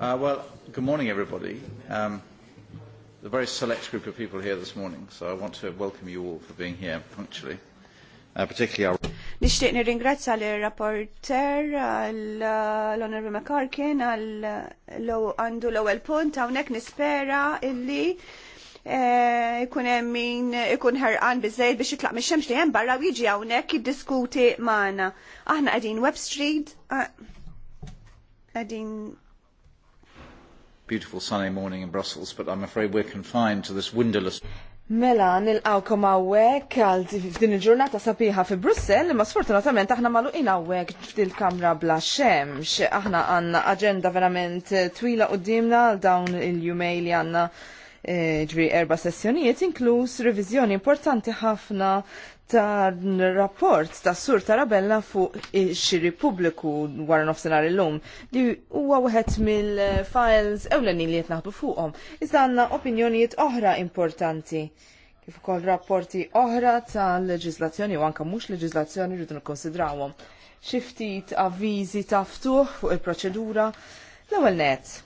Uh, well, good morning, everybody. Um, a very select group of people here this morning, so I want to welcome you all for being here punctually. Uh, particularly our... Nishtiq nirringrazzja l-rapporter uh, l-Honorable McCarkin uh, għandu l-ewwel punt hawnhekk nispera illi eh, ikun min ikun ħerqan biżejjed biex jitlaq mix-xemx li barra jiġi hawnhekk jiddiskuti magħna. Aħna għadin Web Street beautiful sunny morning in Brussels, but I'm afraid we're confined to this windowless. Mela, nilqawkom għawek għal din il-ġurnata sabiħa fi Brussel, ma sfortunatament aħna malu in għawek kamra bla xemx. Aħna għanna agenda verament twila u dimna għal dawn il-jumej li għanna eh, ġri erba sessjonijiet, inkluż revizjoni importanti ħafna ta' rapport ta' Sur Tarabella fuq ix-xiri pubbliku wara il illum li huwa wieħed mill-files ewlenin li qed naħdu fuqhom. Iżda għandna opinjonijiet oħra importanti kif ukoll rapporti oħra ta' leġislazzjoni u anke mhux leġislazzjoni rridu nikkonsidrawhom. Xi ftit avviżi ta' ftuħ fuq il-proċedura l-ewwel net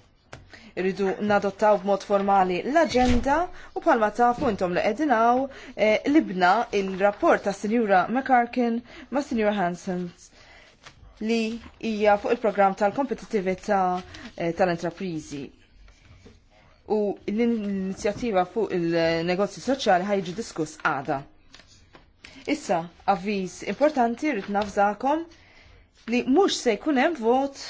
rridu nadottaw b'mod formali l-agenda u palma tafu intom li edinaw eh, libna il-rapport ta' Sinjura McCarkin ma' Sinjura Hansen li hija fuq il-programm tal-kompetitività eh, tal entreprizi U l-inizjattiva fuq il-negozju soċjali ħajġi diskuss għada. Issa, avviz importanti rrit nafżakom li mux se jkun hemm vot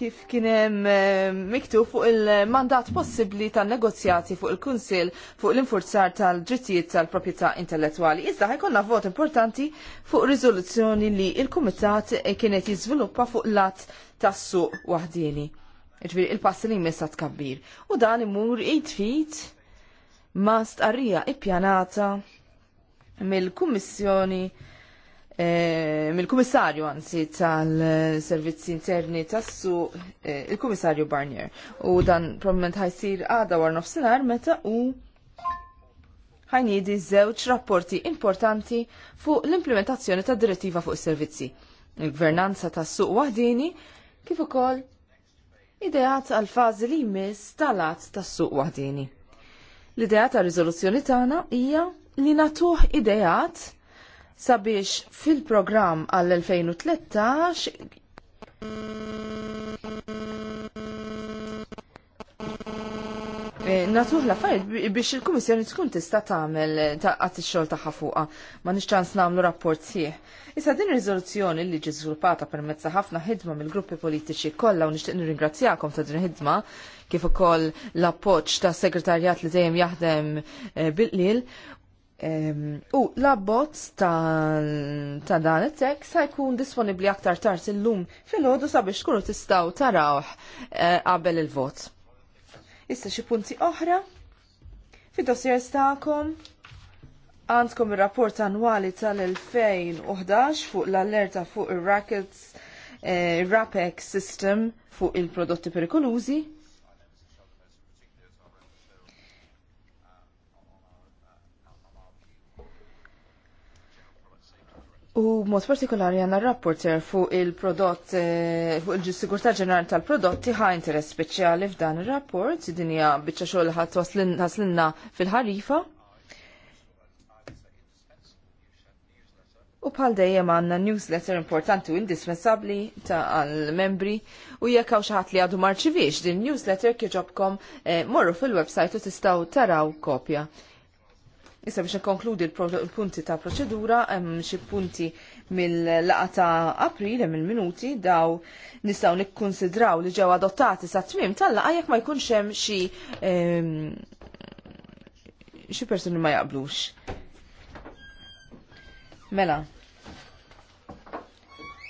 kif kienem eh, miktub fuq il-mandat possibli tan negozjati fuq il-Kunsil fuq l-infurzar tal-ġittijiet tal-propieta intellettuali. Iżda ħajkonna vot importanti fuq rizoluzzjoni li il-Kumitat kienet jizviluppa fuq lat tas-suq wahdini. Ġviri, il pass li jmessa tkabbir. U dan imur id-fit ma stqarrija ippjanata mill-Kummissjoni mil eh, mill-Kummissarju anzi tal-Servizzi Interni tassu eh, il-Kummissarju Barnier. U dan probablement ħajsir għada war nofsinhar meta u ħajnidi żewġ rapporti importanti fuq l-implementazzjoni tad direttiva fuq is-servizzi. Il-gvernanza tas-suq waħdini kif ukoll ideat għal fażi li jmiss tal-att tas-suq waħdini. L-idea ta' riżoluzzjoni tagħna hija li natuh ideat sabiex fil-programm għall-2013 eh, Natuħ la fajt biex il-Komissjoni tkun tista' tagħmel għat ix-xogħol tagħha fuqha ma nixċans nagħmlu rapport sieħ. Issa din riżoluzzjoni li ġi żviluppata permezz ta' ħafna ħidma mill-gruppi politiċi kollha u nixtieq nirringrazzjakom ta' din ħidma kif ukoll l-appoġġ ta' segretarjat li dejjem jaħdem eh, bil-lil u l-abbozz ta', dan it-tek sa' jkun disponibli aktar tard illum fil-ħodu sabiex kunu tistaw tarawh eh, qabel il-vot. Issa xi punti oħra fid-dossiers tagħkom għandkom ir-rapport annwali tal-2011 fuq l-allerta fuq ir-rackets eh, Rapex System fuq il-prodotti perikolużi U mod partikolari għanna rapporter fuq il-prodott, eh, fuq il-sigurtà ġenerali tal-prodotti ħa interess speċjali f'dan il-rapport, dinja bieċa xogħol ħaslinna fil-ħarifa. U bħal dejjem għandna newsletter importanti u indispensabbli ta' għal-membri u jekk hawn xi ħadd li għadu marċivix din newsletter kieġobkom eh, morru fil-website u tistgħu taraw kopja. Issa biex nkonkludi l-punti ta' proċedura, hemm xi punti mill-laqa ta' April hemm il-minuti daw nistgħu nikkunsidraw li ġew adottati sa tmiem tal-laqa jekk ma jkunx hemm xi ehm, xi persuni ma jaqblux. Mela,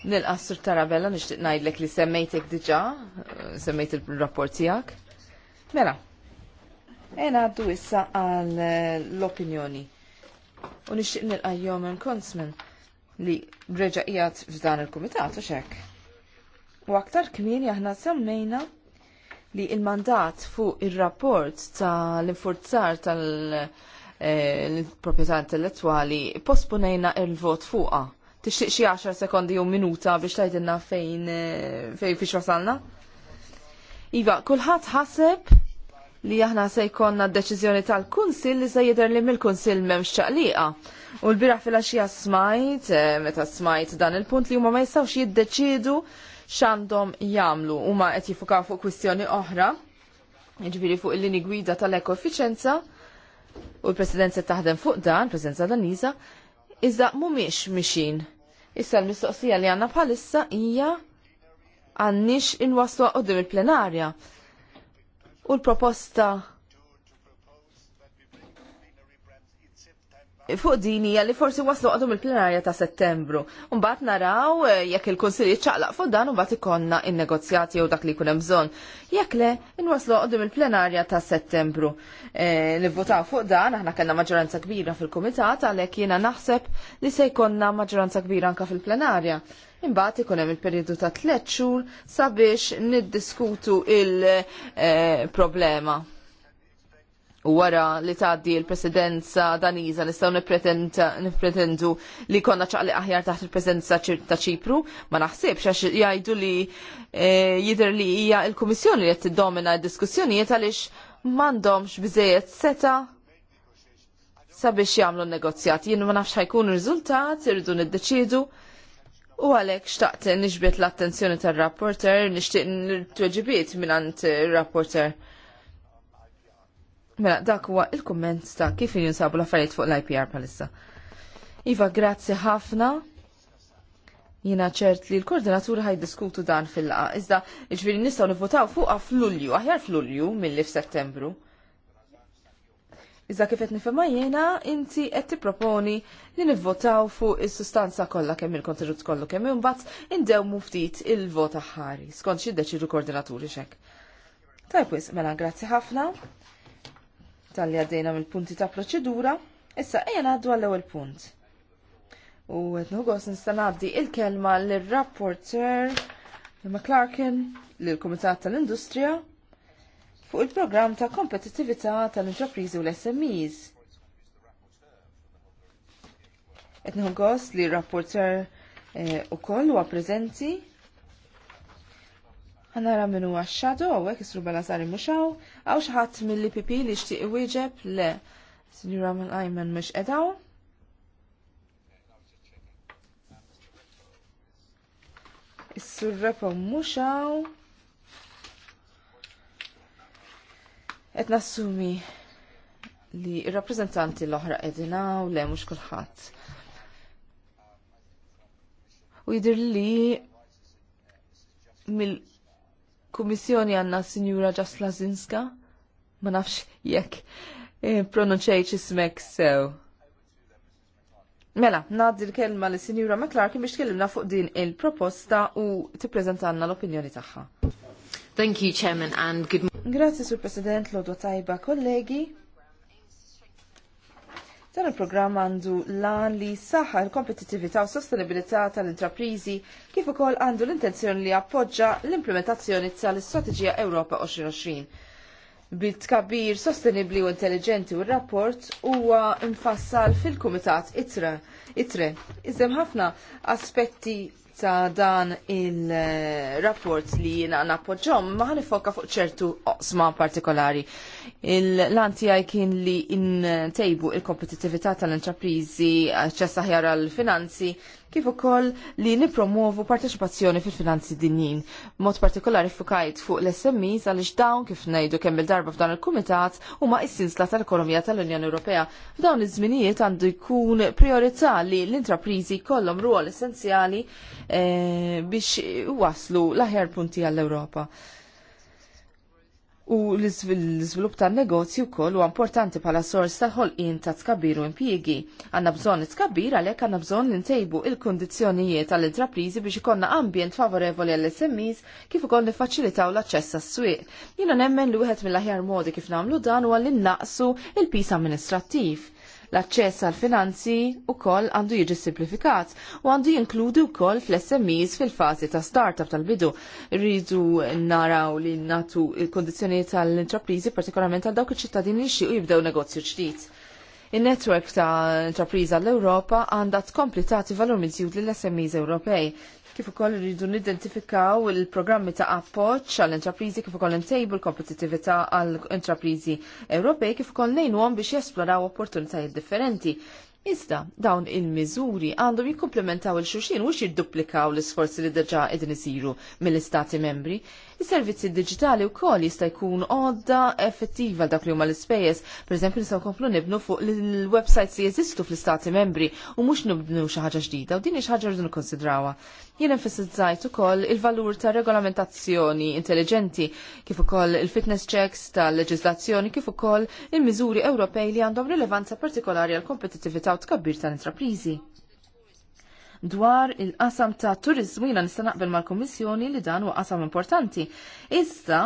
nil Sur Tarabella nixtieq ngħidlek li semmejtek diġà, eh, semmejt il-rapport tiegħek. Mela, għaddu e issa għal eh, l-opinjoni. U nixtieq nilqa' Jomen Konsman li reġa' qiegħed f'dan il-kumitat u xek. U aktar kmieni aħna semmejna li il-mandat fuq ir-rapport il mandat fuq ir rapport tal-proprjetà eh, intellettwali posponejna il-vot fuqha. Tixtieq xi 10 sekondi jew minuta biex tgħidilna fejn eh, fejn fiex wasalna? Iva, kulħadd ħaseb li aħna se jkonna d-deċiżjoni tal-Kunsil li se jidher li mill-Kunsil memx ċaqliqa. U l bira fil-għaxija smajt, eh, meta smajt dan il-punt li huma ma jistgħux jiddeċidu x'għandhom jagħmlu huma qed jifukaw fuq kwistjoni oħra, jiġifieri fuq il-lini gwida tal-ekoeffiċenza, u l-President se taħdem fuq dan, Presidenza Daniża, iżda mhumiex mixin. Issa l-mistoqsija li għandna bħalissa hija għandniex inwaslu għoddim il-plenarja. il plenarja u l-proposta fuq din hija li forsi waslu għadhom il-plenarja ta' settembru. Mbagħad naraw eh, jekk il-Kunsill ċaqlaq fuq dan u mbagħad ikollna in-negozjati jew dak li jkun hemm bżonn. Jekk le inwaslu għadhom il-plenarja ta' settembru. Eh, nivvotaw fuq dan aħna kellna maġġoranza kbira fil-kumitat għalhekk jiena naħseb li se jkollna maġġoranza kbira anke fil-plenarja. Imbagħad ikun hemm il-perjodu ta' tliet xhur sabiex niddiskutu il-problema. U wara li tgħaddi l-presidenza Daniża nistgħu nippretendu li konna ċaqli aħjar taħt il-presidenza ta' Ċipru, ma naħsibx għax jgħidu li e, jidher li hija l-Kummissjoni li qed tiddomina d-diskussjonijiet għaliex m'għandhomx biżejjed seta' sabiex jagħmlu negozjat. Jien ma nafx ħajkun riżultat, irridu niddeċiedu. U għalek xtaqt nixbet l-attenzjoni tal-rapporter, nixtieq n-tweġibiet minnant rapporter. Mela, dak huwa il-komment ta' kif jinsabu l-affarijiet fuq l-IPR palissa. Iva, grazzi ħafna. Jina ċert li l-koordinatura ħaj diskutu dan fil-laqa. Iżda, ġviri nistaw nivotaw fuqa fl ulju aħjar fl ulju mill-li f'Settembru. settembru Iżda kif qed nifhem jiena, inti qed tipproponi li nivvotaw fuq is-sustanza kollha kemm il-kontenut kollu kemm imbagħad indewmu ftit il-vot aħħari skont xi deċidu koordinaturi xek. Tajb wis, mela grazzi ħafna tal-li għaddejna mill-punti ta' proċedura, issa ejja ngħaddu għall-ewwel punt. U qed nħugos nista' ngħaddi il-kelma lir-rapporter Clarkin lill-Kumitat tal-Industrija fuq il-programm ta' kompetitività tal-intrapriżi u l-SMEs. Etnħu gost li rapporter e, eh, u koll huwa preżenti. Għanara minnu għaxxadu, għek isru bala sari muxaw, għaw xaħat mill-IPP li xtiq iwieġeb le Sinjura Mal-Ajman mux edaw. Is-surrepa muxaw. Et nassumi li rappresentanti l-oħra edina u le mux kullħat. U jidir li mill-Kummissjoni għanna Sinjura Ġasla Zinska, ma nafx jekk eh, pronunċejċi smek sew. Mela, naddi l-kelma li Sinjura McClarkin biex tkellimna fuq din il-proposta u tippreżentanna l-opinjoni tagħha. Thank you, Chairman, and good morning. Grazie, Sur President, Lodo Tajba, kollegi. Dan il-programm għandu lan li saħħa l-kompetitività u sostenibilità tal-intraprizi kif ukoll għandu l-intenzjoni li appoġġa l-implementazzjoni tal-Istrateġija Ewropa 2020. Bit-tkabbir sostenibli u intelligenti u r-rapport huwa infassal fil-Kumitat ITRE. ITRE iżem ħafna aspetti ta' dan il-rapport li jina nappoġġom ma' nifoka fuq ċertu oqsma partikolari. L-antijaj kien li intejbu il-kompetitivita tal-intraprizi ċessa ħjar għal-finanzi kif ukoll li nipromuovu partecipazzjoni fil-finanzi dinjin. Mod partikolari fukajt fuq l-SMEs għal dawn kif ngħidu kemm il-darba f'dan il-kumitat huma is sinsla tal-ekonomija tal-Unjoni Ewropea. F'dawn iż-żminijiet għandu jkun priorità li l-intrapriżi jkollhom ruol essenzjali eh, biex waslu l-aħjar punti għall-Ewropa u l-izvilup tan negozju kol u importanti pala sors tal-ħolqin ta' tkabbir u impjiegi. Għanna bżon tkabbir għalek għanna bżon l-intejbu il-kondizjonijiet tal-intraprizi biex ikonna ambjent favorevoli għall smis kif ukoll nifaċilitaw l-aċċess għas-swieq. Jiena nemmen li wieħed mill-aħjar modi kif nagħmlu dan huwa għallin naqsu il-pis amministrattiv. L-aċċess għal finanzi wkoll għandu jiġi simplifikat u għandu jinkludi wkoll fl-SMEs fil-fażi ta' startup tal-bidu. Rridu naraw li natu il-kondizzjonijiet tal-intrapriżi partikolarment għal dawk iċ-ċittadini li xiequ jibdew negozju ġdid. Il-network ta' intrapriża l-Europa għandha tkompli tagħti valur miżjud lill-SMEs Ewropej Kif ukoll irridu nidentifikaw il-programmi ta' appoġġ għall intrapriżi kif ukoll intejbu l-kompetittività għall intrapriżi Ewropej kif ukoll ngħinuhom biex jesploraw opportunitajiet differenti. Iżda dawn il-miżuri għandhom jikkumplementaw il-xulxin u jidduplikaw l-isforzi li deġa qegħdin isiru mill-Istati membri. Is-servizzi digitali wkoll jista' jkun għodda effettiva dak li huma l-ispejjeż. Pereżempju nistgħu nkomplu nibnu fuq il-websites li jeżistu fl-istati membri u mhux nibnu xi ħaġa ġdida u din hi xi ħaġa rridu nikkonsidrawha. Jien enfasizzajt ukoll il-valur ta' regolamentazzjoni intelligenti kif ukoll il-fitness checks tal-leġiżlazzjoni kif ukoll il-miżuri Ewropej li għandhom rilevanza partikolari għal kompetittività u tkabbir tal intrapriżi dwar il-qasam ta' turizmu jina nista' naqbel mal-Kummissjoni li dan huwa qasam importanti. issa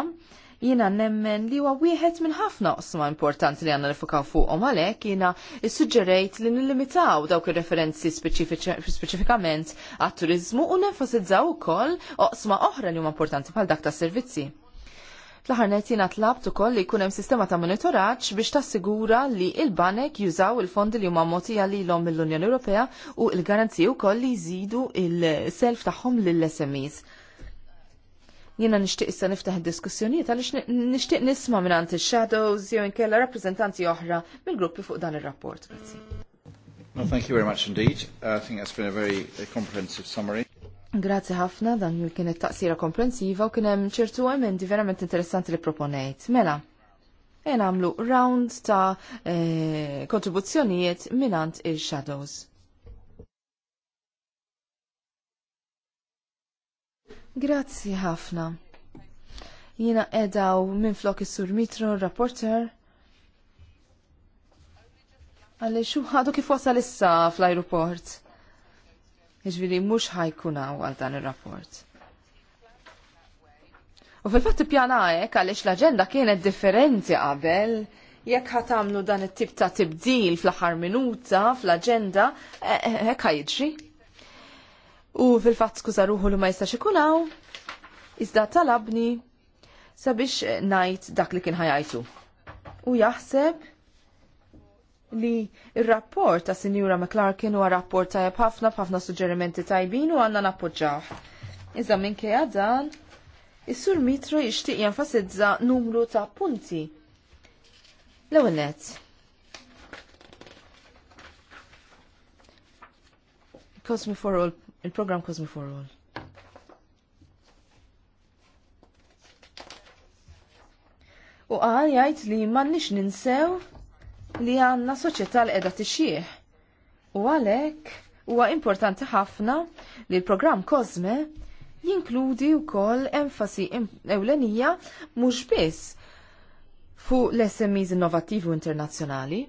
jina nemmen li huwa wieħed minn ħafna qosma importanti li għandna nifukaw fuqhom għalhekk jiena issuġġerejt li nillimitaw dawk ir-referenzi speċifikament għat-turizmu u nenfasizzaw ukoll oqsma oħra li huma importanti bħal dak tas-servizzi. Fl-aħħar nett jiena tlabt ukoll li jkun hemm sistema ta' monitoraġġ biex tassigura li l banek jużaw il-fondi li huma mogħtija lilhom mill-Unjoni Ewropea u l garanziji wkoll li jżidu il-self tagħhom lill-SMEs jiena nixtieq issa niftaħ id-diskussjonijiet għaliex nixtieq nisma' mingħand ix-shadows jew inkella rappreżentanti oħra mill-gruppi fuq dan ir-rapport. Well, thank you very much indeed. Uh, I think that's been a very comprehensive summary. Grazzi ħafna, dan li kienet taqsira komprensiva u kien hemm ċertu emendi verament interessanti li proponejt. Mela, e nagħmlu round ta' eh, kontribuzzjonijiet minant il-shadows. Grazzi ħafna. Jina edaw minn flok is-sur Mitro, rapporter, Għalli xu ħadu kif wasal issa fl ajruport Iġviri mux ħajkun għal dan il-rapport. U fil-fatt pjana għek għalix l-agenda kienet differenti qabel, jekk ħatamlu dan it-tip ta' tibdil fl-aħħar minuta fl-agenda, e, e, hekk ħajġri. U fil-fatt skużaruħu ruħu li ma jistax ikun hawn, iżda talabni sabiex ngħid dak li kien ħajajtu. U jaħseb li il-rapport ta' Sinjura McClarkin huwa rapport tajjeb ħafna b'ħafna suġġerimenti tajbin u għandna nappoġġaw. Iżda minkejja dan, is-Sur Mitro jixtieq jenfasizza numru ta' punti. L-ewwel nett. Cosmi for All, il-programm Cosmi for All. U għal jgħid li m'għandniex ninsew li għanna soċjetà l qiegħda tixjih. U għalhekk huwa importanti ħafna li l-programm Kozme jinkludi wkoll enfasi ewlenija mhux biss fuq l-SMEs innovattivi u internazzjonali.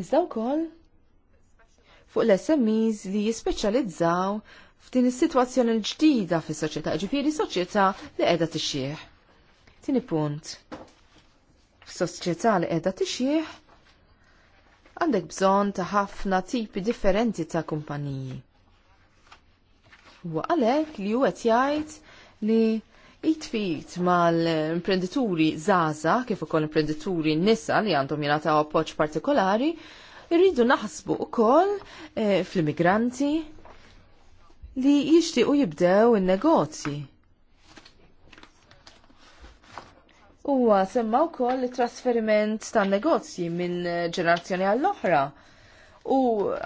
Iżda wkoll fuq l-SMEs li jispeċjalizzaw f'din is-sitwazzjoni l-ġdida fis-soċjetà, ġifieri soċjetà li qiegħda tixjieħ. Tini punt. F'soċjetà li qiegħda tixjih għandek bżonn ta' ħafna tipi differenti ta' kumpaniji. Wa għalek li huwa jgħid li jitfit mal-imprenditori zaza, kif ukoll imprenditori nisa li għandhom jingħataw appoġġ partikolari, irridu naħsbu ukoll eh, fl-immigranti li jixtiequ jibdew in-negozji. Huwa semma wkoll it-trasferiment tan-negozji minn ġenerazzjoni għall-oħra. U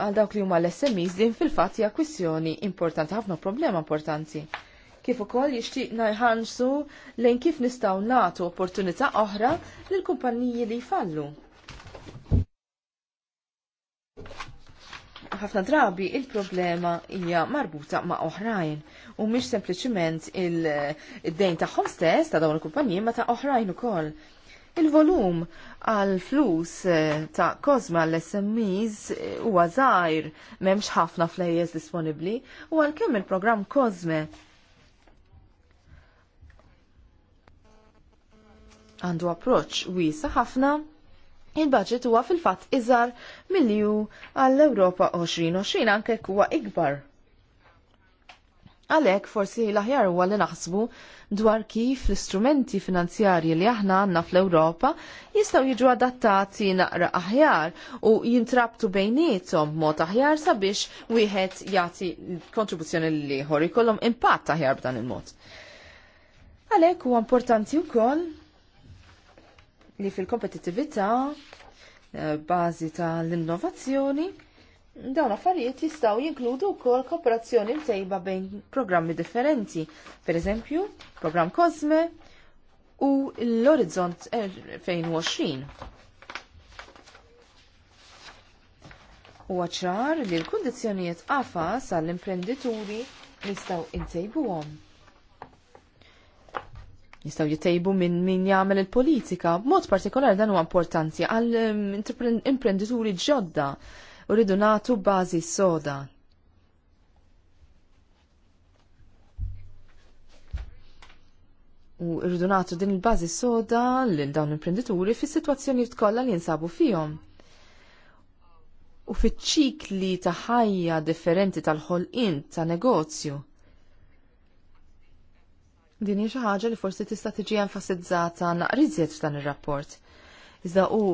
għal dawk li huma l-SMEs din fil-fatt hija kwistjoni importanti ħafna problema importanti. Kif ukoll jixtieqna jħansu lejn kif nistgħu nagħtu opportunità oħra lill-kumpaniji li jfallu. ħafna drabi il-problema hija marbuta ma' oħrajn u mhix sempliċiment il-dejn tagħhom stess ta' dawn il-kumpaniji ma ta' oħrajn ukoll. Il-volum għal flus eh, ta' kozma l-SMEs eh, huwa żgħir m'hemmx ħafna flejjes disponibbli u għalkemm il-programm Kozme għandu approċċ wiesa ħafna il-budget huwa fil-fatt iżar milju għall-Ewropa 2020 anke huwa ikbar. Għalhekk forsi l-aħjar huwa li naħsbu dwar kif l-istrumenti finanzjarji li aħna għandna fl-Ewropa jistgħu jiġu adattati naqra aħjar u jintrabtu bejniethom b'mod aħjar sabiex wieħed jagħti kontribuzzjoni l ieħor ikollhom impatt aħjar b'dan il-mod. Għalhekk huwa importanti wkoll li fil-kompetitività eh, bażi tal-innovazzjoni Dawn affarijiet jistgħu jinkludu wkoll kooperazzjoni mtejba bejn programmi differenti, pereżempju programm Cosme u l-Orizzont 2020. Huwa ċar li l kundizzjonijiet qafas għall imprendituri jistgħu intejbuhom jistaw jitejbu minn min jagħmel il-politika. Mod partikolari dan huwa importanti għal imprenditori ġodda u rridu nagħtu bażi soda. U rridu nagħtu din il-bażi soda lil dawn l-imprenditori fis sitwazzjoni kollha li jinsabu fihom u fiċ-ċikli ta' ħajja differenti tal-ħolqien ta' negozju. Din hija ħaġa li forsi tista' tiġi enfasizzata naqriżiet f'dan ir-rapport. Iżda hu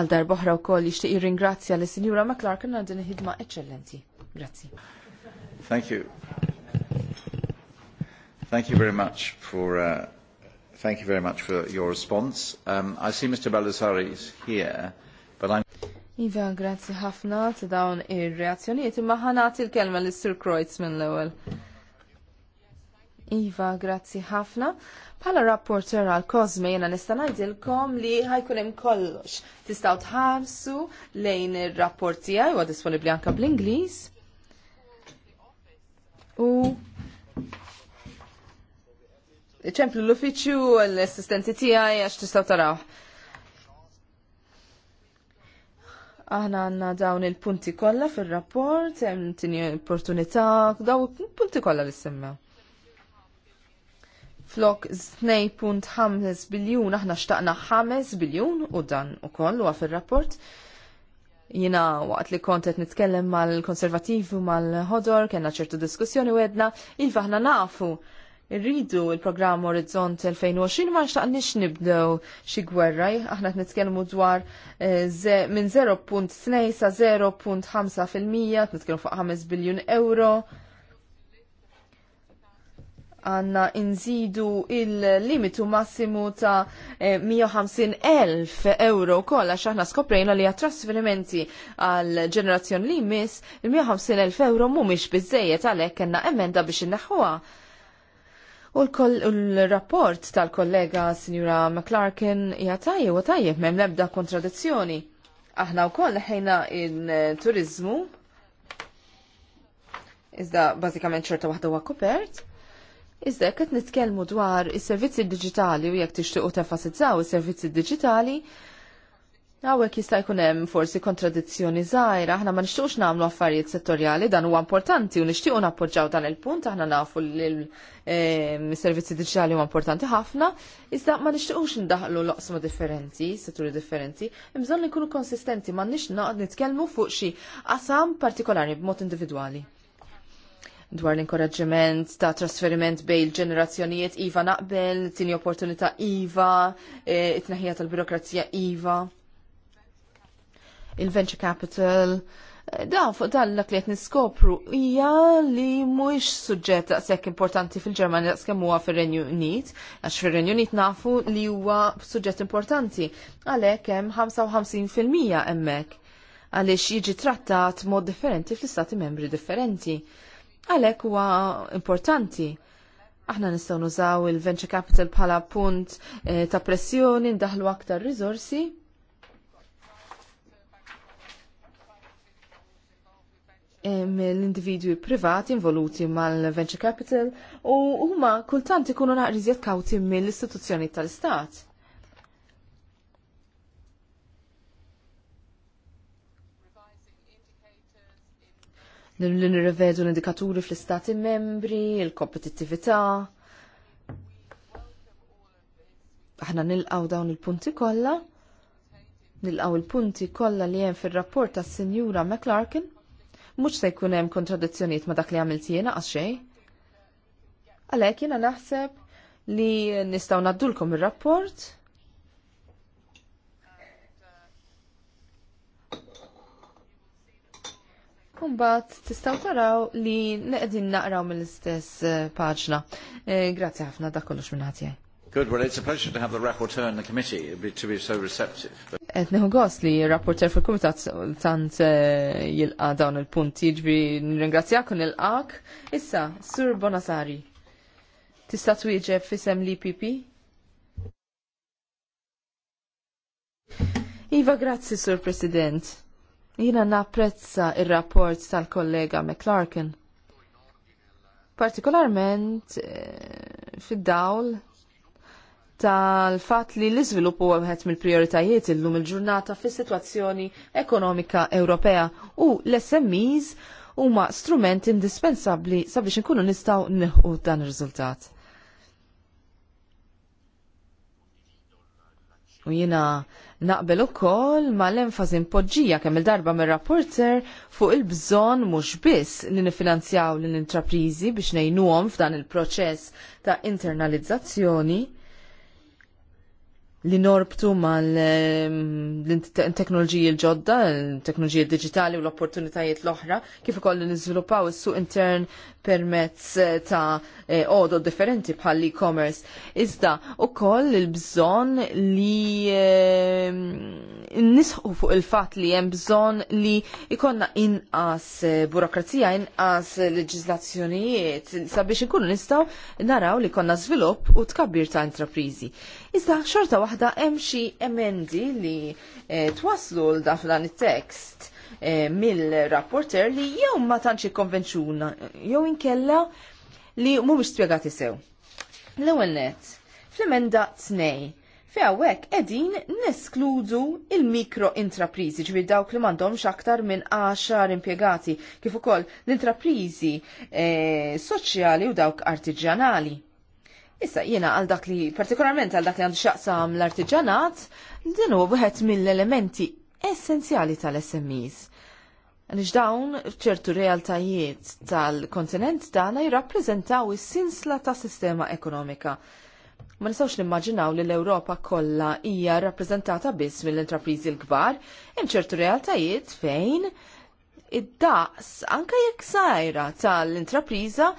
għal darba oħra wkoll jixtieq jirringrazzja lis Sinjura McClark għal din il-ħidma eċċellenti. Grazzi. Thank you. Thank you very much for uh, thank you very much for your response. Um, I see Mr. Baldessari is here, but I'm Iva, grazzi ħafna ta' dawn ir-reazzjonijiet imma ħanat il-kelma lis sir Kreutzmann l-ewwel. Iva, grazzi ħafna. Bħala rapporter għal Kozme jena nista' ngħidilkom li ħajkun hemm kollox. Tistgħu tħarsu lejn ir-rapport tiegħi huwa disponibbli anke bl-Ingliż. U ċemplu l-uffiċċju l-assistenti tiegħi għax tistaw taraw. aħna għanna dawn il-punti kollha fir-rapport, hemm tini opportunità, daw punti kollha li semmew flok 2.5 biljun aħna xtaqna 5 biljun u dan u koll u għafir rapport Jina waqt li kontet nitkellem mal-konservativu mal-ħodor, kena ċertu diskussjoni u edna, il-faħna iva, nafu rridu il-programm Orizzont 2020 ma nxtaqnix nibdew xi gwerra, aħna nitkellmu dwar eh, minn 0.2 sa 0.5 fil-mija, nitkellmu fuq 5 biljun euro għanna inżidu il-limitu massimu ta' 150.000 eh, euro kolla xaħna skoprejna li għat-trasferimenti għal ġenerazzjon li mis il-150.000 euro mumiex bizzejiet għalek kena emenda biex inneħħuha. U l-rapport tal-kollega Signora McClarkin jgħatajje u tajjeb mem lebda kontradizzjoni. Aħna u koll ħajna in-turizmu Iżda bażikament xorta waħda huwa Iżda qed nitkellmu dwar is-servizzi diġitali u jekk tixtiequ tefasizzaw is-servizzi diġitali, Għawek jista' jkun hemm forsi kontradizzjoni żgħira, aħna ma nixtiequx nagħmlu affarijiet settorjali, dan huwa importanti u nixtiequ nappoġġaw dan il-punt, aħna nafu li l-servizzi ehm, diġitali huwa importanti ħafna, iżda ma nixtiequx ndaħlu loqsma differenti, setturi differenti, imżon li nkunu konsistenti, ma nix naqgħod nitkellmu fuq xi qasam partikolari b'mod individwali dwar l-inkoraġġiment ta' trasferiment bej l ġenerazzjonijiet IVA naqbel, tini opportunità IVA, e, it naħija tal-birokrazija IVA. Il-venture capital, e, da fuq dan l li qed niskopru hija li mhuwiex suġġett daqshekk importanti fil-Ġermanja skemm huwa fir-Renju Unit, għax fir-Renju Unit nafu li huwa suġġett importanti għalhekk hemm 55% hemmhekk għaliex jiġi trattat mod differenti fl-istati membri differenti. Għalhekk huwa importanti aħna nistgħu nużaw il-venture capital bħala punt eh, ta' pressjoni, ndaħlu aktar riżorsi. Eh, mill-individwi privati involuti mal-venture capital u huma kultant ikunu naqriżiet kawti mill-istituzzjoni tal-istat. li nirrevedu l-indikaturi fl-istati membri, il-kompetittività. Aħna nilqaw dawn il-punti kollha, nilqaw il-punti kollha li hemm fir-rapport tas-Sinjura McLarkin, mhux se jkun hemm kontradizzjonijiet ma' dak li għamilt jiena għax xejn. Għalhekk jiena naħseb li nistgħu naddulkom ir-rapport kumbat tistaw taraw li neqdin naqraw mill-istess eh, paġna. Eh, grazzi ħafna da kollox minn ħatijaj. Good, well it's a pleasure to have the rapporteur in the committee be, to be so receptive. Et neħu gos li rapporteur fil kumitat tant eh, jilqa dawn il-punti ġbi nringrazzjak il nilqak. Issa, Sur Bonasari, tista' twieġeb fissem l-IPP? Iva, grazzi, Sur President. Jina napprezza il-rapport tal-kollega McClarkin. Partikolarment eh, fid-dawl tal-fat li l-izvilupp huwa wieħed mill il illum il-ġurnata fis-sitwazzjoni ekonomika Ewropea u l-SMEs huma strument indispensabbli sabiex inkunu nistgħu nieħu dan ir-riżultat. U jina naqbel ukoll mal enfazi impoġġija kemm il-darba mir rapporter fuq il-bżonn mhux biss li nifinanzjaw l intraprizi biex ngħinuhom f'dan il-proċess ta' internalizzazzjoni li norbtu mal ehm, teknoloġiji l-ġodda, teknoloġiji digitali u l-opportunitajiet l-oħra, kif ukoll li niżviluppaw is-suq intern permezz eh, ta' għodu eh, differenti bħal e-commerce. Iżda koll il-bżonn li ehm, nisħu fuq il-fatt li hemm bżonn li ikonna inqas eh, burokrazija, inqas leġiżlazzjonijiet sabiex inkunu nistgħu naraw li konna żvilupp u tkabbir ta' intraprizi. Iżda xorta waħda hemm xi emendi li eh, twaslu l dan f'dan it-tekst eh, mill-rapporter li jew ma tantx ikkonvenxuna jew inkella li mhumiex spjegati sew. L-ewwel net, fl-emenda tnej Fi għawek edin neskludu il-mikro intraprizi ġbir dawk li mandom aktar minn 10 impiegati kif ukoll l-intraprizi eh, soċjali u dawk artiġjanali. Issa jiena għal dak li, partikolarment għal dak li għandu xaqsam l-artiġanat, din huwa wieħed mill-elementi essenzjali tal-SMEs. Għaliex dawn ċertu realtajiet tal-kontinent tagħna jirrappreżentaw is-sinsla ta' sistema ekonomika. Ma nistgħux nimmaġinaw li l-Ewropa kollha hija rappreżentata biss mill-intrapriżi l-kbar, hemm ċertu realtajiet fejn id-daqs anke jekk sajra tal-intrapriża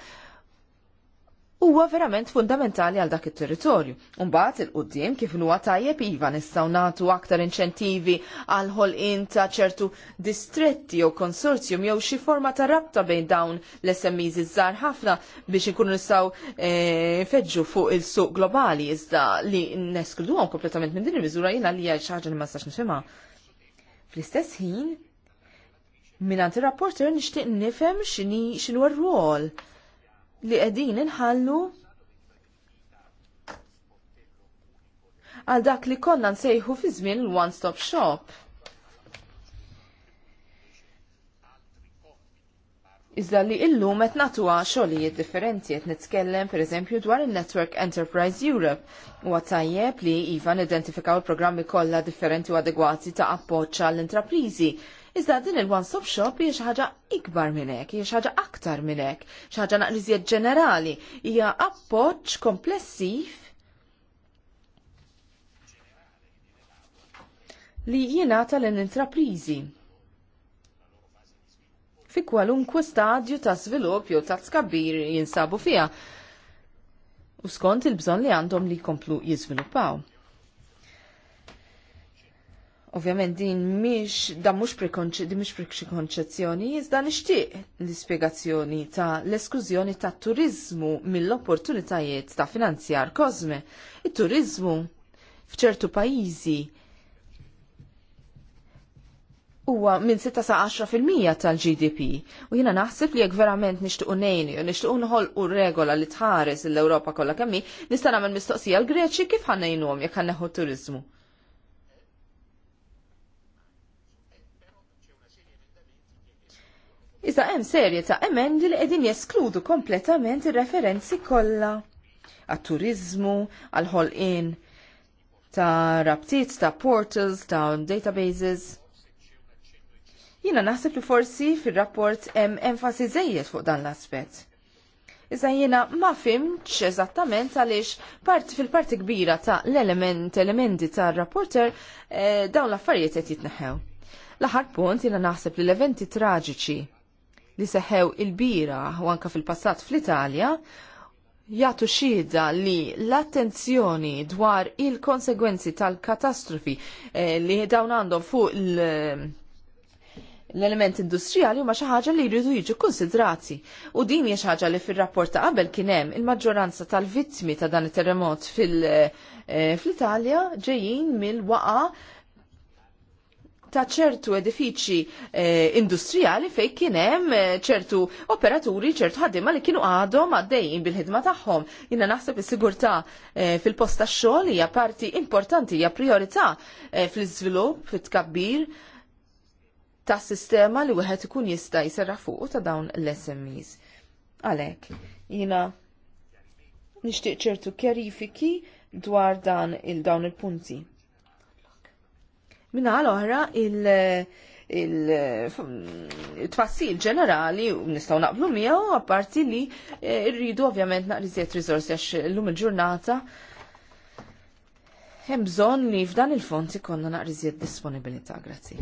huwa verament fundamentali għal dak it-territorju. Umbagħad il-qudiem kif huwa tajjeb iva nistgħu nagħtu aktar inċentivi għal ħolqien ta' ċertu distretti jew konsorzjum jew xi forma ta' rabta bejn dawn l-SMEs iż-żgħar ħafna biex ikunu nistgħu eh, feġġu fuq il-suq globali iżda li neskluduhom kompletament minn din il-miżura jiena li hija xi ħaġa li ma stax nifhimha. Fl-istess ħin, minn ir-rapporter nixtieq nifhem x'inhu r-rwol li qegħdin inħallu għal dak li konna nsejħu fi żmien l one stop shop. Iżda li illum qed natuha xogħlijiet differenti qed nitkellem pereżempju dwar il-Network Enterprise Europe huwa tajjeb li iva nidentifikaw il-programmi kollha differenti u adegwati ta' appoġġ għall intrapriżi Iżda din il-one stop shop hija xi ħaġa ikbar minn hekk, hija xi ħaġa aktar minn hekk, xi ħaġa naqriżjed ġenerali, hija appoġġ komplessiv li jingħata tal intraprizi fi kwalunkwe stadju ta' svilupp jew ta' tkabbir jinsabu fiha u skont il-bżonn li għandhom li jkomplu jiżviluppaw. Ovvjament din mhix dan mhux prekonċezzjoni, iżda nixtieq l-ispjegazzjoni ta' l-eskużjoni ta' turizmu mill-opportunitajiet ta' finanzjar kozme. It-turizmu f'ċertu pajjiżi huwa minn 6 sa 10% tal-GDP. U jiena naħseb li jekk verament nixtiequ nejni u nixtiequ nħolqu regola li tħares l-Ewropa kollha kemm nista' nagħmel mistoqsija l-Greċi kif ħanejnuhom jekk ħanneħu turizmu. Iżda hemm serje ta' emendi li qegħdin jeskludu kompletament ir-referenzi kollha għat-turizmu, għal-ħolqien ta' rabtiet, ta' portals, ta' databases. Jina naħseb li forsi fil-rapport hemm enfasi żejjed fuq dan l-aspett. Iżda jiena ma fimx eżattament għaliex fil-parti kbira ta' l-element elementi ta' rapporter eh, dawn l-affarijiet qed jitneħħew. L-aħħar punt jiena naħseb li l-eventi traġiċi li seħew il-bira u anka fil-passat fl-Italja jagħtu xhieda li l-attenzjoni dwar il-konsegwenzi tal-katastrofi eh, li dawn għandhom fuq l-element industrijali huma xi ħaġa li jridu jiġu konsidrati. U din hija xi ħaġa li fir-rapport ta' qabel kien hemm il-maġġoranza tal-vittmi ta' dan it-terremot fil- eh, fl-Italja ġejjin mill-waqa ta' ċertu edifiċi eh, industrijali fej kien hemm eh, ċertu operaturi, ċertu ħaddiema li kienu għadhom għaddejjin bil-ħidma tagħhom. Jiena naħseb is-sigurtà eh, fil posta tax-xogħol hija parti importanti, hija priorità eh, fl-iżvilupp, fit-tkabbir ta' sistema li wieħed ikun jista' jserraħ fuq ta' dawn l-SMEs. Għalhekk, jina nixtieq ċertu kjarifiki dwar dan il-dawn il-punti. Minna l-oħra il- il-tfassil ġenerali nistaw naqblu miegħu apparti li eh, rridu ovvjament naqriżiet rizorsi għax l-lum il-ġurnata hemm bżonn li f'dan il-fond ikonna naqriżiet disponibilità. Grazzi.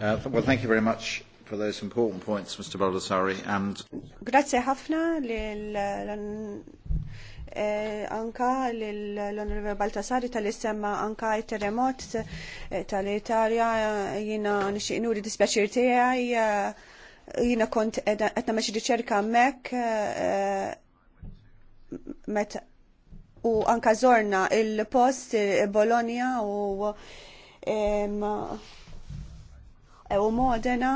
Uh, well, thank you very much for those important points, Mr. Baldassari. And... Grazie ħafna Eh, anka l-Onorevole Baltasari tal-issemma anka il-terremot eh, tal-Italja eh, jina nixiq nuri dispjaċir tiegħi jina kont qed meċi riċerka hemmhekk met u anka zorna il-post Bologna u u Modena.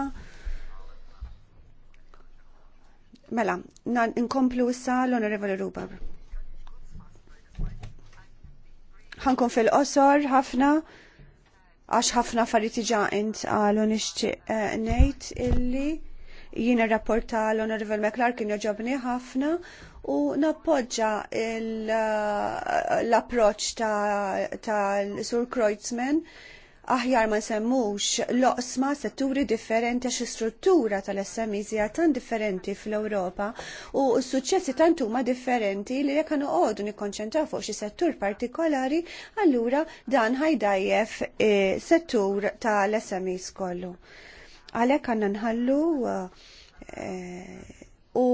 Mela, nkomplu issa l-Onorevole Rubar. ħankun fil-qosor ħafna għax ħafna affarijiet ġa int għalu nixtieq eh, ngħid illi jien ir-rapport tal-Onorevol Meklar kien joġobni ħafna u nappoġġa eh, l-approċ tal-Sur Kreuzmann aħjar ma semmux loqsma setturi differenti għax struttura tal-SMEs hija tan differenti fl-Ewropa u s-suċċessi tant huma differenti li jekk noqogħdu nikkonċentraw fuq xi settur partikolari, allura dan ħajdajjef e, settur tal-SMEs kollu. Għalhekk għandna nħallu e, u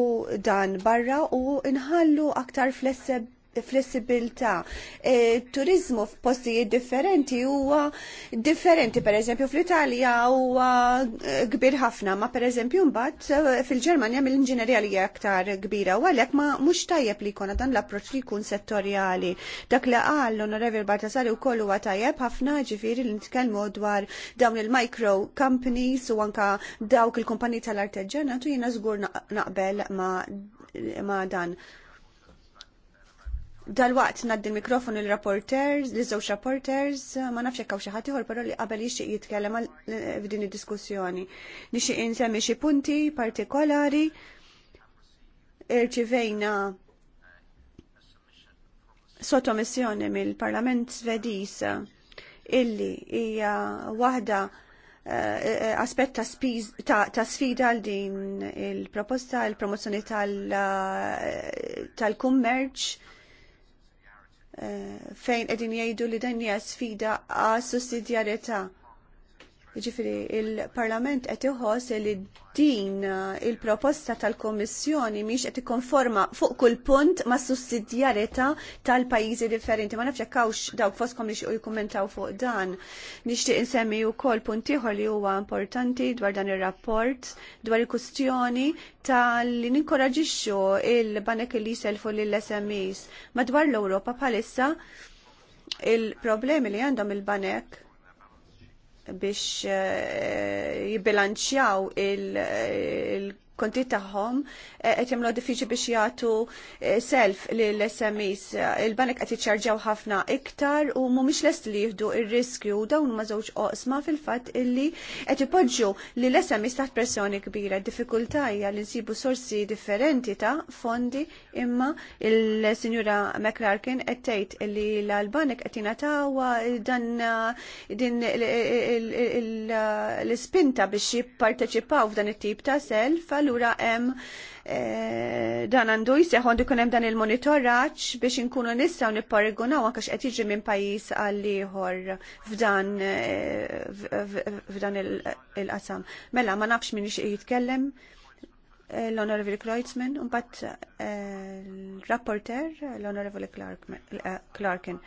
dan barra u nħallu aktar flessib flessibilità. E, turizmu f'postijiet differenti huwa differenti, per eżempju fl-Italja huwa e, kbir ħafna, ma per eżempju mbagħad e, fil-Ġermanja mill-inġinerija li aktar kbira u għalhekk ma mhux tajjeb li jkun dan l-approċċ li jkun settorjali. Dak li qal l-Onorevil Bartasari wkoll huwa tajjeb ħafna ġifieri li nitkellmu dwar dawn il-micro companies u anka dawk il-kumpaniji tal-arteġġanatu jiena żgur naqbel ma dan. Dal-waqt naddi mikrofonu l-rapporters, li żewġ rapporters, ma nafx jekk hawn xi ħadd ieħor però li qabel jixtieq jitkellem eh, f'din id-diskussjoni. Nixtieq insemmi xi punti partikolari irċivejna sottomissjoni mill-Parlament Svediż illi hija waħda eh, aspett ta' sfida għal din il-proposta, il-promozzjoni eh, tal-kummerċ, Eh, fejn qegħdin jgħidu li dan hija sfida għas sussidjarjetà Ġifiri, il-Parlament qed iħoss li din uh, il-proposta tal-Kommissjoni miex qed ikkonforma fuq kull punt ma' sussidjarjetà tal-pajjiżi differenti. Ma nafx hekk dawk foskom li xiqu jikkumentaw fuq dan. Nixtieq insemmi wkoll punt ieħor li huwa importanti dwar dan ir-rapport dwar il-kustjoni tal-li ninkoraġixxu il-banek li jiselfu lill-SMEs madwar l-Ewropa bħalissa il-problemi li għandhom il-banek biex eh, jibbilanċjaw il-, il konti tagħhom eh, qed jagħmlu diffiċli biex jagħtu eh, self lil SMEs. Il-banek qed jiċċarġaw ħafna iktar u mhumiex lest li jieħdu ir-riskju dawn ma żewġ oqsma fil-fatt illi qed ipoġġu lil SMEs taħt pressjoni kbira. Diffikultà hija li nsibu sorsi differenti ta' fondi imma il-Sinjura McLarkin qed tgħid li l-Albanek qed jingħatawa dan din l-ispinta biex jipparteċipaw f'dan it-tip ta' self allura hemm eh, dan għandu jseħħu għandu jkun hemm dan il-monitoraġġ biex inkunu nistgħu nipparigunaw anke qed jiġi minn pajjiż għal ieħor f'dan eh, f'dan il-qasam. Mela ma nafx min jitkellem eh, l-Honorable Kreutzmann u mbagħad rapporter l-Honorable Clarkin.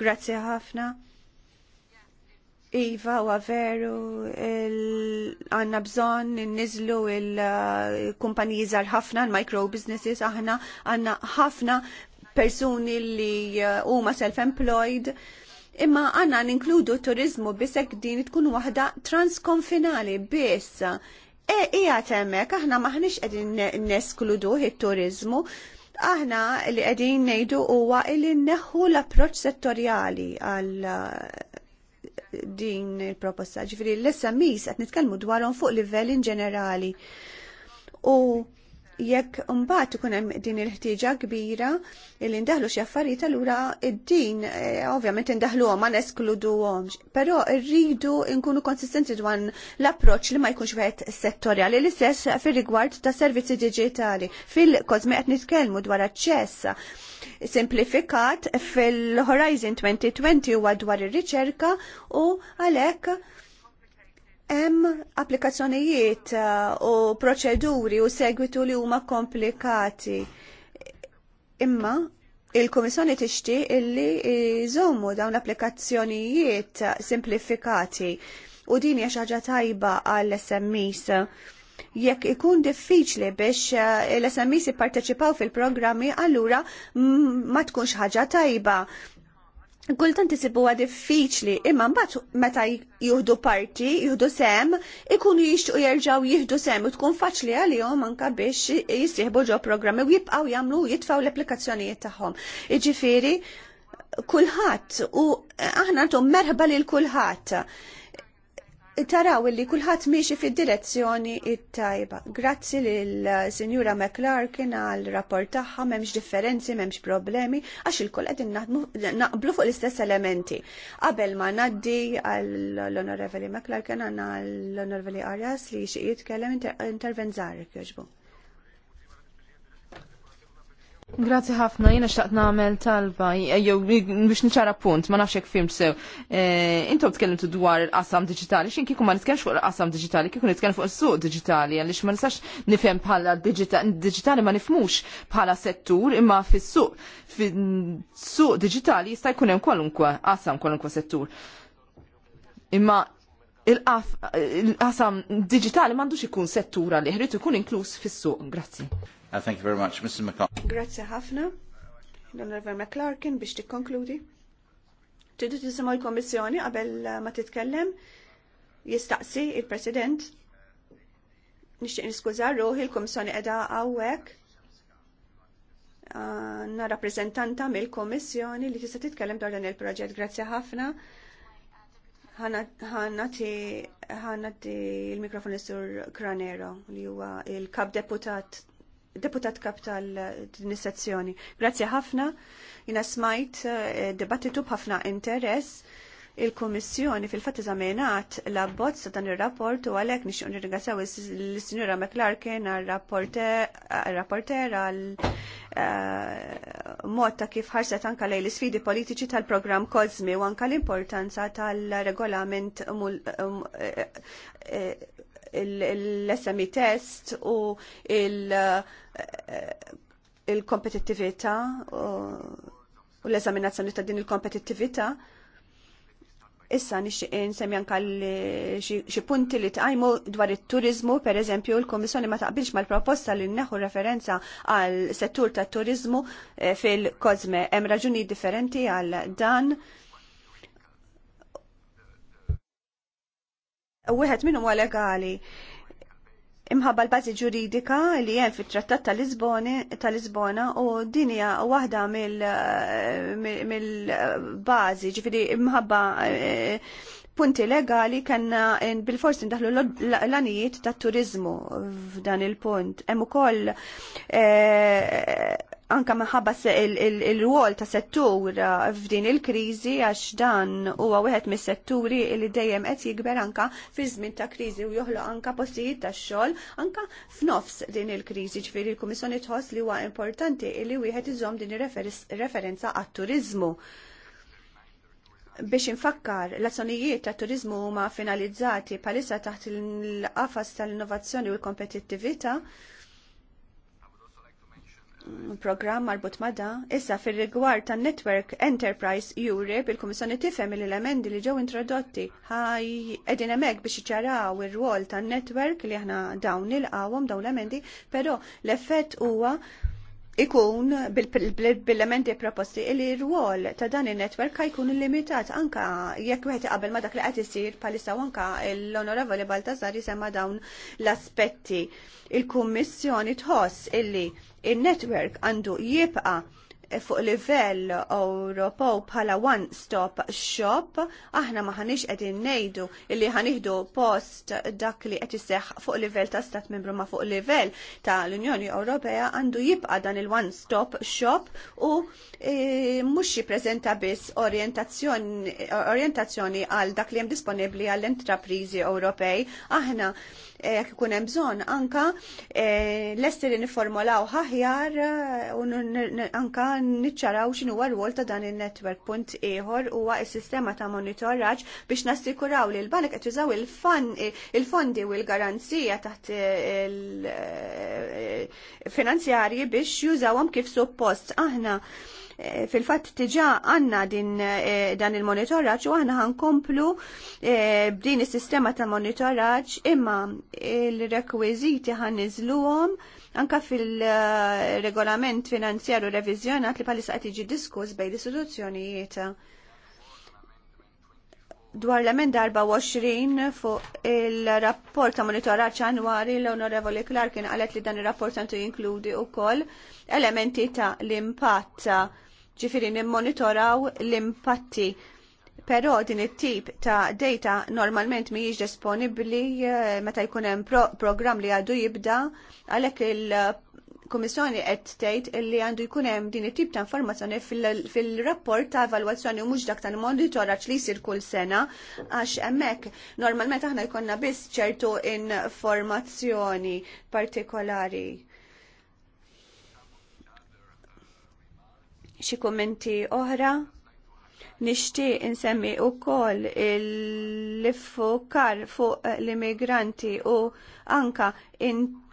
Grazzi ħafna. Iva u veru għanna bżon nizlu il-kumpaniji zar ħafna, micro businesses, aħna għanna ħafna persuni li uh, huma self-employed. Imma għanna ninkludu turizmu bisek din tkun waħda transkonfinali biss. E ija temmek, aħna maħnix edin neskludu il-turizmu, aħna li edin nejdu huwa il-neħu l-approċ settorjali għal uh, din il-proposta. Ġifiri, l mis għat nitkelmu dwarhom fuq livell in ġenerali. U jekk mbagħad ikun hemm din il-ħtieġa kbira li ndaħlu xi affarijiet allura id-din eh, ovvjament indaħluhom ma neskluduhomx. Però rridu nkunu konsistenti dwar l-approċċ li ma jkunx wieħed settorjali l-istess fir-rigward ta' servizzi diġitali. Fil-kozmi qed nitkellmu dwar aċċess simplifikat fil-Horizon 2020 huwa dwar ir-riċerka u għalhekk Hemm applikazzjonijiet uh, u proċeduri u segwitu li huma komplikati. Imma il-Komissjoni tixti illi jżommu dawn l-applikazzjonijiet simplifikati u din hija xi ħaġa tajba għall smis Jekk ikun diffiċli biex uh, l-SMIs jipparteċipaw fil-programmi, allura ma tkunx ħaġa tajba kultant għad diffiċli, imma mbagħad meta jieħdu parti, juhdu sem, ikunu jixtiequ jerġgħu jieħdu sem u tkun faċli għalihom anke biex jissieħbu ġo programmi u jibqgħu jagħmlu u jitfaw l-applikazzjonijiet tagħhom. Jiġifieri kulħadd u eh, aħna nagħtu merħba lil kulħadd taraw illi kulħadd miexi fid-direzzjoni it-tajba. Grazzi l eh, Sinjura McClarkin għal rapport tagħha m'hemmx differenzi, m'hemmx problemi, għax il-koll għedin naqblu fuq l-istess elementi. Qabel ma ngħaddi għall-Onorevoli McClarkin għal l-Onorevoli Arias li xie jitkellem intervenzar jogħġbu. Grazie ħafna, jena xtaqt namel talba, e, jew biex nċara punt, ma nafxek film sew. E, intom tkellimtu dwar il-qasam digitali, xin kikum ma nitkellmx fuq il-qasam digitali, kikum nitkellim fuq il-suq digitali, għalix ma nistax nifhem bħala digitali ma nifmux bħala settur, imma fis-suq, fil suq digitali jista' jkun hemm kwalunkwe qasam kwalunkwe settur. Imma il-qasam digitali m'għandux ikun settura li ħritu ikun inkluż fis-suq. Grazzi. Uh, thank you very much. Mr. McCarthy. Grazie ħafna. L-Onorevole McClarkin biex tikkonkludi. Tridu tisimaw il komissjoni qabel uh, ma titkellem jistaqsi il-President. Nixtieq niskużar ruħi il komissjoni qiegħda hawnhekk. Uh, na rappresentanta mill komissjoni li tista' titkellem dwar dan il-proġett. Grazzi ħafna. Ħanati l-mikrofon is-Sur Cranero li huwa il-Kap Deputat deputat kap tal-din Grazzi ħafna, jina smajt eh, debattitu b'ħafna interess il-Kommissjoni fil-fatt eżaminat l-abbozz dan ir-rapport u għalhekk nixtieq nirringrazzjaw is-Sinjura McClarkin għar-rapporter għal eh, mod ta' kif ħarset anka lejn l-isfidi politiċi tal-programm Kozmi u anka l-importanza tal-regolament eh, l sme test u il-kompetittivita u l-eżaminazzjoni ta' din il-kompetittivita. Issa nixtieq insemmi anke xi punti li tqajmu dwar it-turiżmu, pereżempju l komissjoni ma taqbilx mal-proposta li nneħħu referenza għal settur tat-turiżmu eh, fil-kozme. Hemm raġuni differenti għal dan wieħed minnhom huwa legali. Imħabba l-bażi ġuridika li hemm fit-Trattat tal-Lisbona u din hija waħda mill-bażi, eh, eh, ġifiri imħabba eh, punti legali kanna bil-fors indaħlu l-anijiet tat-turizmu f'dan il-punt. Hemm ukoll anka minħabba il-rwol ta' settur eh, f'din il-kriżi għax dan huwa wieħed mis-setturi li dejjem qed jikber anka fi żmien ta' kriżi u joħloq anka postijiet ta' xogħol anka f'nofs din il-kriżi. Ġifieri l-Kummissjoni tħoss li huwa importanti li wieħed iżomm din ir-referenza għat-turiżmu biex infakkar l-azzjonijiet ta' turiżmu huma finalizzati palissa taħt il-qafas tal-innovazzjoni u l-kompetittività programm marbut ma' da, issa fil rigward tan network Enterprise Europe, il komissjoni tifhem l-elementi li ġew introdotti ħaj qegħdin hemmhekk biex iċċaraw ir-rwol tan network li aħna dawn il-qawhom dawn l-elementi, però l-effett huwa ikun bil-elementi proposti li r-wol ta' dan il-netwerk ka' jkun limitat anka jekk wieħed qabel ma dak li qed isir palissa anka l-Onorevoli Baltazar jisema dawn l-aspetti. Il-Kummissjoni tħoss illi il-netwerk għandu jibqa' fuq livell Ewropew bħala one stop shop, aħna ma ħanix qegħdin ngħidu li ħaniħdu post dak li qed iseħħ fuq livell ta' stat membru ma fuq livell ta' l-Unjoni Ewropea għandu jibqa' dan il-one stop shop u e, mhux jippreżenta biss orjentazzjoni għal dak li hemm disponibbli għall entrapriżi Ewropej. Aħna e, jekk ikun hemm bżonn anka e, lesti li niformulaw ħaħjar e, u anka niċċaraw x'inhuwa r-rwol ta' dan in-netwerk. Punt ieħor huwa s-sistema ta' monitoraġġ biex nassikuraw li l-banek qed jużaw il-fondi u l-garanzija taħt il-finanzjarji eh, biex jużawhom kif suppost. Aħna eh, fil-fatt tiġa għanna din eh, dan il-monitoraċ u għanna komplu b'din is-sistema ta' monitoraċ imma il-rekwiziti għan iżluhom Anka fil-regolament finanzjaru revizjonat li palissa ġi diskus bej l-istituzzjonijiet. Dwar l-emenda 24 fuq il-rapport ta' monitoraċ ċanwari l-Onorevoli Clarkin għalet li dan il-rapport għandu jinkludi u koll elementi ta' l-impatt ġifiri nimmonitoraw l-impatti Però din it-tip ta' data normalment mhijiex disponibbli eh, meta jkun hemm programm li għadu jibda għalhekk il-Kummissjoni qed tgħid li għandu jkun hemm din it-tip ta' informazzjoni fil-rapport ta' evalwazzjoni u mhux dak ta' monitoraġġ li jsir kull sena għax hemmhekk normalment aħna jkollna biss ċertu informazzjoni partikolari. Xi kummenti oħra? Nixtieq insemmi wkoll l-iffukar fuq l-immigranti u anka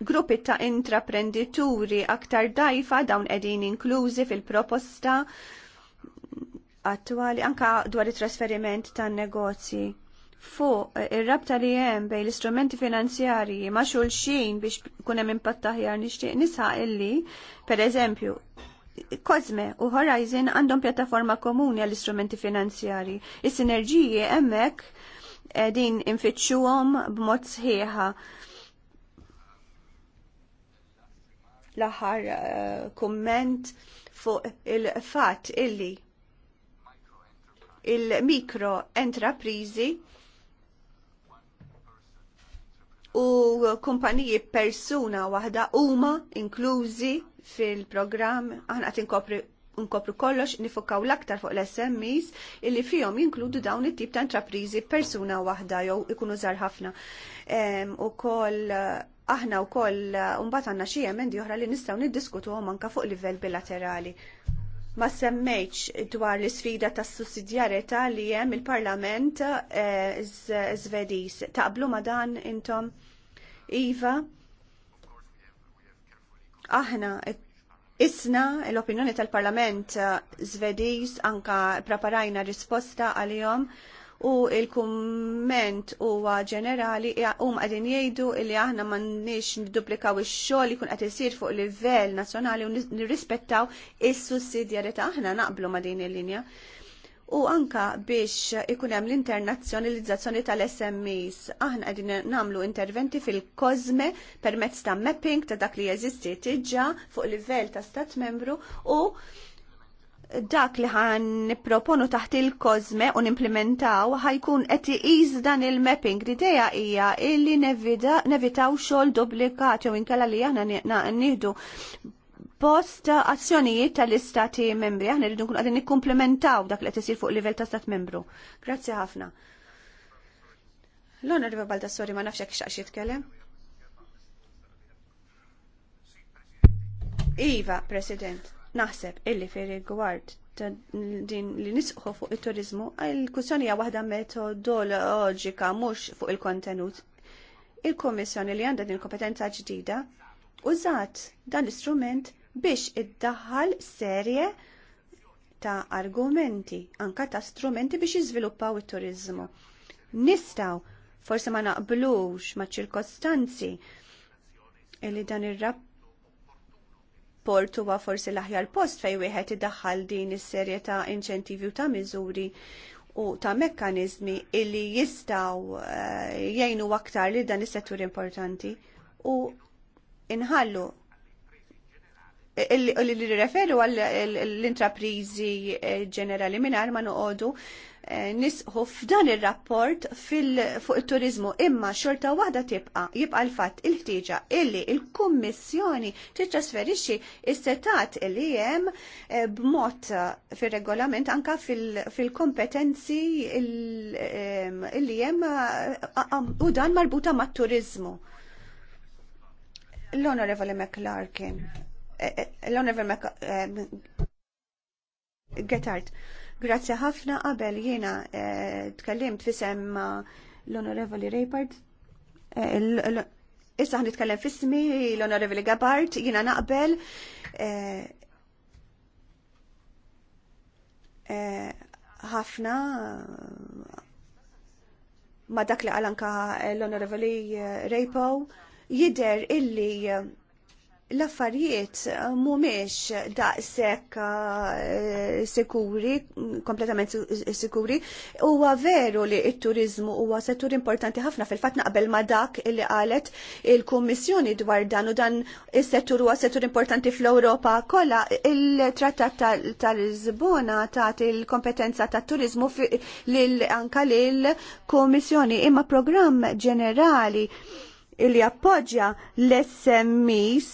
gruppi ta' intraprendituri aktar dajfa dawn qegħdin inklużi fil-proposta attwali anka dwar it-trasferiment tan negozji fuq ir-rabta li hemm bejn l-istrumenti finanzjarji ma' xulxin biex kun hemm impatt aħjar nixtieq nisaq illi pereżempju Cosme u Horizon għandhom pjattaforma komuni għall-istrumenti finanzjari. Is-sinerġiji hemmhekk eh, din infittxuhom b'mod sħiħa. L-aħħar eh, kumment fuq il-fatt illi il-mikro entraprizi u kumpaniji persuna waħda huma inklużi fil-programm aħna qed nkopru kollox nifokaw l-aktar fuq l-SMEs illi fihom jinkludu dawn it-tip ta' intraprizi persuna waħda jew ikunu żar ħafna. U koll aħna u koll mbagħad għandna xi emendi oħra li nistgħu niddiskutuhom anke fuq livell bilaterali. Ma semmejċ dwar l-sfida tas sussidjarjetà li hemm il-Parlament eh, Zvedis. Taqblu ma dan intom Iva? Aħna isna l-opinjoni tal-Parlament Zvediż eh, anka preparajna risposta għalihom u il-kumment huwa ġenerali hum qegħdin jgħidu li aħna m'għandniex nidduplikaw ix-xogħol jkun qed isir fuq livell nazzjonali u nirrispettaw is-sussidjarità aħna naqblu ma' din il-linja u anka biex ikun hemm l-internazzjonalizzazzjoni tal-SMEs. Aħna qegħdin nagħmlu interventi fil-kozme permezz ta' mapping ta' dak li jeżisti tiġġa fuq livell ta' stat membru u dak li ħan proponu taħt il-kozme u nimplementaw ħajkun qed iqis dan il-mapping. L-idea hija illi nevitaw xogħol duplikat jew inkella li aħna nieħdu Post azzjonijiet tal-istati membri. Aħna rridu nkun għadin nikkumplementaw dak li tisir fuq livell ta' stat membru. Grazzi ħafna. L-onorevole sori ma nafx hekk xaqx jitkellem. Iva, President, naħseb illi fi rigward din li nisqħu fuq il-turizmu, il-kussjoni hija waħda metodologika mhux fuq il-kontenut. il komissjoni li għandha din kompetenza ġdida użat dan l-istrument biex iddaħħal serje ta' argumenti, anka ta' strumenti biex jiżviluppaw it-turizmu. Nistaw, forse ma naqblux ma' ċirkostanzi li dan ir-rapport huwa forsi l-aħjar post fej wieħed iddaħħal din is-serje ta' inċentivi u ta' miżuri u ta' mekkanizmi illi jistaw uh, jgħinu aktar li dan is-settur importanti u inħallu li referu għal l-intraprizi eh, ġenerali minar ma noqodu eh, nisħu f'dan ir-rapport fuq it-turizmu imma xorta waħda tibqa' jibqa' l fat il-ħtieġa illi il-Kummissjoni titrasferixxi is-setat li hemm eh, b'mod fir-regolament anka fil-kompetenzi illi hemm u dan marbuta mat-turizmu. l onorevole McLarkin l-Honorable eh, Getart. ħafna qabel jiena eh, tkellimt fisem l-Onorevoli Raypart. Eh, issa ħan nitkellem fismi l-Onorevoli Gabart, jiena naqbel. ħafna ma dak li qalanka l-Onorevoli Raypo jider illi l-affarijiet eh, mhumiex daqshekk eh, sikuri, kompletament sikuri. Huwa veru li t-turiżmu huwa settur importanti ħafna fil-fatt naqbel ma' dak li qalet il-Kummissjoni dwar dan u dan is-settur huwa settur importanti fl-Ewropa kollha. Il-Trattat tal-Lisbona tagħti il-kompetenza tat-turiżmu lil anka lill Kummissjoni imma programm ġenerali illi appoġġja l-SMEs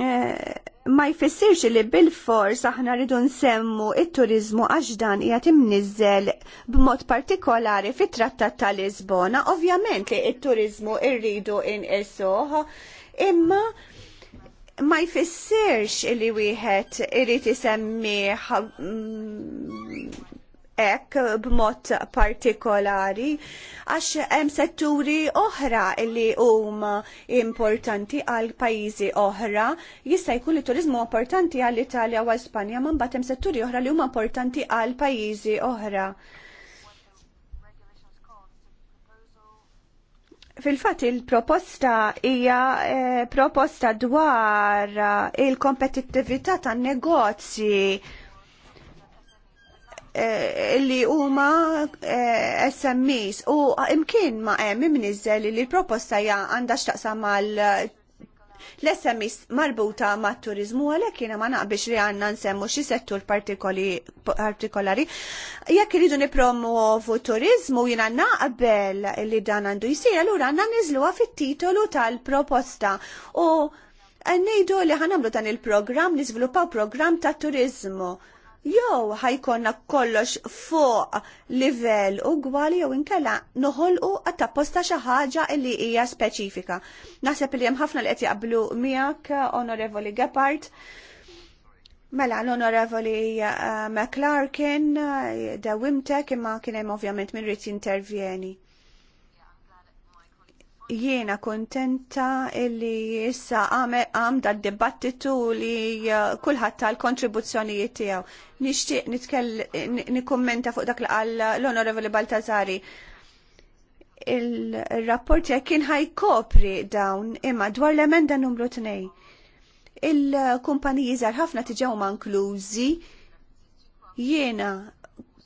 eh, ma jfissirx li bil-fors aħna rridu nsemmu it-turizmu għax dan qiegħed imniżżel b'mod partikolari fit-Trattat ta' Lisbona. Ovvjament li it-turizmu rridu inqisuh, imma ma jfissirx li wieħed irid isemmiħ mm, ek b'mod partikolari għax hemm setturi oħra li huma importanti għal pajjiżi oħra jista' jkun li turizmu importanti għall Italja u għal Spanja ma mbagħad hemm setturi oħra li huma importanti għal pajjiżi oħra. Fil-fatt il-proposta hija eh, proposta dwar il-kompetittività tan-negozji Eh, li huma eh, SMEs u imkien ma hemm imniżel li l-proposta hija għandha x'taqsam mal eh, l-SMEs marbuta ma' turizmu għalhekk jiena ma naqbix li għandna nsemmu xi settur partikolari. Jekk iridu nipromuovu turizmu jiena naqbel li dan għandu jsir, allura għandna niżluha fit-titolu tal-proposta u Nejdu li ħanamlu dan il-program, nizvilupaw program ta' turizmu jew ħajkonna kollox fuq livell ugwali jew inkella noħolqu għat tapposta xi ħaġa li hija speċifika. Naħseb li hemm ħafna li qed jaqblu miegħek Onorevoli Gepard. Mela l-Onorevoli McLarkin, eh, McClarkin eh, Wimtek, imma kien hemm ovvjament min rid jintervjeni jiena kontenta illi issa għam da dibattitu li uh, kullħat tal-kontribuzzjonijiet tiegħu. Nixtieq nikkummenta fuq dak li qal l-Onorevoli Baltazari. Il-rapport jekk kien ħajkopri dawn imma dwar l-emenda numru 2. Il-kumpaniji żar ħafna tiġew manklużi jiena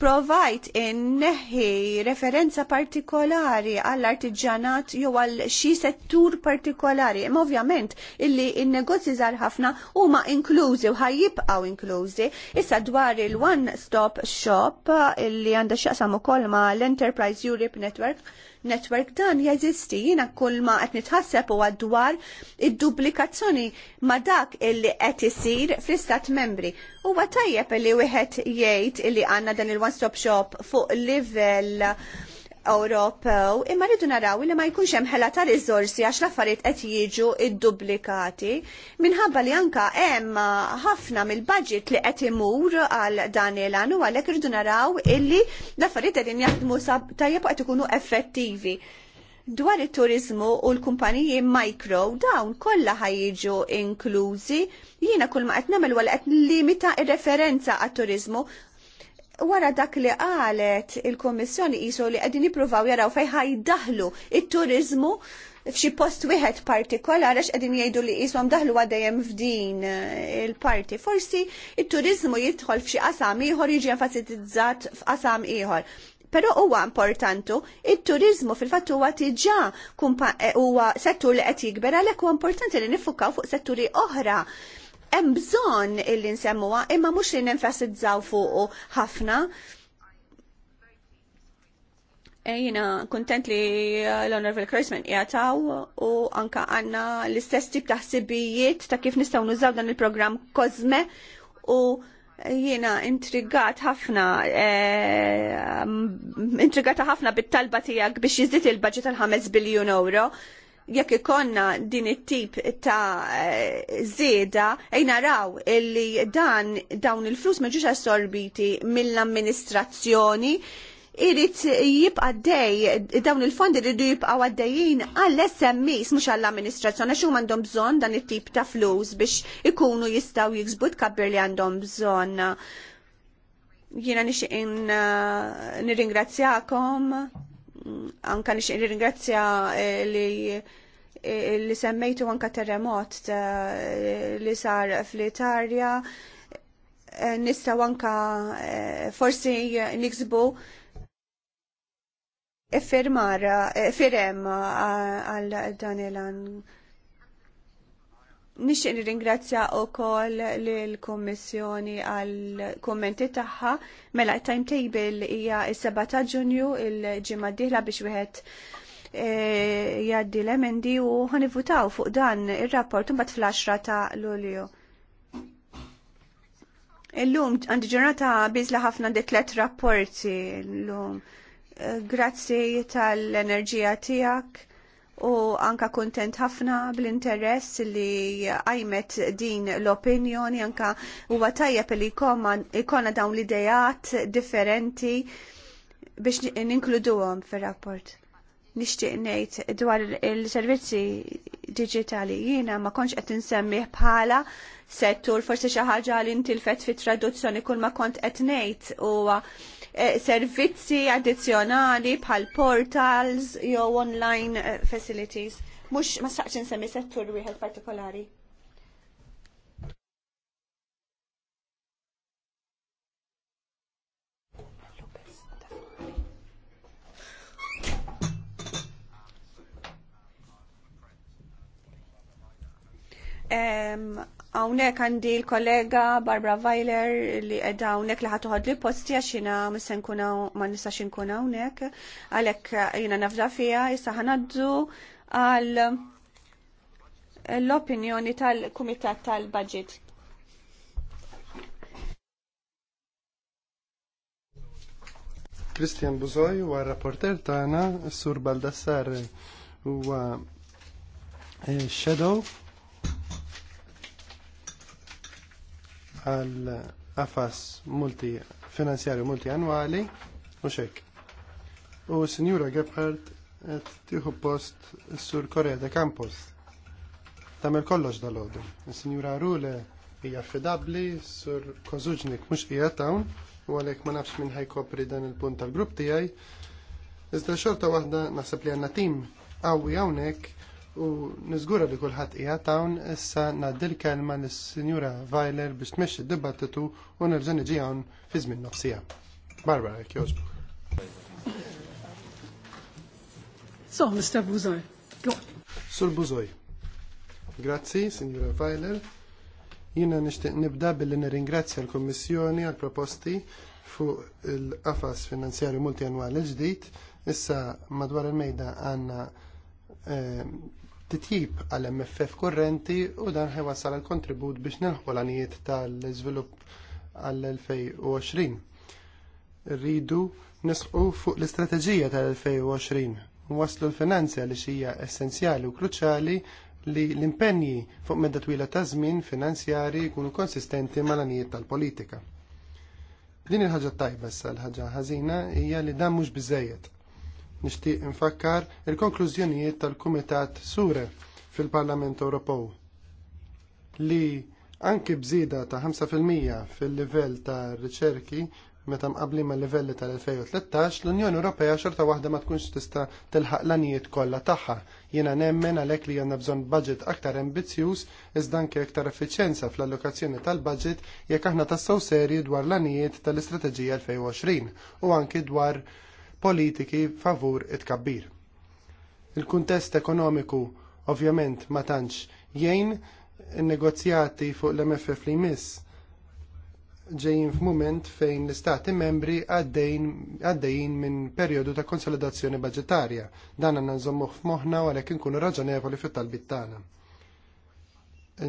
provajt inneħi referenza partikolari għall-artiġanat jew għal xi settur partikolari. Imma ovvjament illi n-negozji żgħar ħafna huma inklużi u ħajjibqgħu inklużi. Issa dwar il-one stop shop illi għandha x'aqsam ukoll ma l-Enterprise Europe Network netwerk dan jeżisti jiena kull ma qed nitħasseb huwa dwar id-duplikazzjoni ma dak illi qed isir fl-istat membri. Huwa tajjeb li wieħed jgħid li għandna dan il-one-stop shop fuq livell Ewropew, imma rridu naraw li ma jkunx hemm ħela ta' riżorsi għax l-affarijiet qed jiġu iddublikati minħabba li anka hemm ħafna mill-budget li qed imur għal dan il-għan u għalhekk irridu naraw illi l-affarijiet qegħdin jaħdmu tajjeb qed ikunu effettivi. Dwar it-turizmu u l-kumpaniji micro dawn kollha ħajġu inklużi. Jiena kull ma qed nagħmel wara qed limita ir-referenza għat-turizmu wara dak li qalet il-Kommissjoni qisu li qegħdin jippruvaw jaraw fejn ħajdaħlu it-turiżmu f'xi post wieħed partikolari għax qegħdin jgħidu li qishom daħlu għaddejjem f'din eh, il-parti. Forsi it-turiżmu jidħol f'xi qasam ieħor jiġi enfasitizzat f'qasam ieħor. Pero huwa importanti, it-turizmu fil-fatt huwa diġà eh, huwa settur li qed jikber għalhekk huwa importanti li nifukkaw fuq setturi oħra hemm bżonn illi nsemmuha imma mhux li nenfasizzaw fuq ħafna. Ejna kontent li uh, l-Honorable Christman jgħataw u anka għanna l-istess tip taħsibijiet ta' kif nistaw nużaw dan il-programm Kozme u jiena intrigat ħafna e, intrigata ħafna bit-talba tiegħek biex jiżdied il-budget tal-5 biljun euro jekk ikonna din it-tip ta' zeda, ejna raw illi dan dawn il-flus ma assorbiti mill-amministrazzjoni irrit jibqa dej dawn il-fondi irridu jibqa għaddejjien għall smes mux għall-amministrazzjoni għax għandhom bżon dan it-tip ta' flus biex ikunu jistaw jiksbu tkabbir li għandhom bżon. Jiena nixin nirringrazzjakom anka nix ringrazzja eh, li eh, li semmejtu anka terremot eh, li sar fl-Italja nista anka forsi niksbu e firmar firem għal dan il Nixtieq nirringrazzja wkoll lill-Kummissjoni għall kummenti tagħha mela t timetable hija is 7 ta' Ġunju il-ġimgħa d-dieħla biex wieħed e, jgħaddi l-emendi u ħanivutaw fuq dan ir-rapport imbagħad fl-10 ta' Lulju. Illum għandi ġurnata biżla ħafna għandi tliet rapporti llum. Grazzi tal-enerġija tiegħek u anka kontent ħafna bl-interess li għajmet din l-opinjoni anka huwa tajjeb li jkollna dawn l-idejat differenti biex għom fir-rapport. Nixtieq ngħid dwar il-servizzi diġitali jiena ma kontx qed insemmih bħala settur forsi xi ħaġa li l-fett fit traduzzjoni kull ma kont qed ngħid huwa Eh, servizzi addizzjonali bħal portals jew online eh, facilities. Mhux ma staqx insemmi settur wieħed partikolari. um, Hawnhekk għandi l-kollega Barbara Weiler li edha hawnhekk li ħatuħad li posti għax ma nistax inkun hawnhekk għalhekk eh, jiena nafda fiha issa ħanaddu għal l-opinjoni tal-Kumitat tal-Budget. Christian Buzoj huwa rapporter tagħna, Sur Baldassar huwa eh, Shadow għal qafas multi finanzjarju multi annwali u xek. U Sinjura Gebhardt qed tiħu post sur Korea de Campos. Tamel kollox dal-għodu. Sinjura Rule hija affidabbli, sur Kozuġnik mux qiegħed hawn u għalek ma nafx minn ħajkopri dan il-punt tal-grupp tijaj. Iżda xorta wahda nasab li għanna tim għawi għawnek u niżgura li kulħadd qiegħed hawn issa ngħaddi l-kelma lis-Sinjura Weiler biex tmexxi d-dibattitu u nerġa' niġi hawn fi żmien nofsija. Barbara jekk jogħġbok. So, Mr. Buzoj. Sur Buzoj. Grazzi, Sinjura Weiler. Jiena nixtieq nibda billi nirringrazzja l-Kummissjoni għall-proposti fuq il-qafas finanzjarju multianwali ġdid. Issa madwar il-mejda għanna eh, titjib għall mff kurrenti u dan ħewassal għal kontribut biex nilħu l-għanijiet tal iżvilupp għall-2020. Rridu nisqu fuq l-istrateġija tal-2020 waslu l finanzja li hija essenzjali u kruċjali li l-impenji fuq medda twila ta' żmien finanzjari jkunu konsistenti mal-anijiet tal-politika. Din il-ħaġa tajba issa l-ħaġa ħażina hija li dan mhux biżejjed. Nixtieq infakkar il-konklużjonijiet tal-Kumitat Sure fil-Parlament Ewropew li anki bżida ta' 5% fil-livell ta' riċerki meta mqabli ma' livelli tal-2013, l-Unjoni Ewropea xorta waħda ma tkunx tista' tilħaq l-anijiet kollha tagħha. Jiena nemmen għalhekk li għandna bżonn budget aktar ambizzjuż iżda anke aktar effiċjenza fl-allokazzjoni tal-budget jekk aħna tassew serji dwar l-anijiet tal-Istrateġija 2020 u anki dwar politiki favur it-kabbir. Il-kuntest ekonomiku ovvjament ma tantx jgħin negozjati fuq l-MFF li jmiss ġejjin f'mument fejn l-istati membri għaddejjin minn perjodu ta' konsolidazzjoni budgetarja. Dan għandna nżommuh f'moħħna għalhekk inkunu raġonevoli fit-talbit tagħna.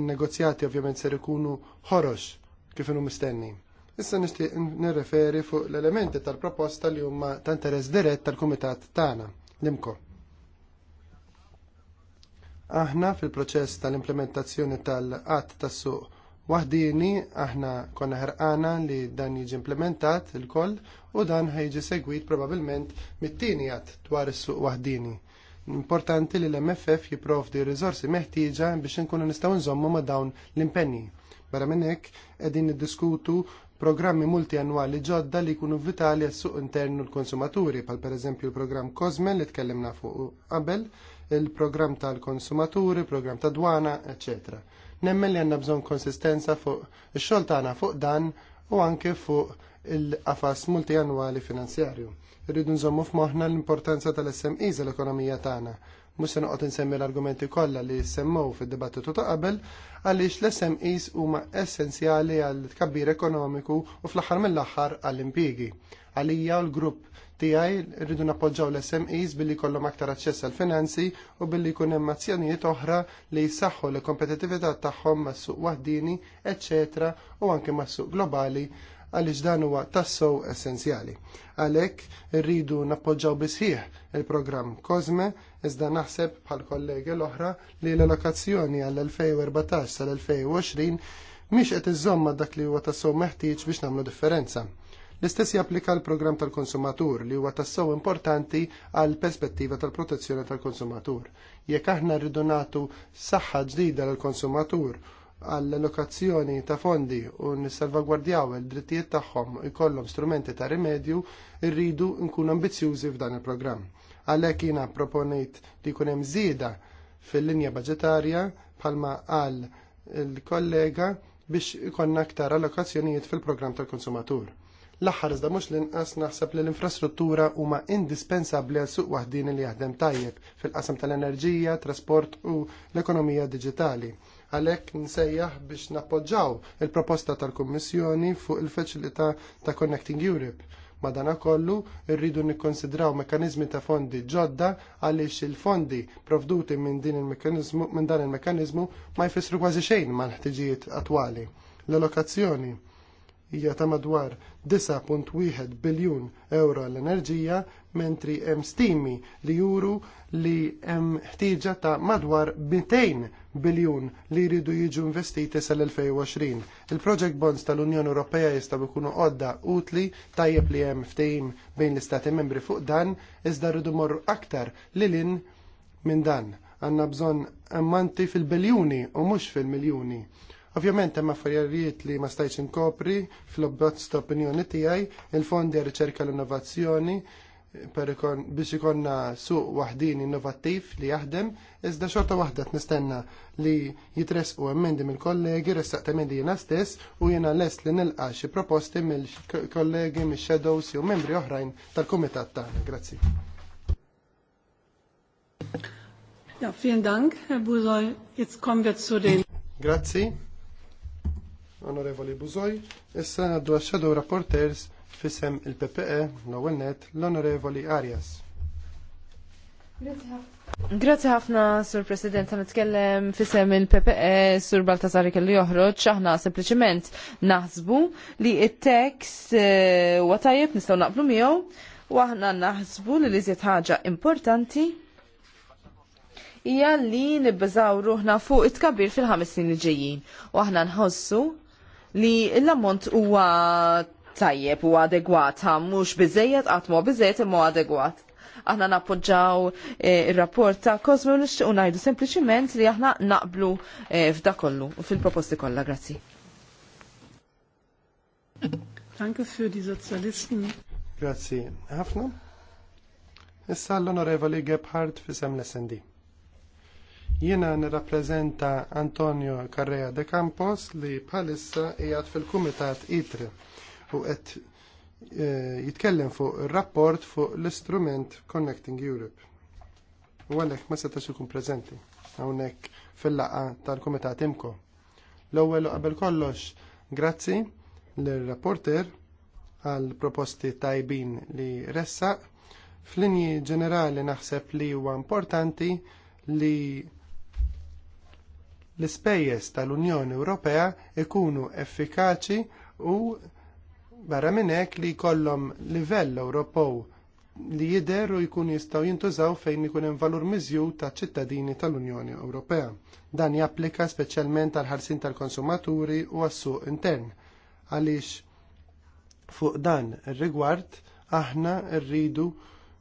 In-negozjati ovvjament ser ikunu ħorox kif inhu mistenni. Issa nixtieq nirreferi fuq l-elementi tal-proposta li huma ta' interess dirett tal-Kumitat tagħna, l Aħna fil-proċess tal-implementazzjoni tal-qatt tas-suq waħdini aħna konna ħerqana li dan jiġi implementat il-koll u dan ħajġi segwit probabilment mit-tieni għat dwar is-suq waħdini. Importanti li l-MFF jiprovdi r-rizorsi meħtieġa biex inkunu nistgħu nżommu ma' dawn l-impenni. Barra minn hekk qegħdin niddiskutu programmi multianwali ġodda li jkunu vitali għas-suq internu l-konsumaturi, pal pereżempju l-programm Cosme li tkellimna fuq qabel, il-programm tal-konsumaturi, programm ta' dwana, ecc. Nemmen li għandna bżonn konsistenza fuq ix-xogħol tagħna fuq dan u anke fuq il-qafas multianwali finanzjarju. Rridu nżommu f'moħħna l-importanza tal-SMEs l-ekonomija tagħna Mhux se noqgħod insemmi l-argumenti kollha li semmew fid-dibattitu ta' qabel għaliex l-SMEs huma essenzjali għal tkabbir ekonomiku u fl-aħħar mill-aħħar għall-impjiegi. Għalija u l-grupp tiegħi rridu nappoġġaw l-SMEs billi jkollhom aktar aċċess għal finanzi u billi jkun hemm azzjonijiet oħra li jsaħħu l-kompetittività tagħhom mas-suq waħdini, eċċetra, u anke mas-suq globali għaliex dan huwa tassew essenzjali. Għalhekk irridu nappoġġaw bisħiħ il-programm Kozme iżda naħseb bħal kollegi l-oħra li l-allokazzjoni għall-2014 sal-2020 mhix qed iżomma dak li huwa tassew meħtieġ biex nagħmlu differenza. L-istess japplika l-programm tal-konsumatur li huwa tassew importanti għal perspettiva tal-protezzjoni tal-konsumatur. Jekk aħna rridu nagħtu saħħa ġdida lill konsumatur għall-allokazzjoni ta' fondi u nissalvagwardjaw il-drittijiet tagħhom ikollhom strumenti ta' rimedju, irridu nkunu ambizzjużi f'dan il-programm. Għalhekk jiena proponejt li jkun hemm żieda fil-linja budgetarja bħalma għal il-kollega biex ikonna aktar allokazzjonijiet fil-programm tal-konsumatur. L-aħħar iżda mhux l-inqas naħseb li l-infrastruttura huma indispensabbli għal suq waħdin li jaħdem tajjeb fil-qasam tal-enerġija, trasport u l-ekonomija diġitali. Għalhekk nsejjaħ biex nappoġġaw il-proposta tal-Kummissjoni fuq il-faċilità ta' Connecting Europe. Madanakollu rridu nikkonsidraw mekkaniżmi ta' fondi ġodda għaliex il-fondi provduti minn din il-mekanizmu minn dan il-mekanizmu ma jfissru kważi xejn mal-ħtiġijiet attwali. L-allokazzjoni hija ta' madwar 9.1 biljun euro l-enerġija, mentri hemm stimi li juru li hemm ħtieġa ta' madwar 200 biljun li jridu jiġu investiti sal-2020. Il-Project Bonds tal-Unjoni Ewropea jistgħu jkunu għodda utli tajjeb li hemm ftehim bejn l-Istati membri fuq dan iżda rridu morru aktar li lin minn dan. Għandna bżonn ammanti fil-biljuni u mhux fil-miljuni. Ovvjament hemm affarijiet li ma stajtx inkopri fl-obbozz ta' opinjoni tiegħi, il-fondi għar riċerka l-innovazzjoni, biex ikonna suq wahdin innovattiv li jaħdem, iżda xorta wahda t-nistenna li jitres u emmendi mill-kollegi, ressaqt emendi jena stess u jena lest li nilqa xi proposti mill-kollegi, mill-shadows u membri oħrajn tal-kumitat tagħna. Grazzi. Ja, vielen Dank, Herr Busoy. Jetzt kommen wir zu den... Grazie, onorevoli Busoy. Issa għaddu għaxħadu rapporters Fisem il-PPE, l-ewwel l-Onorevoli Arias. Grazzi ħafna, Sur President, ta' itkellem fissem il-PPE, Sur Baltasari kelli joħroġ, aħna sempliciment naħsbu li il-tekst eh, huwa tajjeb nistgħu naqblu miegħu, u aħna naħsbu li li ħaġa importanti hija li nibbazaw ruħna fuq it-kabir fil-ħames snin li ġejjin. U aħna nħossu li l-ammont huwa tajjeb u adegwat, ha mhux bizzejet, qatt ma biżejjed imma adegwat. Aħna nappoġġaw eh, ir-rapport ta' Cosmo nixtiequ ngħidu sempliċement li aħna naqblu eh, f'da kollu u fil-proposti kollha, grazzi. Danke für die Sozialisten. Grazzi. Ħafna. Issa l-Onorevoli Gebhardt fisem l-SND. Jiena nirrappreżenta Antonio Carrea de Campos li bħalissa qiegħed fil-Kumitat ITRE u qed eh, jitkellem fuq ir-rapport fuq l-istrument Connecting Europe. U għalhekk ma setax ikun preżenti hawnhekk fil-laqgħa tal-Kumitat Imko. L-ewwel qabel kollox, grazzi lir-rapporter għal proposti tajbin li ressaq. F'linji ġenerali naħseb li huwa importanti li l-ispejjeż tal-Unjoni Ewropea ikunu effikaċi u Barra minn hekk li jkollhom livell Ewropew li jidher u jkun jistgħu jintużaw fejn ikun hemm valur miżju ta' ċittadini tal-Unjoni Ewropea. Dan japplika speċjalment għal ħarsin tal-konsumaturi u għas-suq intern. Għaliex fuq dan ir-rigward aħna rridu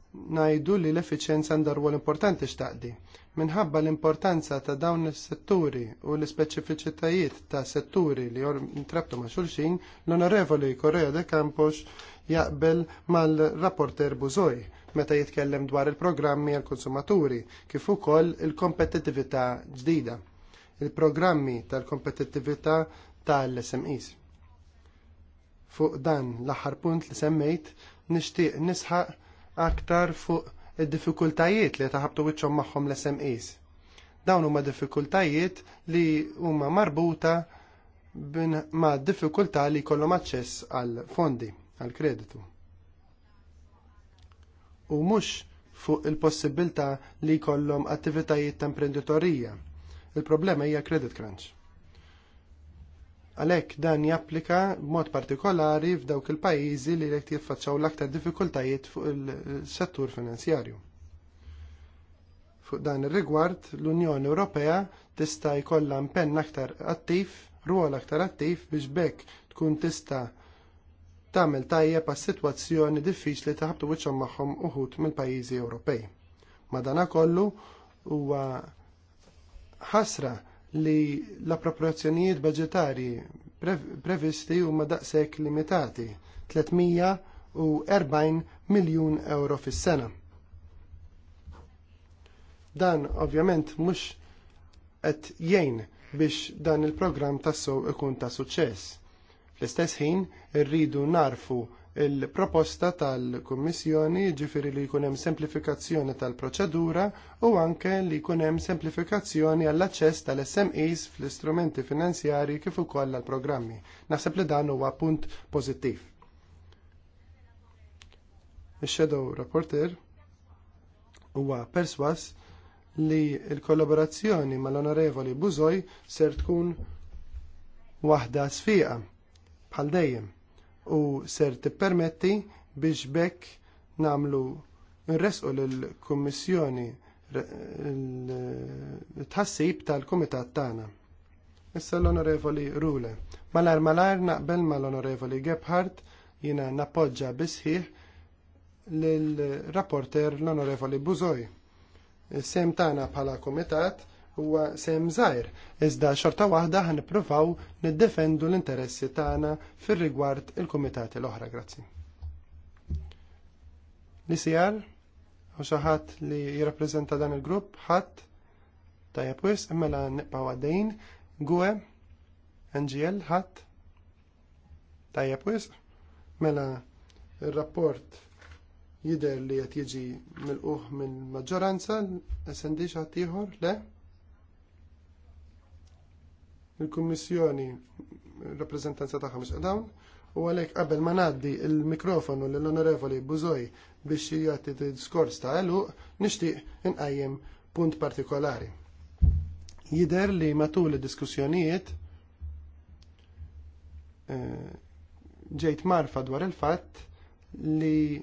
ngħidu li l-effiċenza għandha rwol importanti x'taqdi. Minħabba l-importanza ta' dawn is-setturi u l-ispeċifiċitajiet ta' setturi li intrabtu ma' xulxin, l-Onorevoli Korea de Campos jaqbel mal-rapporter Buzoj meta jitkellem dwar il-programmi għall konsumaturi kif ukoll il-kompetittività ġdida, il-programmi tal-kompetittività tal-SMEs. Fuq dan l-aħħar punt li semmejt nixtieq nisħaq aktar fuq id-diffikultajiet li taħabtu wiċċhom magħhom l-SMEs. Dawn huma diffikultajiet li huma marbuta ma' diffikultà li jkollhom aċċess għal fondi, għal kreditu. U mhux fuq il-possibilità li jkollhom attivitajiet ta' imprenditorija. Il-problema hija credit crunch. Għalhekk dan japplika b'mod partikolari f'dawk il-pajjiżi li jekk jiffaċċaw l-aktar diffikultajiet fuq il-settur finanzjarju. Fuq dan ir-rigward, l-Unjoni Ewropea tista' jkollha impenn aktar attiv, rwol aktar attiv biex bekk tkun tista' tagħmel tajjeb għas sitwazzjoni diffiċli ta' ħabtu wiċċhom magħhom uħud mill-pajjiżi Ewropej. Madanakollu huwa ħasra li l-appropriazzjonijiet budgetari previsti huma daqshekk limitati 340 miljun euro fis-sena. Dan ovvjament mhux qed jgħin biex dan il-programm tassew ikun ta' suċċess. Fl-istess ħin irridu narfu il-proposta tal-Kummissjoni ġifiri li jkun hemm semplifikazzjoni tal-proċedura u anke li jkun hemm semplifikazzjoni għall-aċċess tal-SMEs fl-istrumenti finanzjarji kif ukoll għall programmi Naħseb li dan huwa punt pożittiv. Ix-Shadow Rapporter huwa perswas li l-kollaborazzjoni mal-Onorevoli Buzoj ser tkun waħda sfiqa bħal dejjem u ser tippermetti biex bekk namlu nresqu lill-Kummissjoni tħassib tal-Kumitat tagħna. Issa l-Onorevoli Rule. Malar malar naqbel mal-Onorevoli Gebhardt jina nappoġġa bisħiħ l-rapporter l-Onorevoli Buzoj. Sem tagħna bħala Kumitat huwa sejm żgħir, iżda xorta waħda ħan nippruvaw niddefendu l-interessi tagħna fir-rigward il-kumitati l-oħra, grazzi. Li sijar, u xaħat li jirrappreżenta dan il-grupp, ħadd tajjeb wis, mela nipaw għaddejn, Gwe, NGL, ħadd tajjeb wis, mela il-rapport jider li qed jiġi mill mil-maġġoranza, s-sendiċa ieħor, le? il-Kummissjoni rappresentanza ta' mhux dawn u għalhekk qabel ma ngħaddi l mikrofonu lill-Onorevoli Buzoj biex jagħti diskors ta' għalu nixtieq inqajjem punt partikolari. Jider li matul id-diskussjonijiet eh, ġejt marfa dwar il-fatt li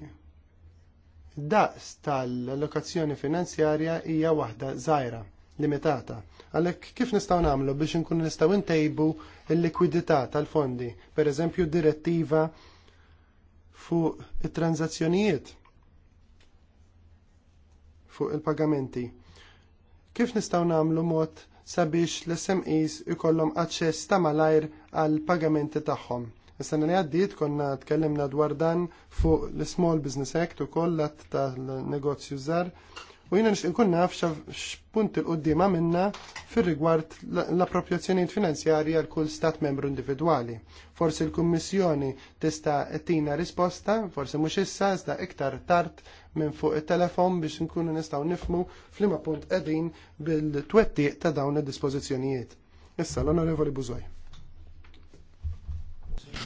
daqs tal-allokazzjoni finanzjarja hija waħda żgħira limitata. Għalhekk kif nistgħu nagħmlu biex inkunu nistgħu ntejbu l-likwidità tal-fondi, pereżempju direttiva fuq it-tranzazzjonijiet fuq il-pagamenti. Kif nistgħu nagħmlu mod sabiex l-SMEs ikollhom aċċess ta' malajr għall pagamenti tagħhom. Is-sena li għaddiet konna tkellimna dwar dan fuq l-Small Business Act ukoll l tal-negozju żgħar U jina nix nkun naf x'punt il-qoddima minna fir-rigward l appropriazzjonijiet finanzjarji għal kull stat membru individwali. Forsi l-Kummissjoni tista' tina risposta, forsi mhux issa iżda iktar tard minn fuq it-telefon biex nkunu nistgħu nifmu f'liema punt qegħdin bil twetti ta' dawn id-dispożizzjonijiet. Issa l-Onorevoli Buzoj.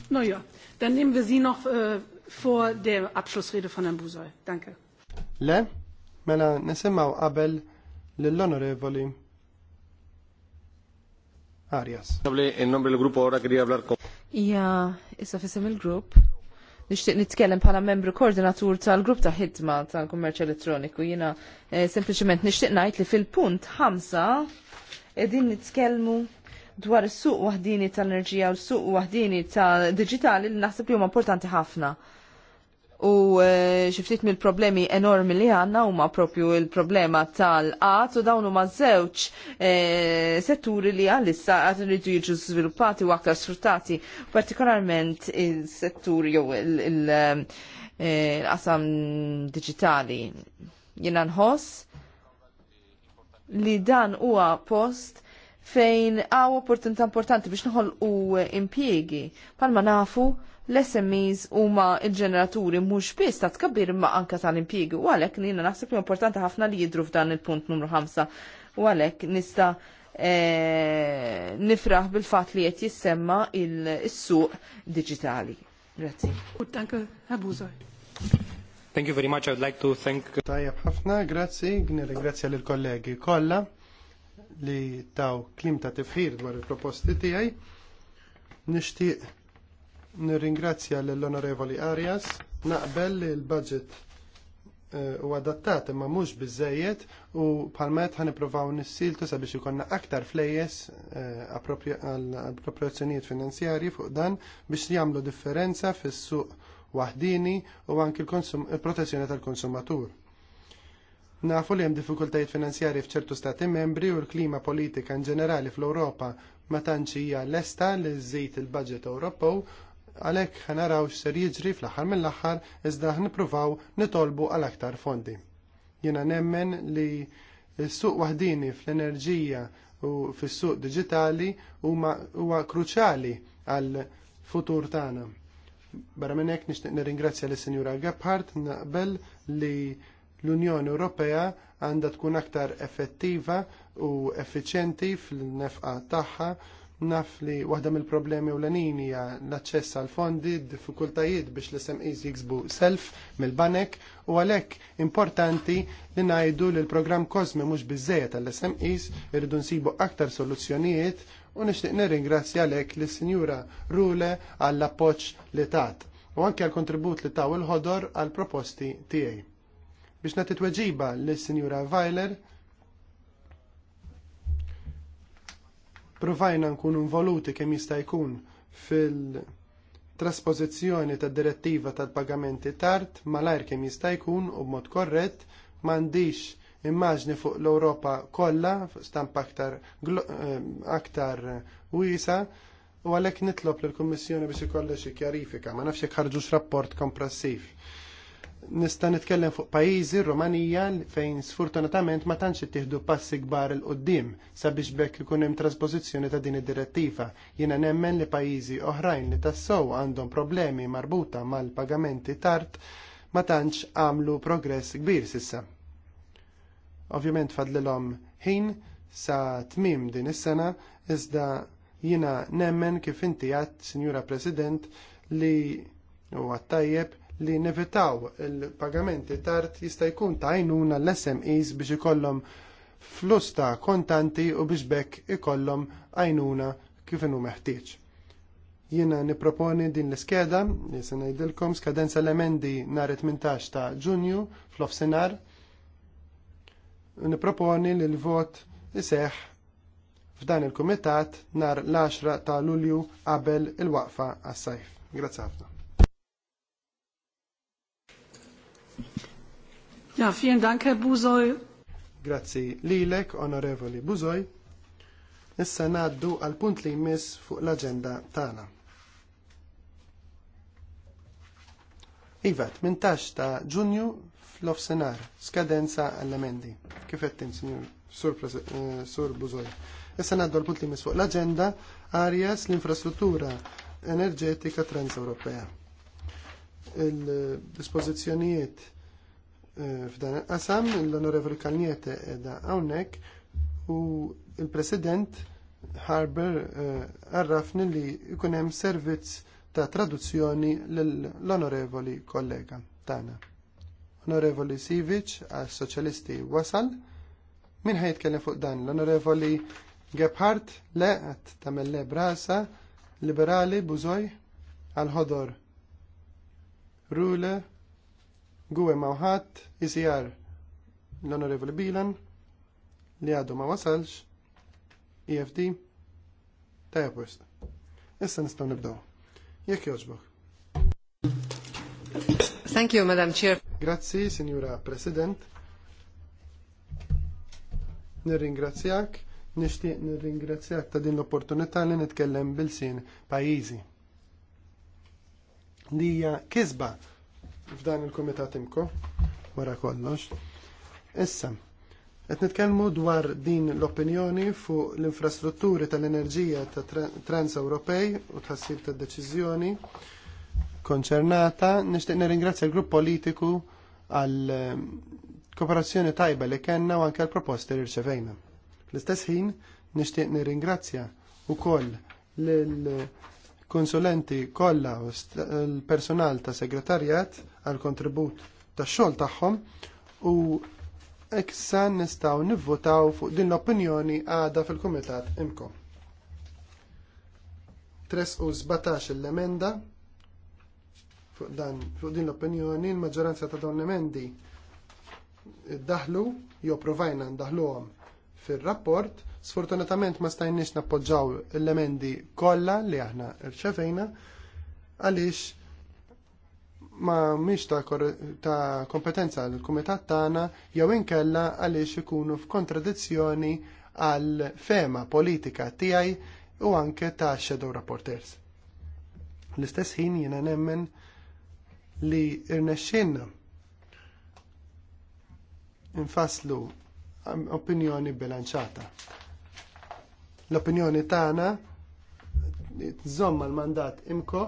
No ja, dan nim wir fuq de äh, Abschlussrede von Herrn Danke. Le? Mela nisimgħu qabel lill-Onorevoli Arias. il l-grupp ora kom. Ija, issa fisem il-grupp. Nixtieq nitkellem bħala membru koordinatur tal-grupp ta' ħidma tal-kummerċ elettroniku. Jiena eh, sempliċement nixtieq ngħid li fil-punt ħamsa qegħdin nitkellmu dwar is-suq waħdini tal-enerġija u s-suq waħdini tal-diġitali li naħseb li huma importanti ħafna u eh, xiftit mill-problemi enormi li għanna huma propju il-problema tal-qat u dawn huma żewġ eh, setturi li għalissa għad nridu jiġu sviluppati u aktar sfruttati, partikolarment il-settur jew eh, il-qasam digitali. Jena nħoss li dan huwa post fejn għaw opportunità importanti biex nħol u impjiegi. Palma nafu l-SMEs huma il-ġeneraturi mhux biss ta' tkabbir imma anka tal-impjiegi u għalhekk nina naħseb li importanti ħafna li jidru f'dan il-punt numru 5 u għalhekk nista' e, nifraħ bil-fatt li qed jissemma il-suq digitali. Grazzi. Tanka Thank you very much. I would like to thank... Tajab ħafna, grazzi, grazzi għal-kollegi kolla li taw klim ta' tifħir dwar il-proposti tijaj. Nishtiq nirringrazzja l-Onorevoli Arias, naqbel li l-budget eh, u adattat imma mhux biżżejjed u palmet ħan ipprovaw nissiltu sabiex ikonna aktar flejjes eh, għall-appropriazzjonijiet finanzjarji fuq dan biex jagħmlu differenza fis-suq waħdini u anki l-protezzjoni tal-konsumatur. Nafu li hemm diffikultajiet finanzjarji f'ċertu stati membri u l-klima politika in ġenerali fl-Ewropa ma tantx hija lesta li żżid il-budget Ewropew għalhekk ħanaraw x'ser jiġri fl-aħħar mill-aħħar iżda ħnippruvaw nitolbu għal aktar fondi. Jiena nemmen li s-suq waħdini fl-enerġija u fis-suq diġitali huwa kruċjali għal futur tagħna. Barra minn hekk nixtieq nirringrazzja lis sinjura Gebhardt naqbel li l-Unjoni Ewropea għandha tkun aktar effettiva u effiċjenti fil-nefqa tagħha Naf li waħda mill-problemi ewlenin hija l-aċċess għal fondi, d-diffikultajiet biex l-SMEs jiksbu self mill-banek u għalhekk importanti li ngħidu li l-programm Kosme mhux biżejjed tal smes irridu nsibu aktar soluzzjonijiet u nixtieq nirringrazzja għalhekk li sinjura Rule għall appoġġ li tat u anke għall kontribut li taw il-ħodor għall proposti tiegħi. Biex nagħti tweġiba lis sinjura Weiler, Provajna nkunu involuti kemm jista' jkun fil-traspożizzjoni tad direttiva tal-pagamenti tard malajr kemm jista' jkun u b'mod korrett m'għandix immaġni fuq l-Ewropa kollha stampa aktar eh, aktar wiesa u għalhekk nitlob lill kummissjoni biex ikollha xi kjarifika ma nafx jekk ħarġux rapport kompressiv nista' nitkellem fuq pajjiżi Rumanija fejn sfortunatament ma tantx ittieħdu passi kbar il qoddim sabiex bekk ikun hemm trasposizzjoni ta' din id-direttiva. Jiena nemmen li pajjiżi oħrajn li tassew għandhom problemi marbuta mal-pagamenti tard ma tantx għamlu progress kbir sissa. Ovvjament fadlilhom ħin sa tmiem din is-sena iżda jiena nemmen kif inti għadd, Sinjura President, li huwa tajjeb li nevitaw il-pagamenti tard jista' jkun ta' għajnuna l-SMEs biex ikollhom flus ta' kontanti u biex bekk ikollhom għajnuna kif inhu meħtieġ. Jiena nipproponi din l-iskeda li se ngħidilkom skadenza l-emendi nhar 18 ta' Ġunju fl-ofsinhar. Nipproponi li l-vot iseħħ f'dan il-kumitat nhar l-10 ta' Lulju qabel il-waqfa għas-sajf. Grazzi ħafna. Ja, vielen Dank, Herr Buzoj. Grazzi lilek, onorevoli Buzoj. Issa naddu għal punt li jmiss fuq l-agenda tagħna. Iva, 18 ta' ġunju fl-offsenar, skadenza għall-emendi. Kifettin, qed sur, eh, sur Buzoj. Issa naddu għal punt li jmiss fuq l-agenda Arias l-infrastruttura energetika trans-Ewropea. Il-dispozizjonijiet f'dan il-qasam, l-Onorevoli Kalniete edha għawnek u il-President Harber għarrafni eh, li jkunem servizz ta' traduzzjoni l-Onorevoli kollega tana. Onorevoli Sivic għal soċjalisti wasal. Min ħajtkellem fuq dan? L-Onorevoli Gephardt le għat tamelle brasa, liberali, buzoj, għal-ħodor. Rule, Gwe Mawħat, Izjar l-Onorevoli Bilan, li għadu ma wasalx, EFD, ta' jabwist. Issa nistaw nibdaw. Jek joġbok. Thank you, Madam Chair. Grazzi, Signora President. Nirringrazzjak, nishtiq nirringrazzjak ta' din l-opportunità li nitkellem bil-sin pajizi. Dija kisba f'dan il-Kumitat Imko wara kollox. Issa, qed nitkellmu dwar din l-opinjoni fuq l-infrastrutturi tal-enerġija ta' Trans-Ewropej u tħassib ta' deċiżjoni konċernata. Nixtieq nirringrazzja l-grupp politiku għal ehm, kooperazzjoni tajba li kellna u anke l-proposti li rċevejna. L-istess ħin nixtieq nirringrazzja wkoll lill konsulenti kollha u l-personal ta' segretarjat għal kontribut tax-xogħol tagħhom u eksan nistgħu nivvotaw fuq din l-opinjoni għada fil-Kumitat imkom. 317 l-emenda fuq dan fuq din l-opinjoni l-maġġoranza ta' dawn l-emendi daħlu jo provajna ndaħluhom fir-rapport. Sfortunatament ma stajniex nappoġġaw l-emendi kollha li aħna rċevejna għaliex ma mhix ta', ta kompetenza l kumitat tagħna jew inkella għaliex ikunu f'kontradizzjoni għal fema politika tiegħi u anke ta' shadow rapporters. L-istess ħin jiena nemmen li irnexxinna infaslu opinjoni bilanċata. L-opinjoni tagħna żomm l mandat imko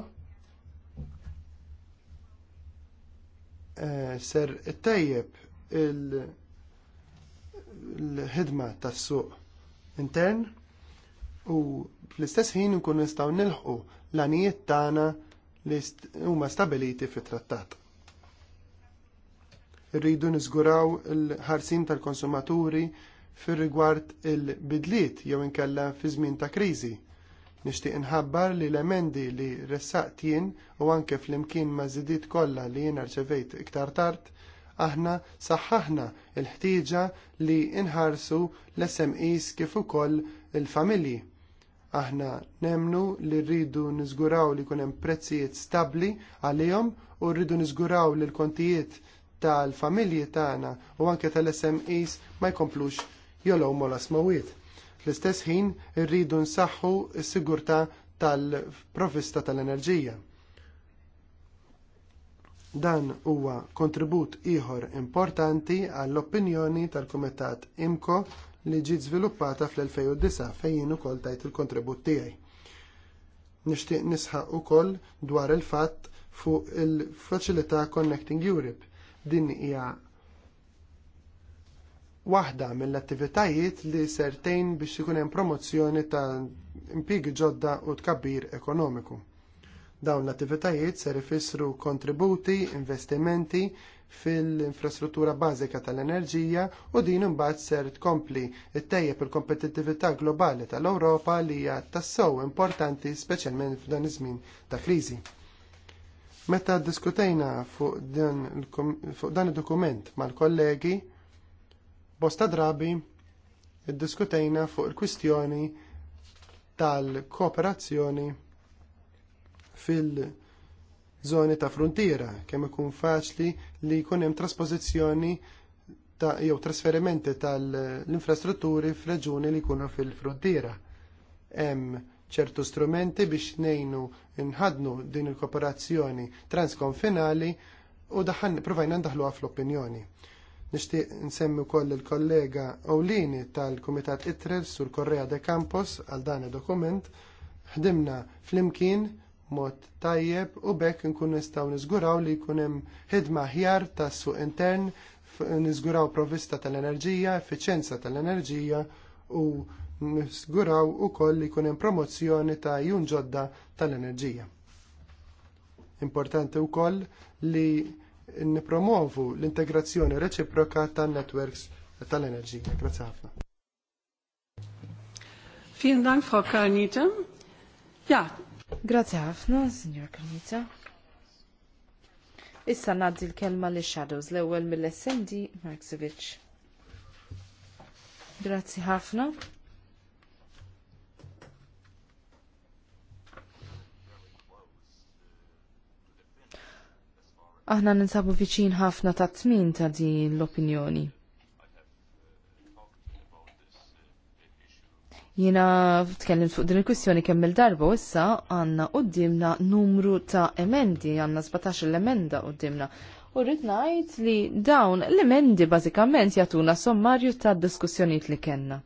Eh, ser it-tajjeb il-ħidma tas-suq intern u fl-istess ħin nkun nistgħu nilħqu l-anijiet tagħna li huma stabiliti fit-trattat. Irridu niżguraw il-ħarsin tal-konsumaturi fir rigward il-bidliet jew inkella fi żmien ta' kriżi Nixtieq inħabbar li l-emendi li ressaqt jien u anke flimkien ma' żidiet kollha li jien rċevejt iktar tard, aħna saħħaħna l-ħtieġa li inħarsu l-SMEs kif ukoll il-familji. Aħna nemnu li rridu niżguraw li jkun hemm prezzijiet stabbli għalihom u rridu niżguraw li l-kontijiet tal-familji tagħna u anke tal-SMEs ma jkomplux jolgħu mola smawiet. Fl-istess ħin irridu nsaħħu s-sigurtà tal-provista tal-enerġija. Dan huwa kontribut ieħor importanti għall-opinjoni tal-Kumitat IMCO li ġiet żviluppata fl-2009 fejn ukoll tajt il-kontribut tiegħi. Nixtieq nisħaq ukoll dwar il-fatt fuq il-Faċilità Connecting Europe. Din hija waħda mill-attivitajiet li sertejn biex ikun hemm promozzjoni ta' impjiegi ġodda u tkabbir ekonomiku. Dawn l-attivitajiet ser ifissru kontributi, investimenti fil-infrastruttura bażika tal-enerġija u din imbagħad ser tkompli t-tejjeb il-kompetittività globali tal-Ewropa li hija tassew importanti speċjalment f'dan iż-żmien ta' kriżi. Meta ddiskutejna fuq dan id-dokument mal-kollegi, Bosta drabi diskutejna fuq il-kwistjoni tal-kooperazzjoni fil-żoni ta' frontiera, kemm ikun faċli li jkun hemm trasposizzjoni ta' jew trasferimenti tal-infrastrutturi f'reġuni li jkunu fil-frontiera. Hemm ċertu strumenti biex nejnu nħadnu din il-kooperazzjoni transkonfinali u daħan provajna ndaħluha fl-opinjoni. Nixtieq nsemmi wkoll il-kollega Owlini tal-Kumitat Itrel sur Correa de Campos għal dan id-dokument. Ħdimna flimkien mod tajjeb u bekk nkun nistgħu niżguraw li jkun hemm ħidma aħjar tas-suq intern, niżguraw provvista tal-enerġija, effiċjenza tal-enerġija u niżguraw ukoll li jkun hemm promozzjoni ta' jun ġodda tal-enerġija. Importanti wkoll li nipromovu l-integrazzjoni reċiproka tan-networks tal-enerġija. Grazie ħafna. Vielen Dank, Frau Kalnita. Ja. Grazie ħafna, signor Kalnita. Issa naddi l-kelma li Shadows l-ewwel mill-SND Marksevich. Grazie ħafna. Aħna ninsabu viċin ħafna ta' tmin ta' din l-opinjoni. Jina tkellim fuq din il-kwistjoni kemm il-darba issa għandna qudiemna numru ta' emendi, għandna 17 l-emenda qudiemna. U rrid ngħid li dawn l-emendi bażikament jagħtuna sommarju ta' diskussjonijiet li kellna.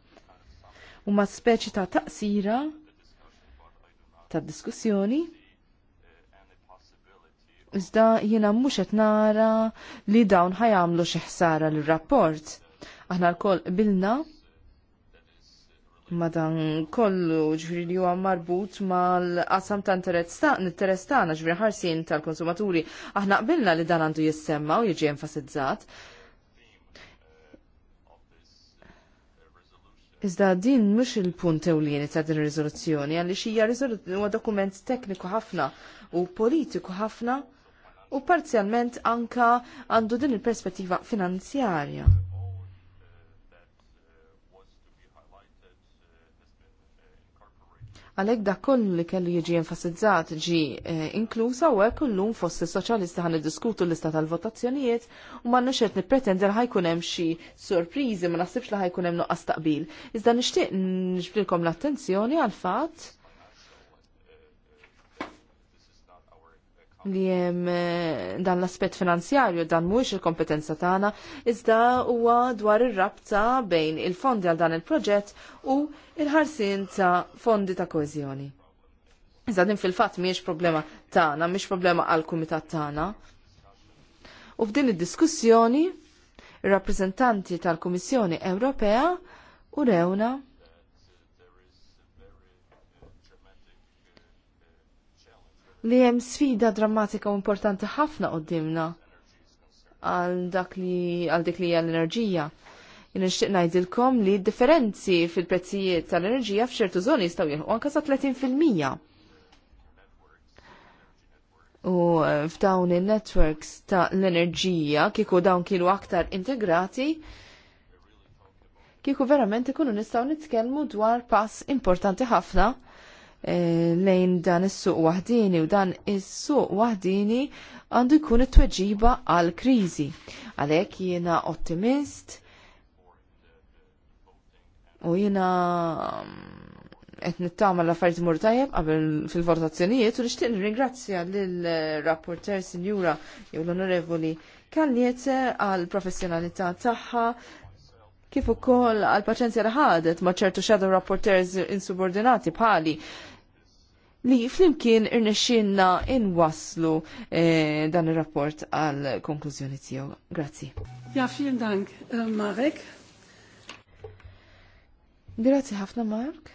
U ma' speċi ta' taqsira ta' diskussjoni iżda jiena mhux qed nara li dawn ħajamlu xi ħsara lir-rapport. Aħna lkoll bilna madan kollu ġifri li huwa marbut mal-qasam ta' interess tagħna ġifri ħarsin tal-konsumaturi. Aħna qbilna li dan għandu jissemma u jiġi enfasizzat. Iżda din mhux il-punt ewlieni ta' din ir-riżoluzzjoni għaliex hija huwa dokument tekniku ħafna u politiku ħafna u parzjalment anka għandu din il-perspettiva finanzjarja. għalek da kollu li kellu jiġi enfasizzat ġi eh, inklusa u għek l-lum fossi soċjalisti ħan diskutu l-istat tal-votazzjonijiet u ma nuxet nipretend li ħajkunem hemm xi sorpriżi ma naħsibx li ħajkun hemm nuqqas taqbil. Iżda nixtieq nixbilkom l-attenzjoni għal fatt li jem eh, dan l-aspet finanzjarju dan mhuwiex il-kompetenza tagħna, iżda huwa dwar ir-rabta bejn il-fondi għal dan il-proġett u il-ħarsin ta' fondi ta' koeżjoni. Iżda din fil-fatt mhijiex problema tagħna, mhix problema għal kumitat tagħna. U f'din id-diskussjoni, ir-rappreżentanti tal-Kummissjoni Ewropea u rewna. li hemm sfida drammatika u importanti ħafna qoddimna għal dak li għal dik li hija l-enerġija. Nixtieq ngħidilkom li differenzi fil-prezzijiet tal-enerġija f'ċertu żoni jistgħu jilħu anke sa 30%. U eh, f'dawn in-networks ta' l-enerġija kieku dawn kienu aktar integrati, kieku verament ikunu nistgħu nitkellmu dwar pass importanti ħafna Eh, lejn dan is-suq waħdini u dan is-suq waħdini għandu jkun it-tweġiba għal kriżi. Għalhekk jiena ottimist u jiena mm, qed nittama l-affarijiet mur tajjeb qabel fil-votazzjonijiet u nixtieq nirringrazzja lill-rapporter Sinjura jew l-Onorevoli Kalniete għal professjonalità tagħha kif ukoll għal paċenzja li ħadet ma' ċertu shadow rapporteurs insubordinati bħali li flimkien irnexxinna inwaslu eh, dan ir-rapport għal konklużjoni tiegħu. Grazzi. Ja, vielen Dank, eh, Marek. Grazzi ħafna Mark.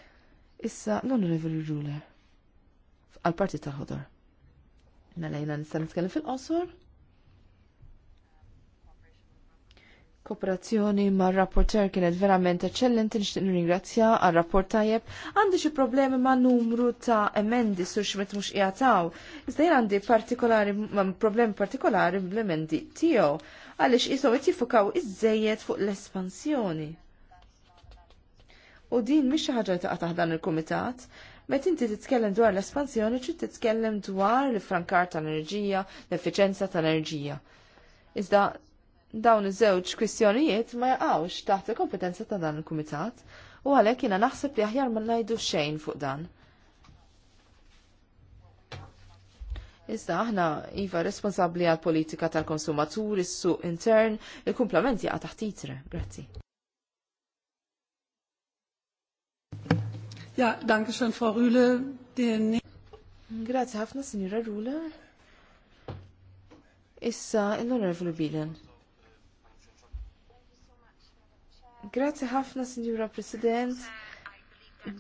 Issa l onorevoli Ruler għal parti tal-ħodor. Mela jina nista' nitkellem fil-qosor. Kooperazzjoni mar rapporter kienet verament eccellenti, nixtieq nirringrazzja għal rapport tajjeb. Għandi xi problemi ma' numru ta' emendi sur xmet mhux qiegħataw. Iżda jien għandi partikolari problemi partikolari bl-emendi tiegħu għaliex qishom qed jifukaw iż fuq l-espansjoni. U din mhix xi ħaġa taqa' taħdan il-kumitat. Met inti titkellem dwar l-espansjoni trid titkellem dwar l-frankar tal-enerġija, l-effiċenza tal-enerġija. Iżda dawn iż-żewġ kwistjonijiet ma jaqgħux taħt il-kompetenza ta' dan il-kumitat u għalhekk jiena naħseb li aħjar ma ngħidu xejn fuq dan. Iżda aħna iva responsabbli għal politika tal-konsumatur, is-suq intern, il jaqa' għata taħtitre. Grazzi. Ja, danke schön, Frau Rühle. Den... Grazie ħafna, Signora Rühle. Issa, l-Onorevoli Bilen. Grazzi ħafna, Signora President.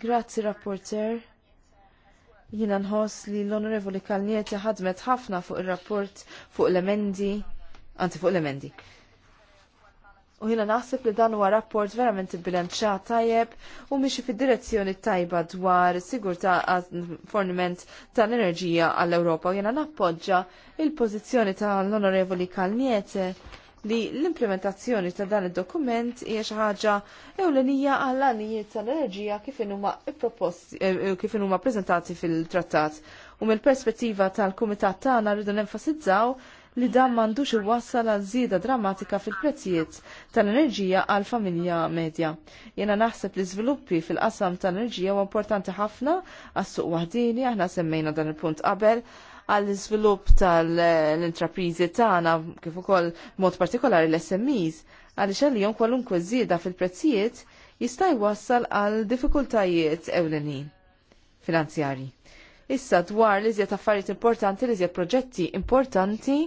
Grazzi, Rapporter. Jina nħoss li l-Onorevoli Kalnieti ħadmet ħafna fuq il-rapport fuq l-emendi, anzi fuq l-emendi. U jina naħseb li dan huwa rapport verament bilanċat tajjeb u mixi fid-direzzjoni tajba dwar sigurta forniment tal-enerġija għall-Ewropa u jina nappoġġa il-pożizzjoni tal-Onorevoli Kalnieti li l-implementazzjoni ta' dan id-dokument hija xi ħaġa ewlenija għall għanijiet tal-enerġija kif huma eh, eh, kif huma preżentati fil-trattat. U mill-perspettiva tal-kumitat tagħna rridu nenfasizzaw li dan m'għandux iwassal għal żieda drammatika fil-prezzijiet tal-enerġija għal familja medja. Jena naħseb li żviluppi fil-qasam tal-enerġija huwa importanti ħafna għas-suq waħdini, aħna semmejna dan il-punt qabel, għall iżvilupp tal-intrapriżi tagħna kif ukoll mod partikolari l-SMEs għaliex għalihom kwalunkwe żieda fil-prezzijiet jista' jwassal għal diffikultajiet ewlenin finanzjarji. Issa dwar li żjed affarijiet importanti li żjed proġetti importanti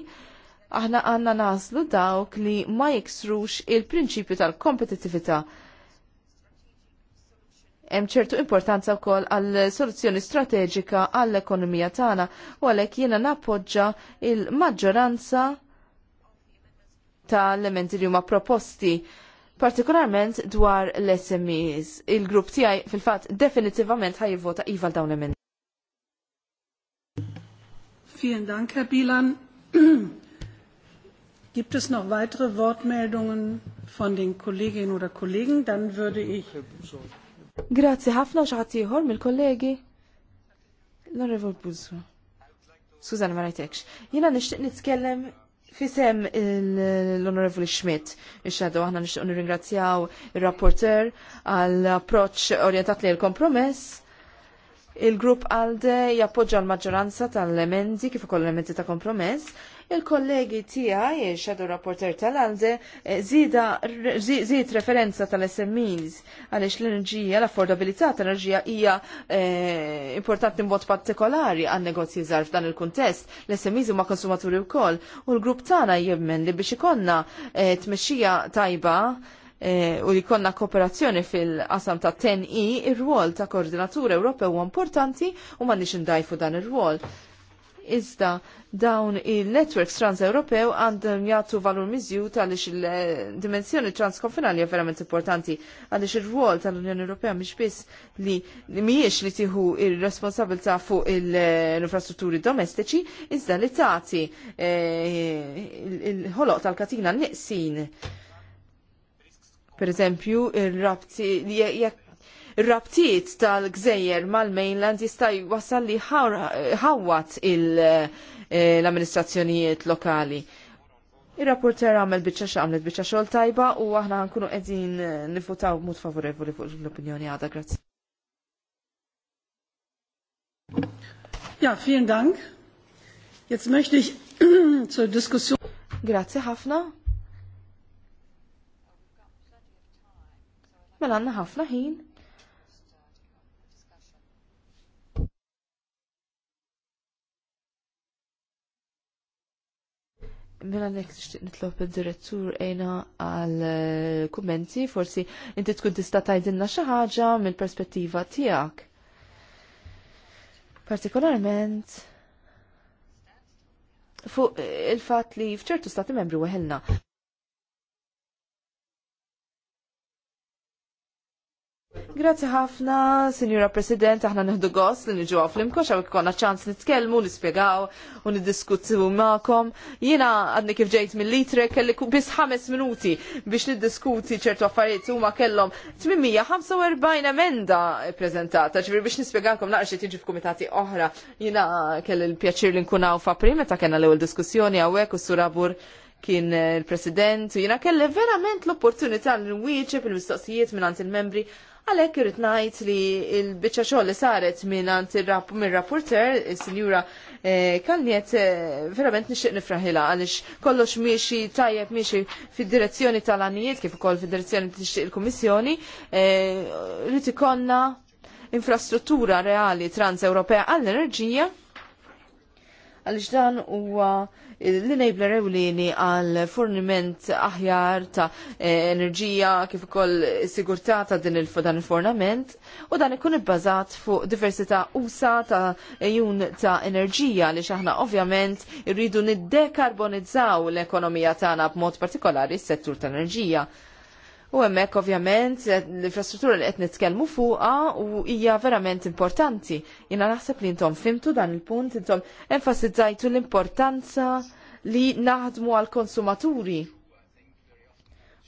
aħna għanna naslu dawk li ma jiksrux il-prinċipju tal kompetittività hemm ċertu importanza wkoll għal soluzzjoni strateġika għall ekonomija tagħna u għalhekk jiena nappoġġa il-maġġoranza ta' elementi li huma proposti partikolarment dwar l-SMEs. Il-grupp tiegħi fil-fatt definitivament ħajvota iva dawn l emendi Vielen Dank, Herr Bilan. Gibt es noch weitere Wortmeldungen von den Kolleginnen oder Kollegen? Dann würde ich. Grazzi ħafna u xaħat ieħor mill-kollegi. L-Onorevol Buzzu. Susan ma rajtekx. Jiena nixtieq nitkellem fisem l-Onorevoli Schmidt, nxadu aħna nixtieq nirringrazzjaw ir-rapporter għall approċċ orjentat lejn kompromess Il-grupp għalde jappoġġa l-maġġoranza tal emendi kif ukoll l-emendi ta' kompromess il-kollegi tiegħi il-Shadow Rapporter tal-Alde, eh, zida zid referenza tal-SMEs għaliex l-enerġija, l-affordabilità tal-enerġija hija eh, importanti b'mod partikolari għan negozji żgħar f'dan il-kuntest. L-SMEs huma konsumaturi wkoll u l-grupp tagħna jemmen li biex ikonna eh, tmexxija tajba u li konna kooperazzjoni fil-qasam ta' 10i, ir-rwol ta' koordinatura Ewropew u importanti u nix indajfu dan ir-rwol iżda dawn il-networks trans-Ewropew għandhom jagħtu valur miżju għaliex il-dimensjoni transkonfinali hija verament importanti għaliex ir-rwol tal-Unjoni Ewropea mhix biss li mhijiex li tieħu ir-responsabilità fuq l-infrastrutturi domestiċi iżda li tagħti eh, il-ħoloq tal-katina l-neqsin per eżempju, il-rabti, jekk Ir-rabtiet tal-gżejjer mal-mainland jista' jwassal li ħawwat eh, l-amministrazzjonijiet lokali. Ir-rapporter għamel biċċa x'għamlet biċċa xogħol tajba u aħna nkunu qegħdin eh, nifutaw mod favorevoli fuq l-opinjoni għadha. Grazzi. Ja, vielen Dank. Jetzt möchte ich zur Diskussion. Grazie ħafna. Mela għandna ħafna ħin. Mela nek nixtieq nitlob id-direttur ejna għal eh, kummenti, forsi inti tkun tista' tgħidilna xi ħaġa mill-perspettiva tiegħek. Partikolarment fuq il-fatt li f'ċertu stati membri weħelna. Grazzi ħafna, Signora President, aħna neħdu gost li nġu għaf l-imkox konna ċans nitkellmu, nispiegaw u maqom. ma'kom. Jina għadni kif ġejt mill-litre kelli bis ħames minuti biex niddiskuti ċertu affarijiet u ma kellom 845 emenda prezentata, ċivir biex nispiegawkom naqra xie tiġi f'kumitati oħra. Jina kelli l-pjaċir li nkunaw fa' prima ta' kena l-ewel diskussjoni għawek u surabur kien il-president u jina kelli verament l-opportunità l wieċe il-mistoqsijiet minn il-membri Għalhekk irid ngħid li l-biċċa xogħol li saret minn il rapporter il sinjura eh, Kalniet, eh, verament nixtieq nifraħilha għaliex kollox miexi tajjeb miexi fid-direzzjoni tal-għanijiet kif ukoll fid-direzzjoni tixtieq il-Kummissjoni, eh, rrid ikonna infrastruttura reali trans-Ewropea għall-enerġija għaliex dan huwa l-enabler ewlieni għal forniment aħjar ta' eh, enerġija kif ukoll sigurtà ta' din il dan il-fornament u dan ikun ibbażat fuq diversità usa ta' jun ta' enerġija li aħna ovvjament irridu niddekarbonizzaw l-ekonomija tagħna b'mod partikolari s-settur ta' enerġija U hemmhekk ovvjament l-infrastruttura li qed nitkellmu fuqha u hija verament importanti. Jiena naħseb li intom fimtu dan il-punt, intom enfasizzajtu l-importanza li naħdmu għall konsumaturi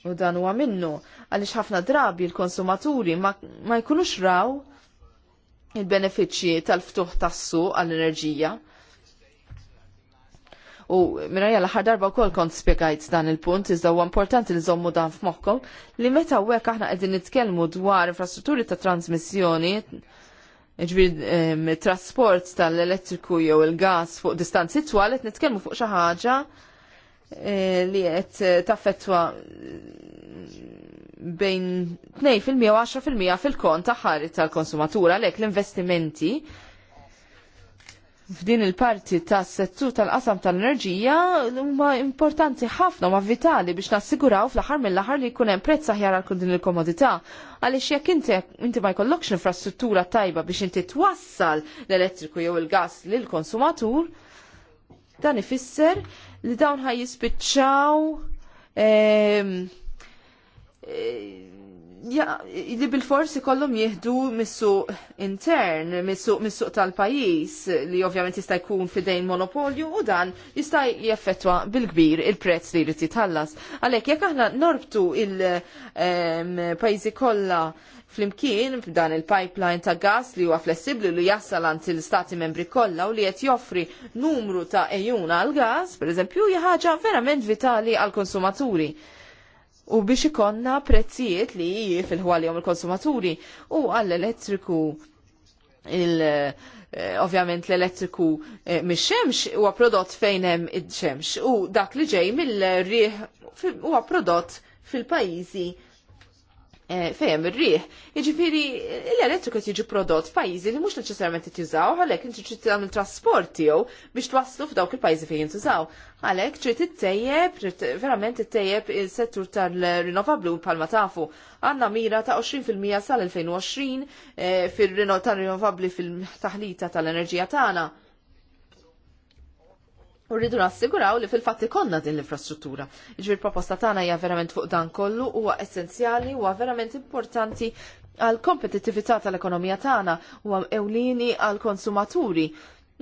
U dan huwa minnu għaliex ħafna drabi l-konsumaturi ma, ma jkunux raw il-benefiċċji tal-ftuħ tas-suq għall-enerġija. U minna l-aħħar darba wkoll kont spjegajt dan il-punt, iżda huwa importanti li zommu dan f'moħħkom li meta għek aħna qegħdin nitkellmu dwar infrastrutturi ta' transmissjoni ġbir trasport tal-elettriku jew il-gas fuq distanzi twal qed nitkellmu fuq xi ħaġa eh, li qed taffettwa bejn 2% u 10% fil-kont ta' tal-konsumatura għalhekk l-investimenti f'din il-parti tas settur tal-qasam tal-enerġija huma importanti ħafna ma vitali biex nassiguraw fl-aħħar mill-aħħar li jkun hemm prezz aħjar għal din il-komodità. Għaliex jekk inti inti ma jkollokx infrastruttura tajba biex inti twassal l-elettriku jew il-gas lil konsumatur, dan ifisser li dawn ħaj jispiċċaw ehm, ja, li bil-forsi kollum jihdu missu intern, missu, missu tal-pajis li ovvjament jista' jkun fidejn monopolju u dan jista' jeffettwa bil-kbir il-prezz li jrid jitħallas. Għalhekk jekk aħna norbtu il-pajjiżi kollha flimkien f'dan il-pipeline ta' gas li huwa flessibbli li jassal għand il-stati membri kollha u li qed joffri numru ta' ejjuna għal gas, pereżempju, hija ħaġa verament vitali għall konsumaturi u biex ikonna prezzijiet li fil-ħwaljom il-konsumaturi u għall-elettriku il- eh, ovvjament l-elettriku eh, mix-xemx huwa prodott fejn hemm id-xemx u dak li ġej mill-rieħ huwa prodott fil-pajjiżi Eh, fejem ir-riħ. Jiġifieri l-elettriku jiġi prodott f'pajjiżi li mhux neċessarjament titjużaw għalhekk inti trid tagħmel trasport tiegħu biex twasslu f'dawk il-pajjiżi fejn jintużaw. Għalhekk trid ittejjeb, verament ittejjeb is-settur tal-rinnovabbli palma tafu. Għandna mira ta' 20% sal-2020 eh, fir-rinnovabbli fil-taħlita tal-enerġija tagħna. U rridu nassiguraw li fil fatti konna din l-infrastruttura. Iġbir proposta tagħna hija verament fuq dan kollu huwa essenzjali huwa verament importanti għal kompetittività tal-ekonomija tagħna u ewlieni għal konsumaturi.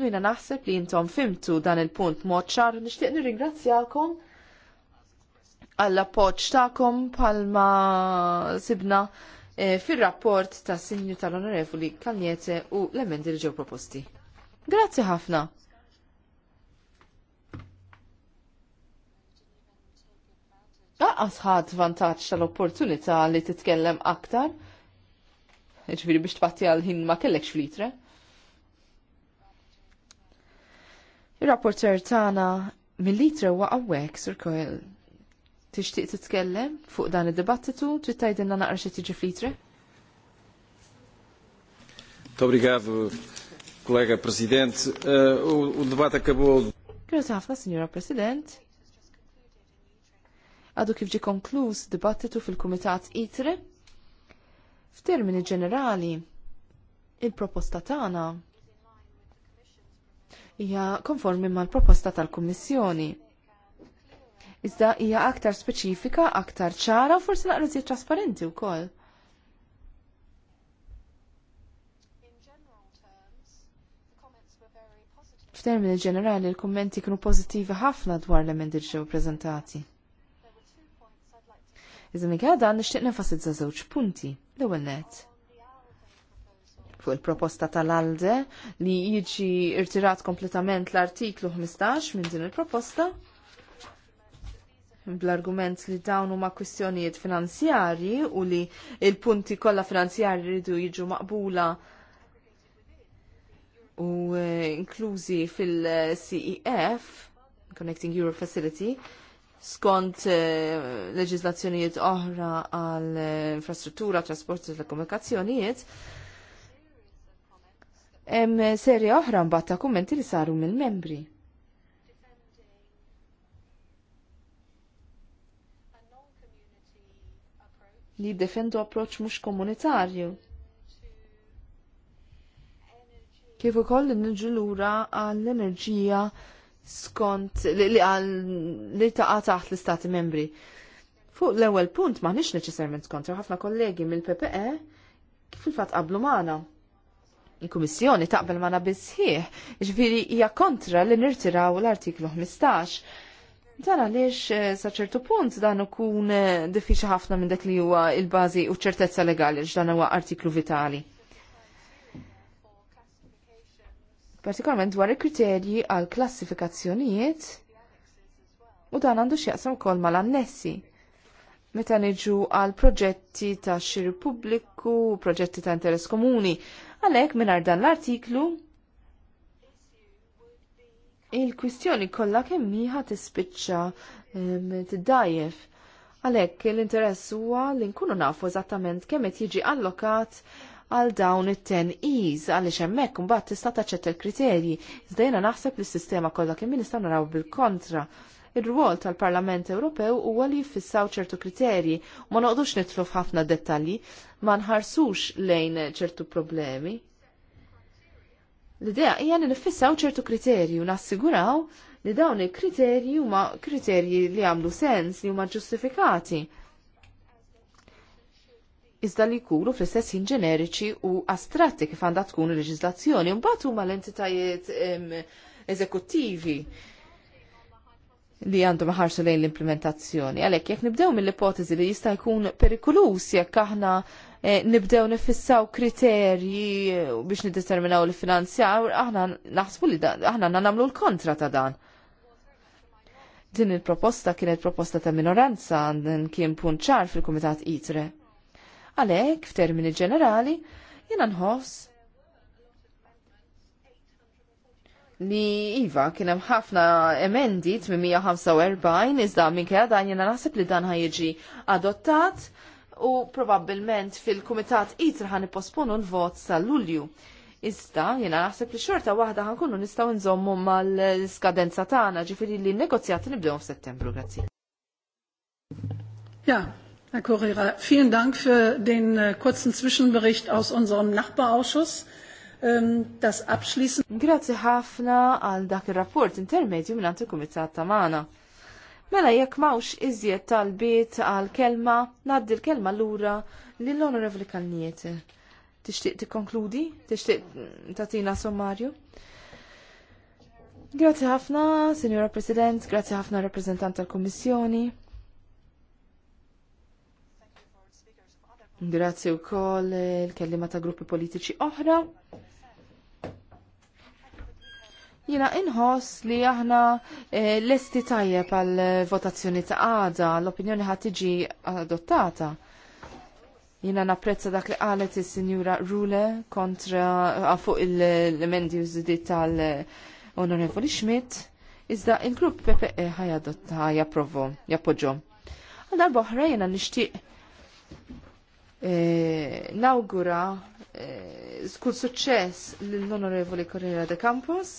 Jina naħseb li intom fimtu dan il-punt mod ċar nixtieq nirringrazzjakom għall appoġġ tagħkom palma sibna e, fir-rapport tas Sinju tal-Onorevoli Kalniete u l-emendi li ġew proposti. Grazzi ħafna. Għas ħadd vantaġġ tal-opportunità li titkellem aktar. Ġifieri biex tbatti għal ħin ma kellekx flitre. Ir-rapporter tagħna mill-litre huwa għawek, Sir Coyle. Tixtieq titkellem fuq dan id-dibattitu trid tgħidilna naqra xi tiġi flitre? Obrigado, kollega President. Uh, eh, o, o debate acabou. Grazie, Signora Presidente għadu kif ġi konkluż dibattitu fil-Kumitat ITRE. F'termini ġenerali, il-proposta tagħna hija konformi mal-proposta tal-Kummissjoni. Iżda hija aktar speċifika, aktar ċara u forsi naqra trasparenti wkoll. f'termini ġenerali l-kummenti kienu pożittivi ħafna dwar l-emendi ġew preżentati. Iżda għada nixtieq nenfasizza żewġ punti l-ewwel net. Fuq il-proposta tal-Alde li jiġi irtirat kompletament l-artiklu 15 minn din il-proposta bl-argument li dawn huma kwistjonijiet finanzjarji u li il-punti kollha finanzjarji rridu jiġu maqbula u eh, inklużi fil-CEF, Connecting Europe Facility, skont eh, leġizlazzjonijiet oħra għal eh, infrastruttura, trasport u telekomunikazzjonijiet. Hemm serja oħra mbagħad ta' kummenti li saru mill-membri. li jiddefendu approċ mhux komunitarju. Kif ukoll niġu lura għall-enerġija skont li għal li taqa taħt l-istati membri. Fuq l-ewwel punt maħniex neċessarment kontra ħafna kollegi mill-PPE kif il-fatt qablu magħna. Il-Kummissjoni taqbel maħna bisħieħ, ġviri hija kontra li nirtiraw l-artiklu 15. Dan għaliex eh, sa ċertu punt dan ikun eh, diffiċi ħafna minn dak li huwa il-bażi u ċertezza legali ġdan huwa artiklu vitali. partikolarment dwar il-kriterji għal klassifikazzjonijiet u dan għandu x'jaqsam ukoll mal-annessi. Meta niġu għal proġetti ta' xiri pubbliku, proġetti ta' interess komuni, għalhekk mingħajr dan l-artiklu il-kwistjoni kollha kemm miħa tispiċċa tiddajjef. Għalhekk l-interess huwa li nkunu nafu eżattament kemm qed jiġi allokat għal dawn it-ten iż għaliex hemmhekk imbagħad tista' taċċetta l-kriterji. żdejna naħseb li s-sistema kollha kemm nistgħu naraw bil-kontra. Ir-rwol tal-Parlament Ewropew huwa li jfissaw ċertu kriterji u ma noqdux nitlu f'ħafna dettalji ma nħarsux lejn ċertu problemi. L-idea hija li nifissaw ċertu kriterji u nassiguraw li dawn il-kriterji huma kriterji li għamlu sens li huma ġustifikati iżda li jkunu fl-istess ġeneriċi u astratti kif għandha tkun il-leġiżlazzjoni mbagħad huma l-entitajiet eżekuttivi li għandhom ħarsu lejn l-implementazzjoni. Għalhekk jekk nibdew mill-ipotezi li jista' jkun perikulus jekk aħna eh, nibdew nifissaw kriterji biex nideterminaw l-finanzjar, aħna naħsbu li aħna nagħmlu l-kontra ta' dan din il-proposta kienet proposta ta' minoranza għandin kien punt ċar fil-Kumitat ITRE. Għalhekk f'termini ġenerali jiena nħoss li Iva kien hemm ħafna emendi 845 iżda kera dan jiena naħseb li dan ħajġi adottat u probabbilment fil-kumitat itra ħan ipposponu l-vot sa' lulju Iżda jiena naħseb li xorta waħda ħankunu nistgħu nżommu mal-skadenza tagħna ġifieri li n-negozjati nibdew f'Settembru, grazzi. Ja, Herr Correra, vielen Dank für den äh, kurzen Zwischenbericht aus unserem Nachbarausschuss. Ähm, das abschließen. Grazie ħafna għal dak ir-rapport intermedju minn il-Kumitat Tamana. Mela jekk mawx iżjed talbiet għal kelma, naddi l-kelma lura lill-Onorevoli Kalniete. Tixtieq tikkonkludi? Tixtieq tatina sommarju? Grazie ħafna, Signora President, grazie ħafna rappresentant tal-Kummissjoni. Grazzi u koll il-kellima ta' gruppi politiċi oħra. Jina inħoss li aħna eh, lesti tajjeb għal votazzjoni ta' għada, l-opinjoni ħat tiġi adottata. Jina napprezza dak li qalet il-Sinjura Rule kontra eh, fuq il-emendi użdit tal-Onorevoli Schmidt, iżda il-grupp PPE ħaj adotta, ħaj jappoġġo. Għal darba oħra jina nishtiq nawgura eh, skull eh, suċċess l-Onorevoli Corriera de Campos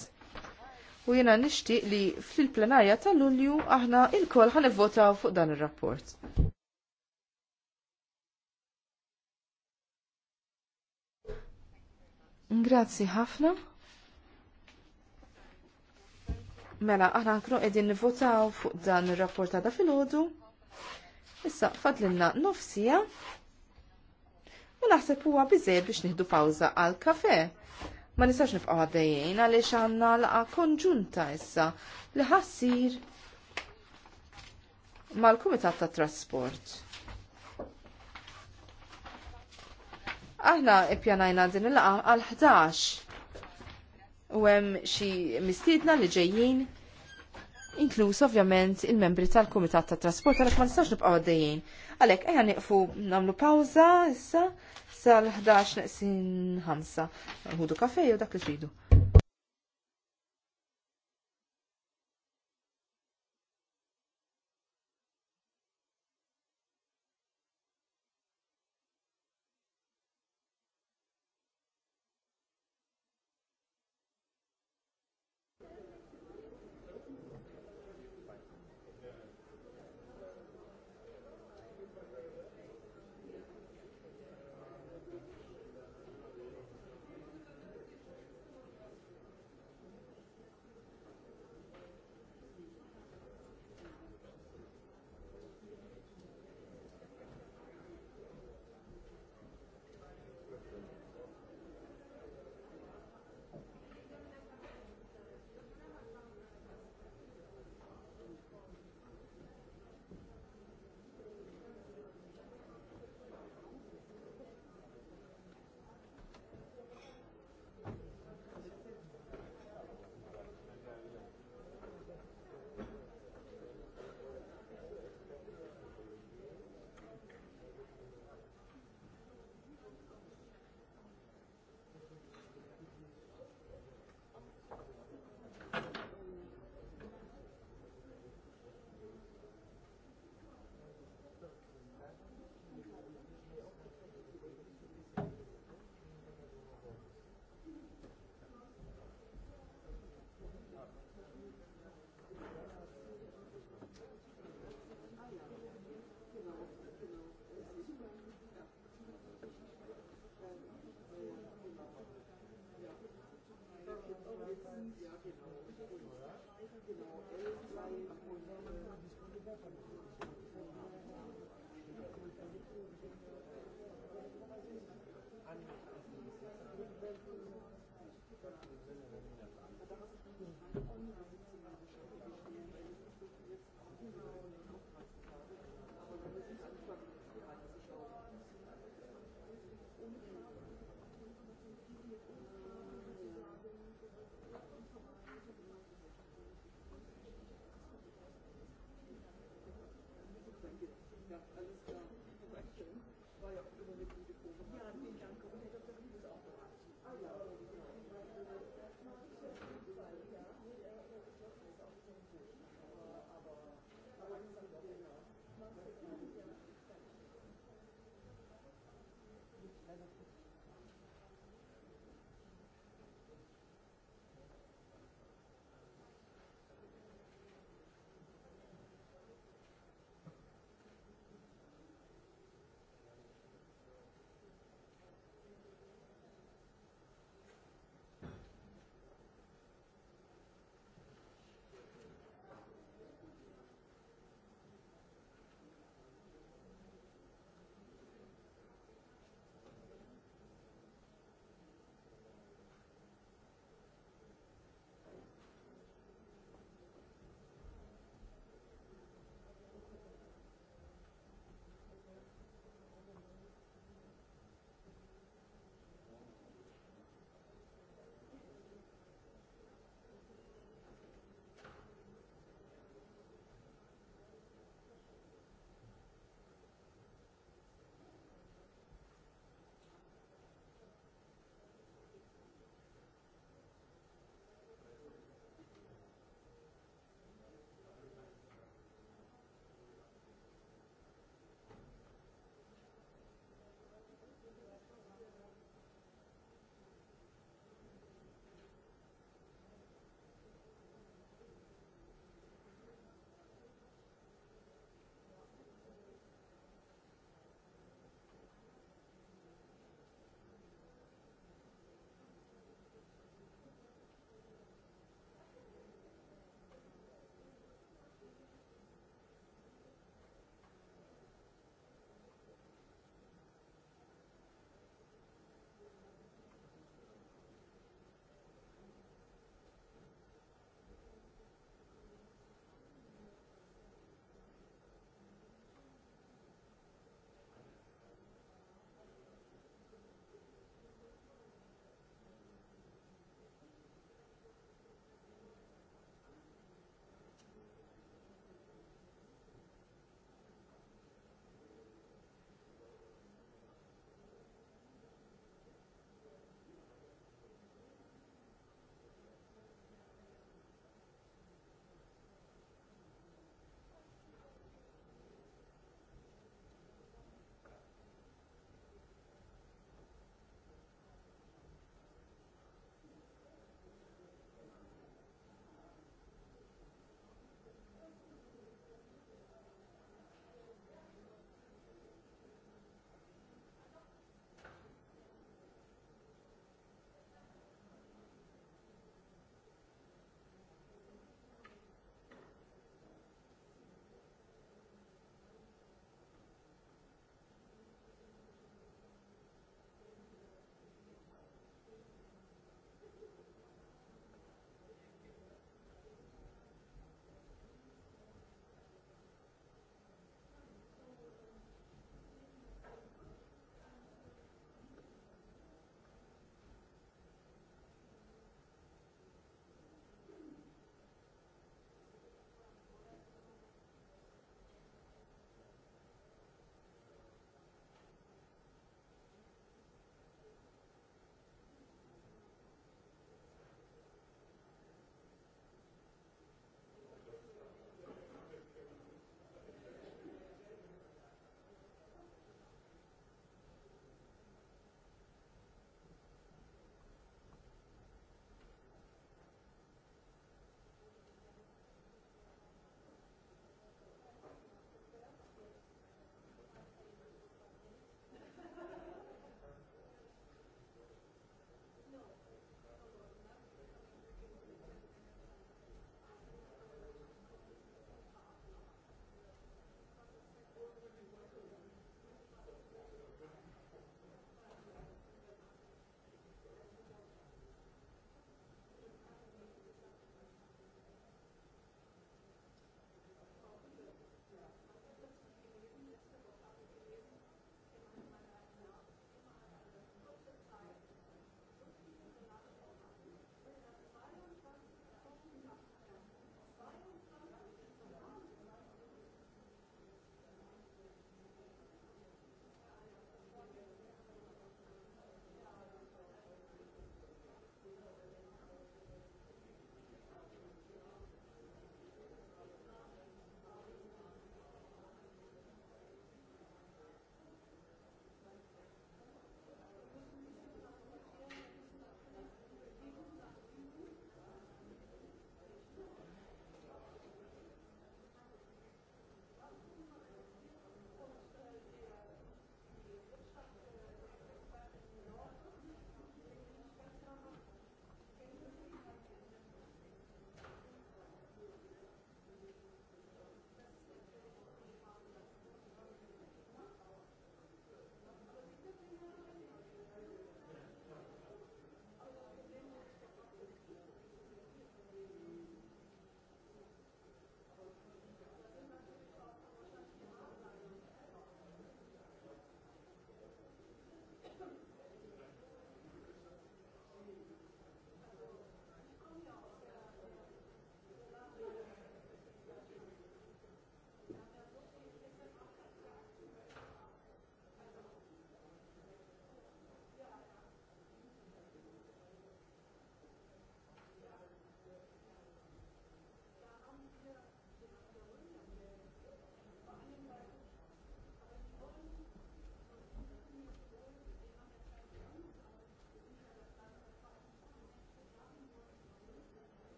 u jena nishtiq li fil-plenarja tal-Lulju aħna il koll ħan vota fuq dan il-rapport. Grazzi ħafna. Mela, aħna kru edin nivotaw fuq dan il-rapport għada fil-ħodu. Issa, fadlinna nofsija naħseb huwa biżejjed biex nieħdu pawża għal kafe. Ma nistax nibqgħu għaddejjin għaliex għandna laqa konġunta issa li ħassir mal-Kumitat tat Trasport. Aħna ippjanajna din il-laqa għal 11. U hemm xi mistiedna li ġejjin inkluż ovvjament il-membri tal-Kumitat tat Trasport għaliex ma nistax nibqgħu għaddejjin. Għalek, eħan niqfu namlu pauza, issa sal-11 neqsin 5. Hudu kafej u dak li tridu. Thank you. ta' jaqbu.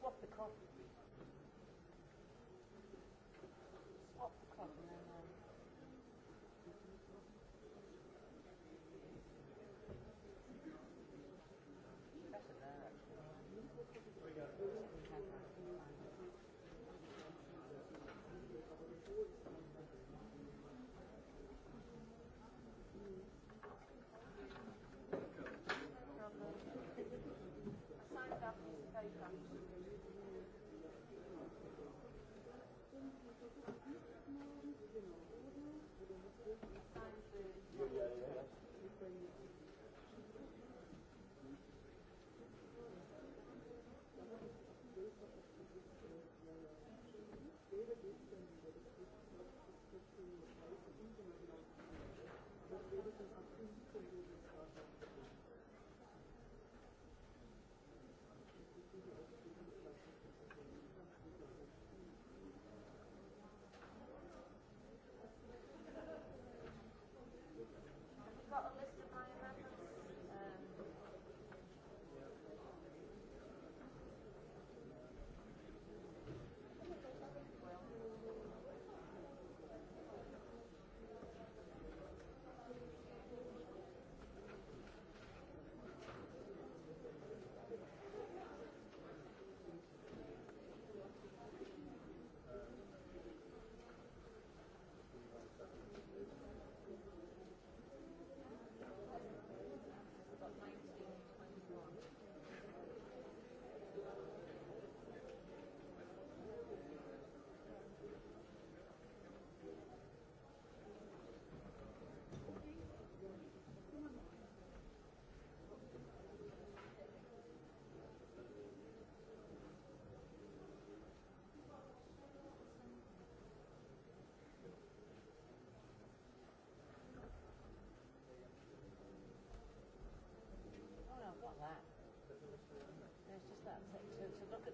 swap the coffee.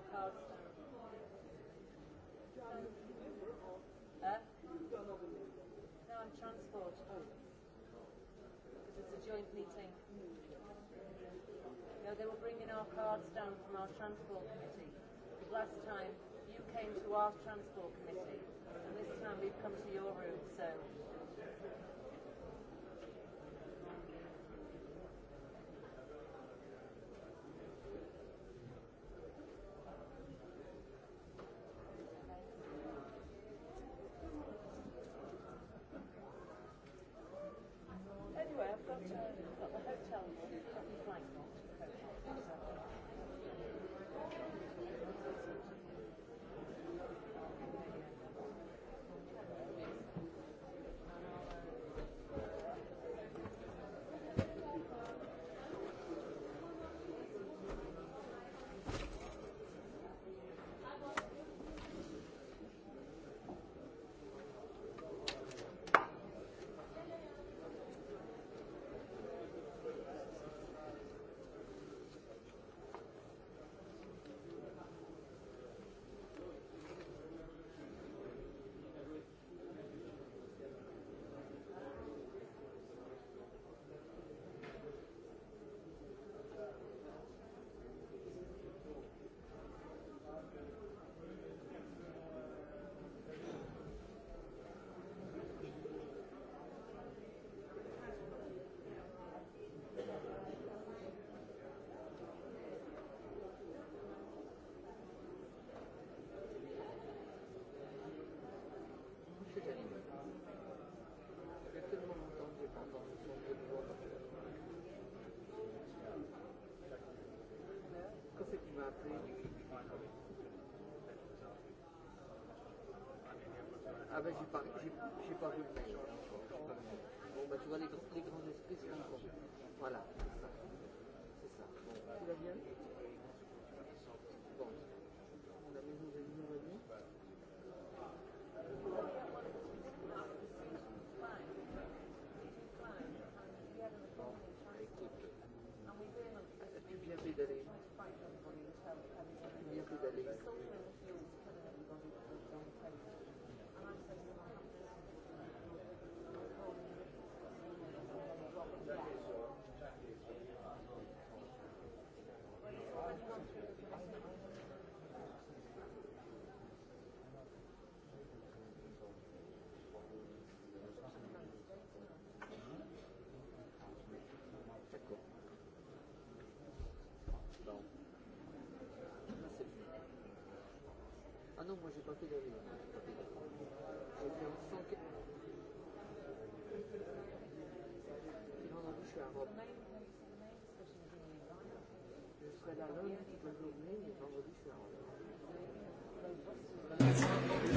joint meeting. No, they were bringing our cards down from our transport committee. Last time you came to our transport committee, and this time we've come to your room, so Ah ben j'ai pas, vu le tu vois les, grands esprits sont Voilà, c'est ça. C'est ça.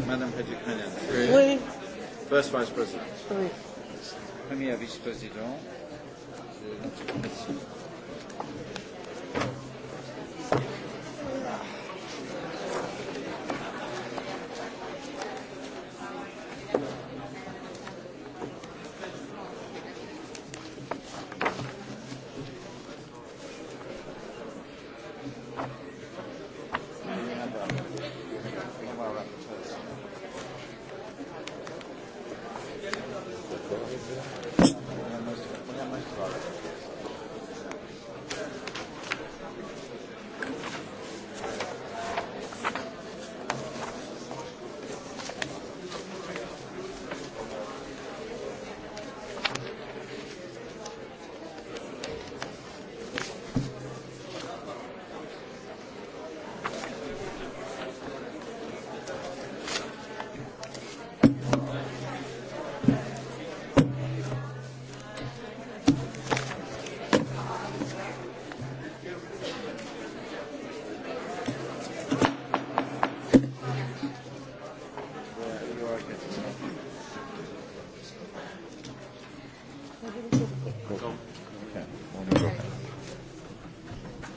Madam Pedikanen. Oui. First Vice President. Oui. Premier vice President de notre Commission.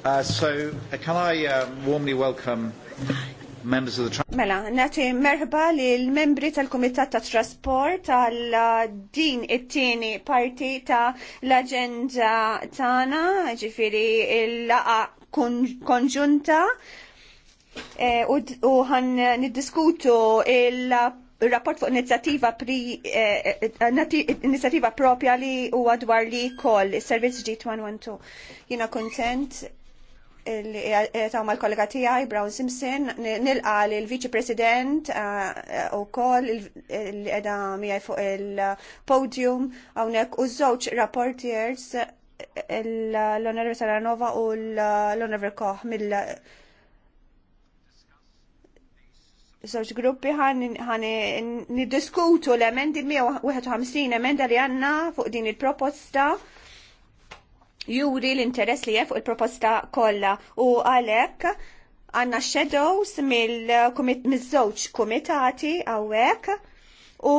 Uh, so, uh, can I uh, warmly welcome members of the Mela, nati merħba li l-membri tal-Kumitat ta' Trasport tal-din uh, it-tieni parti ta' l-agenda tana, ġifiri il-laqa konġunta e, u ħan niddiskutu il- rapport fuq inizjativa e, e, propja li huwa dwar li kol is-servizz ġdid 112. Jiena kuntent li għetaw l kollega tijaj, Brown Simpson, nilqa l-Vice President u koll li għeda mijaj fuq il-podium għawnek u zoċ rapportiers l-Onorevole Saranova u l-Onorevole Koch mill Zoċ gruppi ħani niddiskutu l-emendi 151 emenda li għanna fuq din il-proposta juri l-interess li jef u l-proposta kollha u għalhekk għandna shadows mill-żewġ kumitati hawnhekk u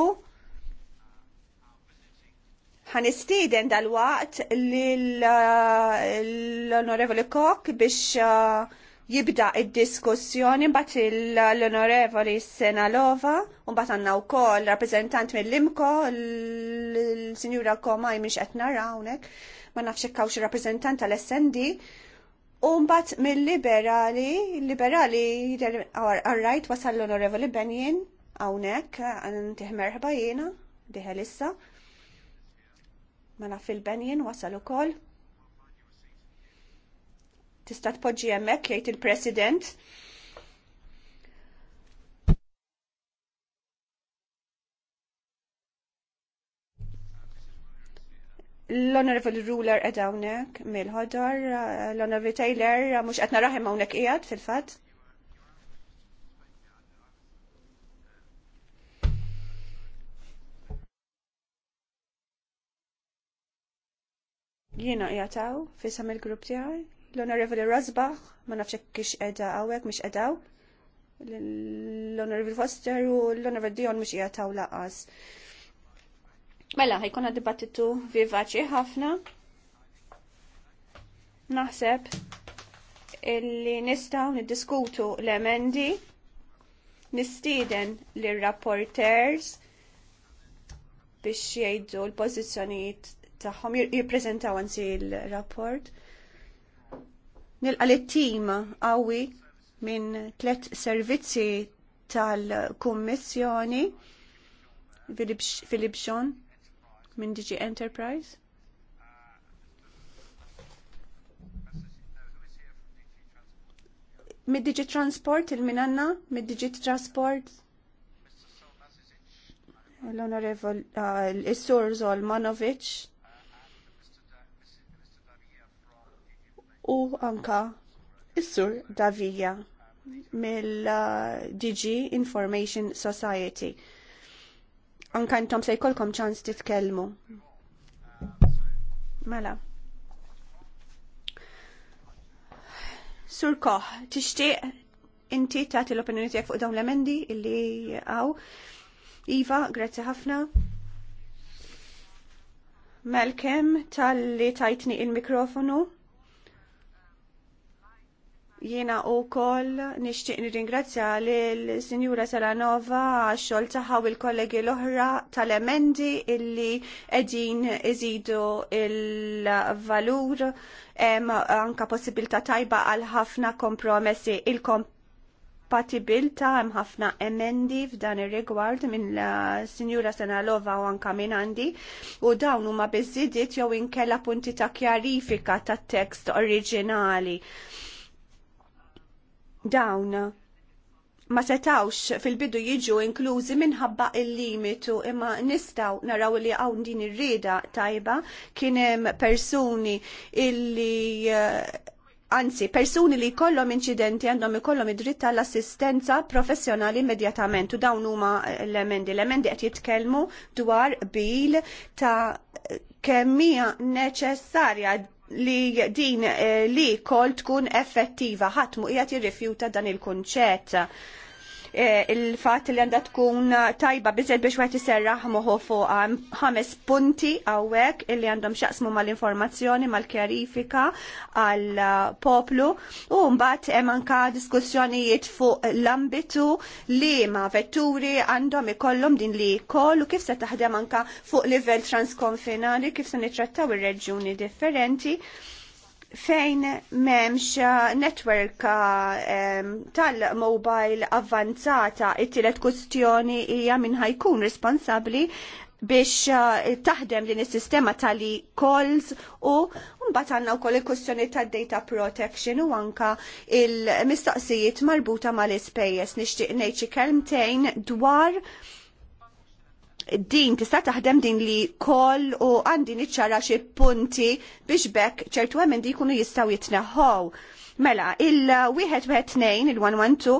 ħanistiden dal-waqt uh, l-Onorevoli Kok biex uh, jibda id-diskussjoni mbagħad l-Onorevoli Senalova u mbagħad għandna wkoll rappreżentant mill-Imko l-Sinjura Komaj mhix qed nara hawnhekk ma nafx hekk hawnx rappreżentant tal-SND, u mbagħad mill-liberali, liberali għarrajt wasal l-Onorevoli Benjen hawnhekk għan merħba jiena, diħel issa. Ma naf il-Benjen wasal ukoll. Tista' tpoġġi hemmhekk jgħid il-President. L-Honorable Ruler ed hawnhekk mill-ħodor, l-Honorable Taylor mhux qed naraħem hawnhekk qiegħed fil-fatt. Jiena jataw fisam il-grupp tiegħi. L-Honorable Rosbach, ma nafx kix qiegħda hawnhekk mhux qedaw. L-Honorable Foster u l-Honorable Dion mhux qiegħed jataw laqas. Mela, ħajkonna dibattitu vivaċi ħafna. Naħseb illi nistaw niddiskutu l-emendi nistiden l-rapporters biex jgħidu l-pozizjoniet tagħhom jippreżentaw anzi l-rapport. Nilqa tim qawwi minn tliet servizzi tal-Kummissjoni Filip Filipxon, minn DG Enterprise. mid diġi Transport il-minanna, mid diġi Transport l-onorevol uh, il-sur Zol Manovic u anka il-sur Davija mill-DG uh, Information Society anka se jkollkom ċans titkellmu. Mela. Surko, tixtieq inti tagħti l-opinjoni tiegħek fuq dawn l-emendi illi għaw. Iva, grazzi ħafna. Malcolm, tal-li tajtni il-mikrofonu. Jiena u koll nishtiq nirringrazzja l-Sinjura Saranova għaxol taħaw il kollegi l-oħra tal-emendi illi edin iżidu il-valur anka possibilta tajba għal ħafna kompromessi il-kompromessi kompatibilta hemm ħafna emendi f'dan ir-rigward minn Sinjura Senalova u anka minn għandi u dawn huma biżidiet jew inkella punti ta' kjarifika tat-tekst oriġinali dawn ma setawx fil-bidu jiġu inklużi minħabba il-limitu imma nistaw naraw li hawn din ir-rieda tajba kien hemm persuni illi eh, anzi persuni li kollom inċidenti għandhom ikollhom id-dritt tal-assistenza professjonali immedjatament u dawn huma l-emendi. L-emendi qed jitkellmu dwar bil ta' kemmija neċessarja li din eh, li kol tkun effettiva ħatmu qiegħed jirrifjuta dan il-kunċett Eh, il-fat li għanda tkun tajba bizzet biex għet jiserraħ moħu fuq ħames punti għawek illi għandhom xaqsmu mal-informazzjoni mal-kjarifika għal-poplu eh, u mbatt emanka diskussjonijiet fuq l-ambitu li ma vetturi għandhom ikollhom din li kollu kif se taħdem anka fuq livell transkonfinali kif se nitrattaw ir-reġjuni differenti fejn memx uh, network um, tal-mobile avvanzata it-tielet kustjoni hija minn ħajkun responsabbli biex uh, taħdem din is-sistema tali calls u mbagħad għandna wkoll il-kwestjoni tad-data protection u anka il-mistoqsijiet marbuta mal-ispejjeż nixtieq ngħid xi kelmtejn dwar din tista' taħdem din li koll u għandi niċċara xi punti biex bekk ċertu di jkunu jistgħu jitneħħow. Mela, il-112, il-112,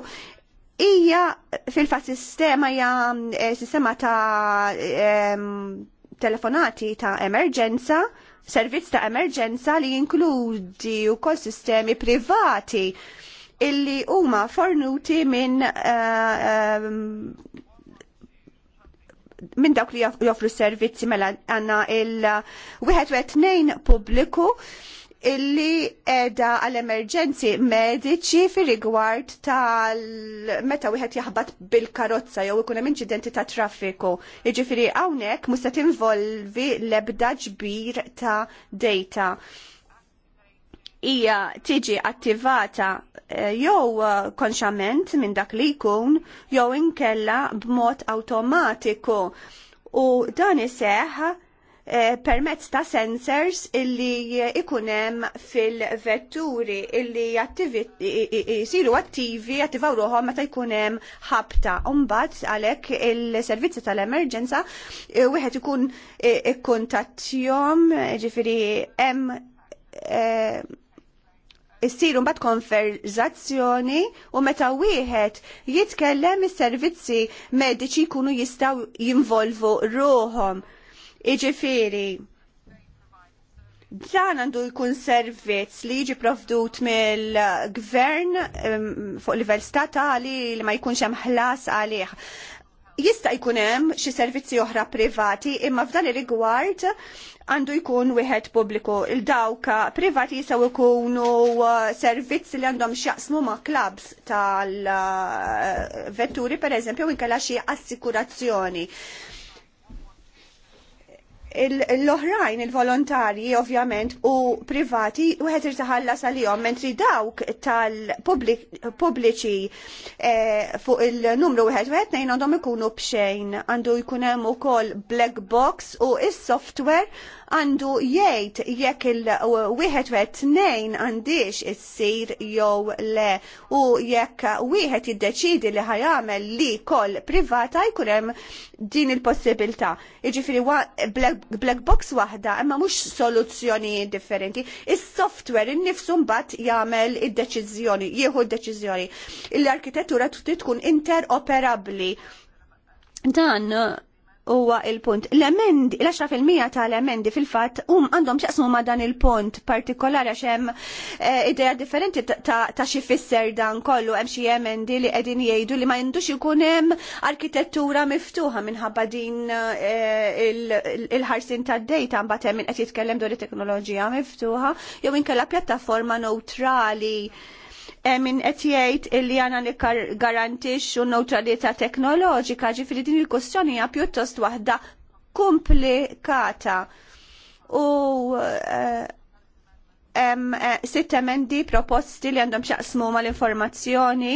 hija fil-fat sistema ja eh, sistema ta' ehm, telefonati ta' emerġenza, servizz ta' emerġenza li jinkludi wkoll sistemi privati illi huma fornuti minn uh, minn dawk li joffru servizzi mela għanna il-1 pubbliku illi edha għal-emerġenzi mediċi fi rigward tal meta wieħed jaħbat bil-karozza jew ikun hemm inċidenti ta' traffiku. Jiġifieri hawnhekk mhux se tinvolvi l-ebda ġbir ta' data hija tiġi attivata eh, jew eh, konxament minn dak li jkun jew inkella b'mod awtomatiku u dan iseħħ eh, permezz ta' sensors illi ikunem fil-vetturi illi jisiru attivi, attivaw ruħom meta jkunem ħabta. Umbat għalek il-servizzi tal-emerġenza wieħed ikun ikkuntattjom ġifiri hemm issiru mbagħad konverzazzjoni u meta wieħed jitkellem is-servizzi mediċi jkunu jistgħu jinvolvu ruhom. Iġifieri, dan għandu jkun servizz li jiġi provdut mill-gvern fuq livell statali li ma jkunx hemm ħlas għalih jista' jkun hemm xi servizzi oħra privati, imma f'dan ir-rigward għandu jkun wieħed pubbliku. Il-dawka privati jisaw ikunu uh, servizzi li għandhom xjaqsmu ma' klabs tal-vetturi, per eżempju, inkella xi assikurazzjoni l-oħrajn il-volontarji ovvjament u privati u għed irtaħallas għalihom mentri dawk tal-pubbliċi eh, fuq il-numru wieħed wieħed nejn għandhom ikunu bxejn għandu jkun hemm ukoll black box u is-software għandu jgħid jekk il-wieħed wet tnejn għandix issir jew le u jekk wieħed jiddeċidi li ħajamel li koll privata jkun hemm din il-possibilità. Jiġifieri black box waħda imma mhux soluzzjoni differenti. Is-software innifsu mbagħad jagħmel id-deċiżjoni, jieħu d-deċiżjoni. L-arkitettura trid tkun interoperabbli. Dan huwa il-punt. L-emendi, l-10% tal-emendi fil-fatt hum għandhom x'jaqsmu ma' dan il-punt partikolari għax hemm eh, idea differenti ta' xi fisser dan kollu hemm xi emendi li qegħdin jgħidu li ma jindux ikun hemm arkitettura miftuħa minħabba din eh, il-ħarsin tad-dejta mbagħad hemm min qed jitkellem dwar it-teknoloġija miftuħa jew inkella pjattaforma neutrali Eh, min qed jgħid illi għana li garantixxu neutralità teknoloġika, ġifieri din il-kwestjoni hija pjuttost waħda komplikata. U hemm eh, eh, sitt emendi proposti li għandhom xaqsmu mal-informazzjoni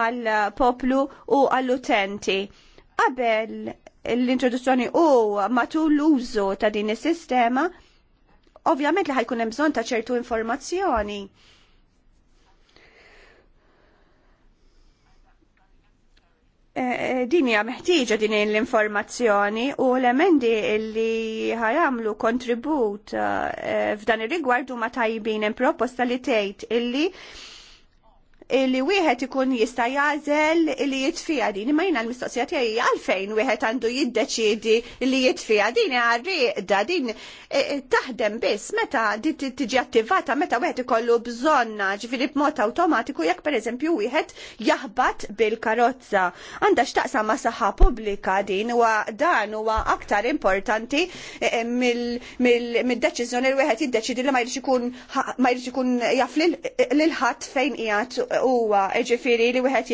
għal poplu u għall-utenti. Qabel l-introduzzjoni u matul l-użu ta' din is-sistema, ovvjament li ħajkun hemm bżonn ta' ċertu informazzjoni Eh, eh, din hija meħtieġa din l-informazzjoni u l-emendi li ħajamlu kontribut eh, f'dan ir-rigward huma tajbin hemm proposta li tgħid illi li wieħed ikun jista' jażel li jitfija din. ma jiena l-mistoqsija tiegħi għalfejn wieħed għandu jiddeċiedi li jitfija din hija għarriqda din e, e, taħdem biss meta tiġi attivata meta wieħed ikollu bżonna ġifieri b'mod awtomatiku jekk pereżempju wieħed jaħbat bil-karozza. Għandha x'taqsam ma' saħħa pubblika din huwa dan huwa aktar importanti e, mid-deċiżjoni li wieħed jiddeċidi li ma jridx ikun jaf lil ħadd fejn qiegħed huwa ġifiri li wieħed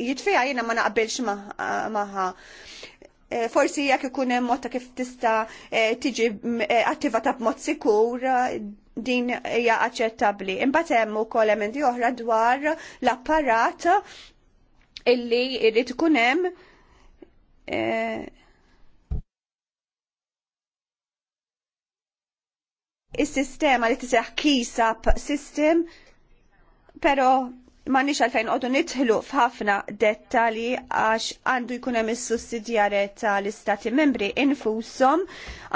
jitfija jiena ma naqbilx maħħa. Eh, forsi jekk ikun hemm mod kif tista' eh, tiġi eh, attivata b'mod sikur din hija aċċettabbli. Imbagħad hemm ukoll emendi oħra dwar l-apparat illi jrid ikun hemm is-sistema li tiseħ kisab system, pero ma għalfejn għodu nitħlu f'ħafna dettali għax għandu jkun hemm is l-istati membri infushom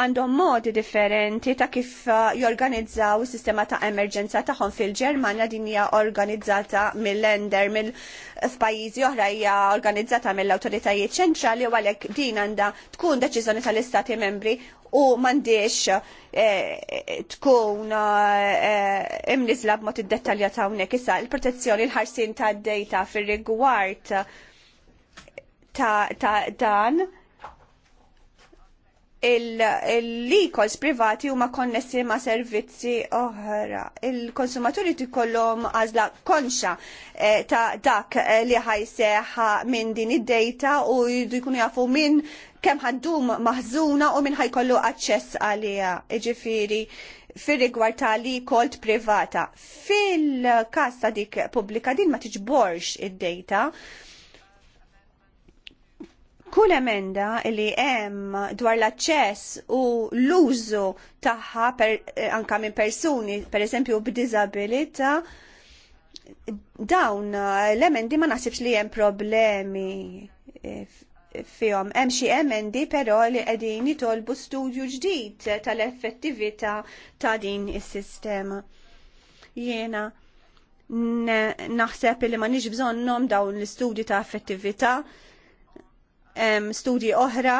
għandhom modi differenti ta' kif uh, jorganizzaw is-sistema ta' emerġenza tagħhom fil-Ġermanja din hija organizzata mill-lender mill f'pajjiżi oħra hija organizzata mill-awtoritajiet ċentrali u għalhekk din għandha tkun deċiżjoni tal-istati membri u m'għandix eh, eh, tkun eh, imnizla b'mod id detalja ta' hawnhekk issa il-protezzjoni l-ħarsin tad-dejta fir-rigward ta', dan il-likols privati huma konnessi ma' servizzi oħra. Il-konsumaturi tikollhom għażla konxa eh, ta' dak li ħajseħ minn din id-dejta u jdu jkunu jafu minn kemm ħaddum maħżuna u minn ħajkollu aċċess għaliha. iġifiri fir-rigward ta' li kolt privata. Fil-każ ta' dik pubblika din ma tiġborx id-dejta. Kull emenda li hemm dwar l-aċċess u l-użu tagħha eh, anka minn persuni, pereżempju b'diżabilità, dawn l-emendi ma naħsibx li hemm problemi eh, fihom. Hemm xi emendi però li qegħdin jitolbu studju ġdid tal-effettività ta' din is-sistema. Jiena naħseb li ma nix bżonnom dawn l-istudji ta' effettività, studji oħra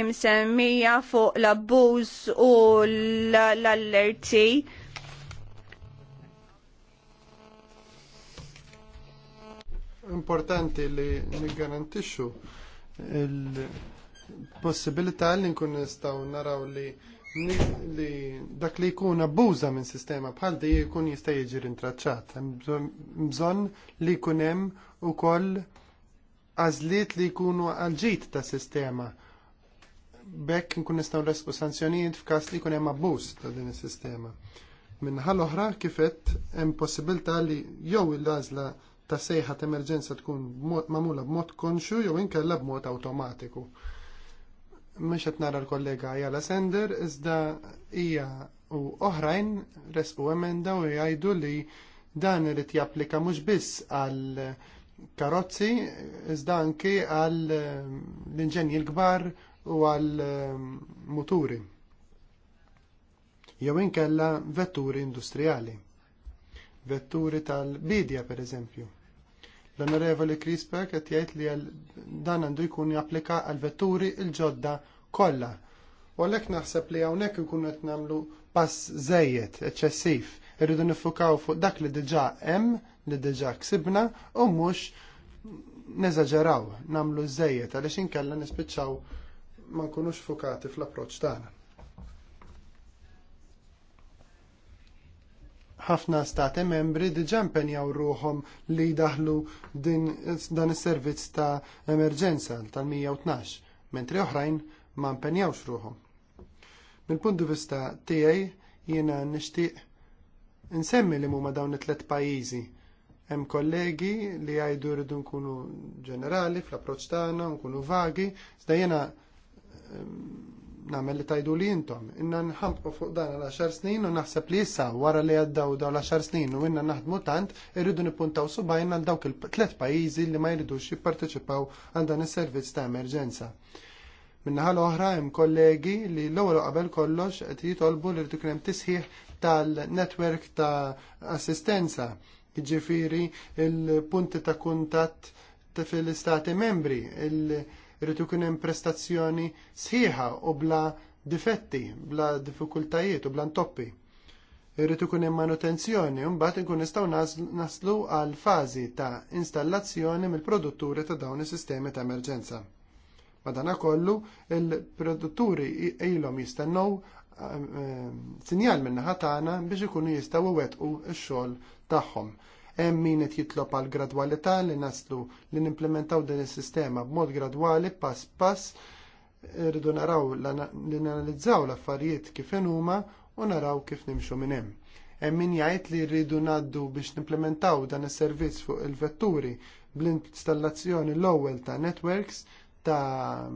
imsemmija fuq l-abbuż u l-allerti importanti li niggarantixxu il-possibilità li nkun nistgħu naraw li li dak li jkun abbuża minn sistema bħal di jkun jista' jiġi rintraċċat. Bżonn li jkun hemm ukoll għażliet li jkunu għalġit ta' sistema bekk nkun nistgħu nresku sanzjonijiet f'każ li jkun hemm abbuż ta' din is-sistema. Minħa l-oħra kifet hemm possibilità li jew il-għażla ta' sejħat emerġenza tkun mamula b'mod konxu jew inkella b'mod awtomatiku. Mhux qed nara l-kollega Jala Sender iżda hija u oħrajn resqu emenda u jgħidu li dan irid japplika mhux biss għal karozzi iżda anki għal eh, l-inġenji l-kbar u għal eh, muturi jew inkella vetturi industrijali vetturi tal-bidja pereżempju. L-Onorevoli Krispek qed jgħid li dan għandu jkun japplika għal vetturi l-ġodda kollha. U għalhekk naħseb li hawnhekk ikun qed nagħmlu pass żejjed eċċessiv. Irridu nifukaw fuq dak li diġà hemm, li diġà ksibna u mhux neżaġeraw nagħmlu żejjed għaliex inkella nispiċċaw ma nkunux fukati fl-approċċ tagħna. ħafna stati membri diġà impenjaw ruhom li daħlu dan is-servizz ta' emerġenza tal-112, mentri oħrajn ma mpenjawx ruhom. Mill-punt di vista tiegħi jiena nixtieq insemmi li huma dawn it-tliet pajjiżi. Hemm kollegi li jgħidu rridu nkunu ġenerali fl-approċċ tagħna, nkunu vagi, iżda jiena ehm, namel li tajdu li jintom. Inna nħampu fuq dan għal-10 snin u naħseb li jissa wara li għaddaw daw l-10 snin u inna naħdmu tant irridu nipuntaw subajna għal dawk il-tlet pajizi li ma xie jipparteċipaw għal dan is-servizz ta' emerġenza. Minna l-oħra hemm kollegi li l-ewwel qabel kollox qed jitolbu li rridu hemm tisħiħ tal-netwerk ta' assistenza, jiġifieri il-punti ta' kuntatt fil-istati membri, il- Irrid ikun hemm prestazzjoni sħiħa u bla difetti, bla diffikultajiet u bla ntoppi. Irrid ikun hemm manutenzjoni u mbagħad inkun nistgħu naslu għal fażi ta' installazzjoni mill-produtturi ta' dawn is-sistemi ta' emerġenza. kollu, il-produtturi ilhom jistennew eh, eh, sinjal minna ħatana biex ikunu jistgħu wettqu x-xogħol tagħhom hemm min qed jitlob għal gradwalità li naslu li nimplementaw din is-sistema b'mod gradwali pass pass rridu naraw li nanalizzaw l-affarijiet kif huma u naraw kif nimxu minn hemm. Hemm min jgħid li rridu ngħaddu biex nimplementaw dan is-servizz fuq il-vetturi bl-installazzjoni l-ewwel ta' networks ta'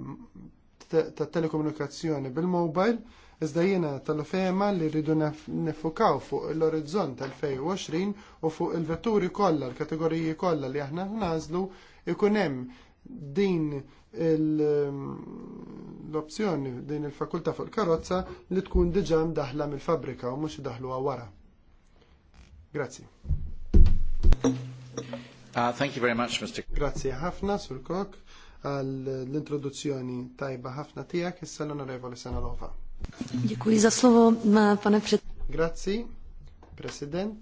ta' telekomunikazzjoni bil-mobile Iżda jiena tal-fema li rridu nifukaw fuq l-orizzont tal-fejwa 2020 u fuq il-vetturi kollha, l-kategoriji kollha li aħna nażlu ikun hemm din l-opzjoni, din il-fakulta fuq il-karozza li tkun diġà mdaħla mill-fabrika u mhux daħluha wara. Grazzi. Uh, thank you very much, Mr. Grazie ħafna, Sur Kok, għall introduzzjoni tajba ħafna tiegħek, issa l-onorevoli Sanalova. Dziękuję za słowo, przed... Grazie, prezydent.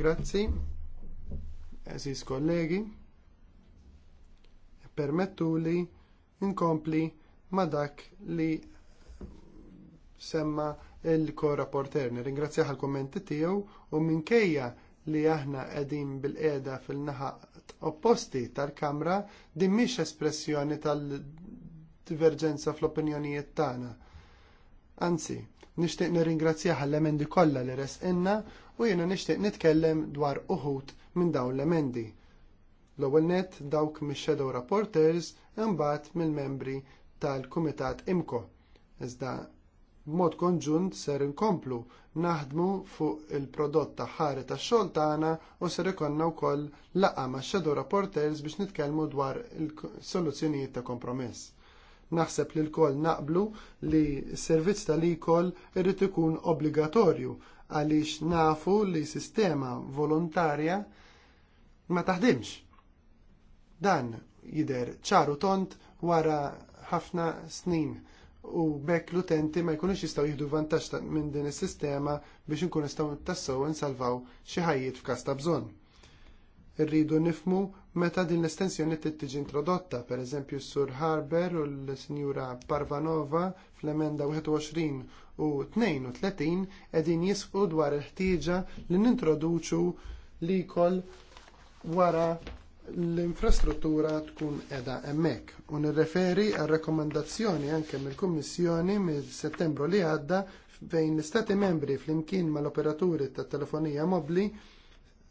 Grazie, eżis kollegi. Permettu li inkompli ma dak li semma il-ko-rapporter. Ringrazzjaħ għal-kommenti tiegħu u minkejja li aħna qegħdin bil eda fil naħat opposti tal-Kamra dimmix espressjoni tal diverġenza fl-opinjonijiet tagħna. Anzi, nixtieq nirringrazzjaha l emendi kollha li resqinna u jiena nixtieq nitkellem dwar uħud minn dawn l-emendi. L-ewwel nett dawk mix-shadow rapporters imbagħad mill-membri tal-Kumitat Imko. Iżda b'mod konġunt ser inkomplu naħdmu fuq il-prodott ta' ħare tax xogħol tagħna u ser ikollna wkoll laqgħa ma' shadow rapporters biex nitkellmu dwar il-soluzzjonijiet ta' kompromess. Naħseb li l-koll naqblu li s-servizz tal-ikol irrid ikun obbligatorju għaliex nafu li sistema volontarja ma taħdimx. Dan jider ċaru tont wara ħafna snin u bekk l-utenti ma jkunux jistgħu jihdu vantaġġ minn din is-sistema biex inkun jistgħu tassew insalvaw xi ħajjiet f'każ ta' bżonn. Irridu nifmu meta din l-estensjoni tiġi introdotta, pereżempju s-Sur Harber u l-Sinjura Parvanova fl-emenda 21 u 32 qegħdin jisqu dwar il-ħtieġa li nintroduċu l-ikol wara l-infrastruttura tkun edha emmek. U nirreferi għal rakkomandazzjoni anke mill-Kummissjoni mill-Settembru li għadda fejn l-Stati membri flimkien mal-operaturi tat telefonija mobbli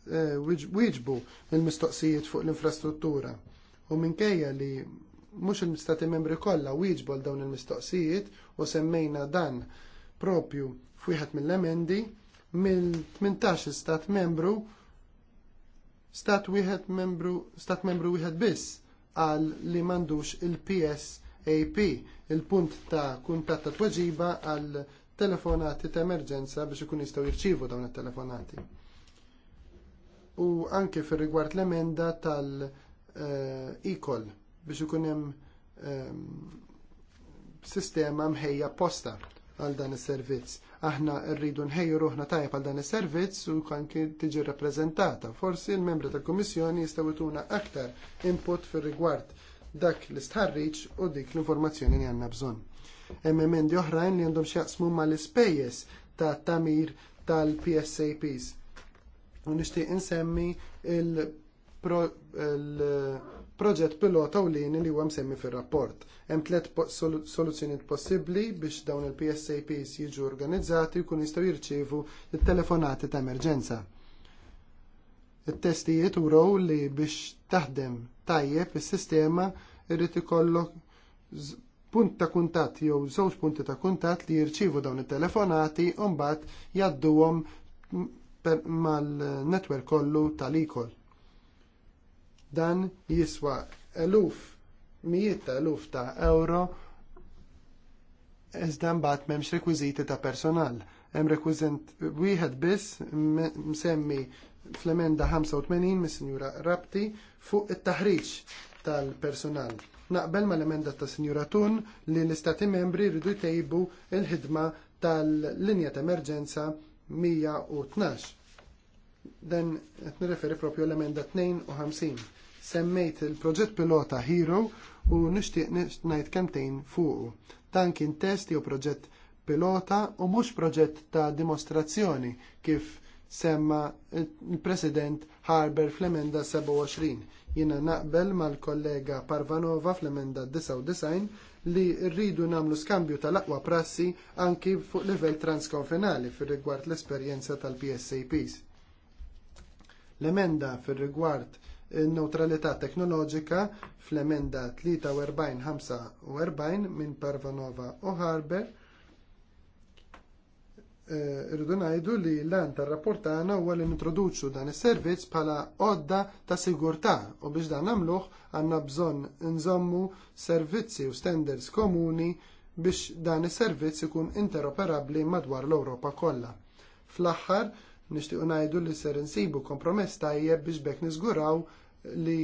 Eh, wieġbu il-mistoqsijiet fuq l-infrastruttura. U minkejja li mhux il-Stati membri kollha wieġbu għal dawn il-mistoqsijiet u semmejna dan propju f'wieħed mill-emendi mill-18 stat membru stat wieħed membru stat membru wieħed biss għal li m'għandux il-PSAP, il-punt ta' kuntatt ta' tweġiba għal telefonati ta' emerġenza biex ikun jistgħu jirċievu dawn it-telefonati u anke fir rigward l-emenda tal-ikol eh, biex ikun hemm ehm, sistema mħejja posta għal dan is-servizz. Aħna rridu nħejju ruħna tajjeb għal dan is-servizz u kanki tiġi rappreżentata. Forsi l-membri tal-Kummissjoni jistgħu jtuna aktar input fir-rigward dak l-istħarriċ u dik l-informazzjoni li għandna bżonn. Hemm emendi oħrajn li għandhom x'jaqsmu mal-ispejjeż ta' tamir tal-PSAPs U nixtieq insemmi il-proġett pilota u li huwa msemmi fir-rapport. Hemm tliet soluzzjonijiet possibbli biex dawn il-PSAPs jiġu organizzati u jkunu jistgħu jirċievu il-telefonati ta' emerġenza. Il-testijiet uraw li biex taħdem tajjeb is-sistema irrid ikollok punt ta' kuntatt jew żewġ punti ta' kuntatt li jirċievu dawn it-telefonati u mbagħad jgħadduhom mal-netwerk kollu tal-ikol. Dan jiswa eluf, mijiet ta' eluf ta' euro iżda mbagħad m'hemmx rekwiżiti ta' personal. Hemm rekwizent wieħed biss msemmi fl-emenda 85 mis-Sinjura Rabti fuq it-taħriġ tal-personal. Naqbel mal-emenda ta' Sinjura Tun li l-Istati membri rridu jtejbu l ħidma tal-linja ta' emerġenza 112. Dan qed nirreferi propju l-emenda 52. Semmejt il-proġett pilota Hero u nixtieq ngħid kemtejn fuqu. Dan kien test jew proġett pilota u mhux proġett ta' dimostrazzjoni kif semma il-President Harber fl-emenda 27. Jiena naqbel mal-kollega Parvanova fl-emenda 99 li rridu nagħmlu skambju tal-aqwa prassi anki fuq livell transkonfinali fir rigward l-esperjenza tal-PSAPs. L-emenda fir rigward eh, neutralità teknoloġika fl-emenda 43-45 minn Parvanova u Harber Eh, irridu ngħidu li l lan tar-rapport tagħna huwa li nintroduċu dan is-servizz bħala għodda ta' sigurtà u biex dan nagħmluh għandna bżonn nżommu servizzi u standards komuni biex dan is-servizz ikun interoperabbli madwar l-Ewropa kollha. Fl-aħħar nixtiequ ngħidu li ser insibu kompromess tajjeb biex bekk niżguraw li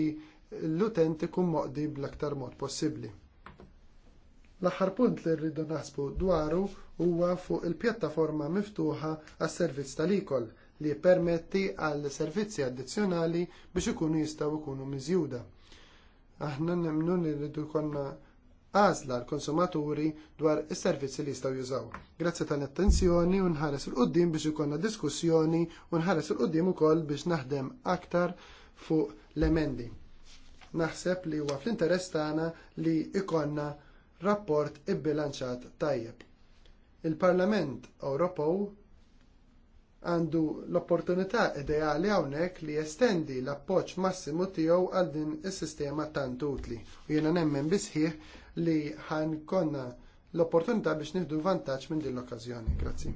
l utenti kun moqdi bl-aktar mod possibbli. L-aħħar punt li rridu naħsbu dwaru huwa fuq il-pjattaforma miftuħa għas-servizz tal-ikol li permetti għal servizzi addizzjonali biex ikunu jistgħu jkunu miżjuda. Aħna nemmnu li rridu jkollna għażla l-konsumaturi dwar is-servizzi li jistgħu jużaw. Grazzi tal-attenzjoni u nħares il-qoddim biex ikonna diskussjoni u nħares il-qoddim ukoll biex naħdem aktar fuq l-emendi. Naħseb li huwa fl-interess tagħna li ikonna rapport ibbilanċat tajjeb. Il-Parlament Ewropew għandu l-opportunità ideali hawnhekk li jestendi l-appoġġ massimu tiegħu għal din is-sistema tant utli. U jiena nemmen bisħieħ li ħankonna l-opportunità biex nieħdu vantaġġ minn din l-okkażjoni. Grazzi.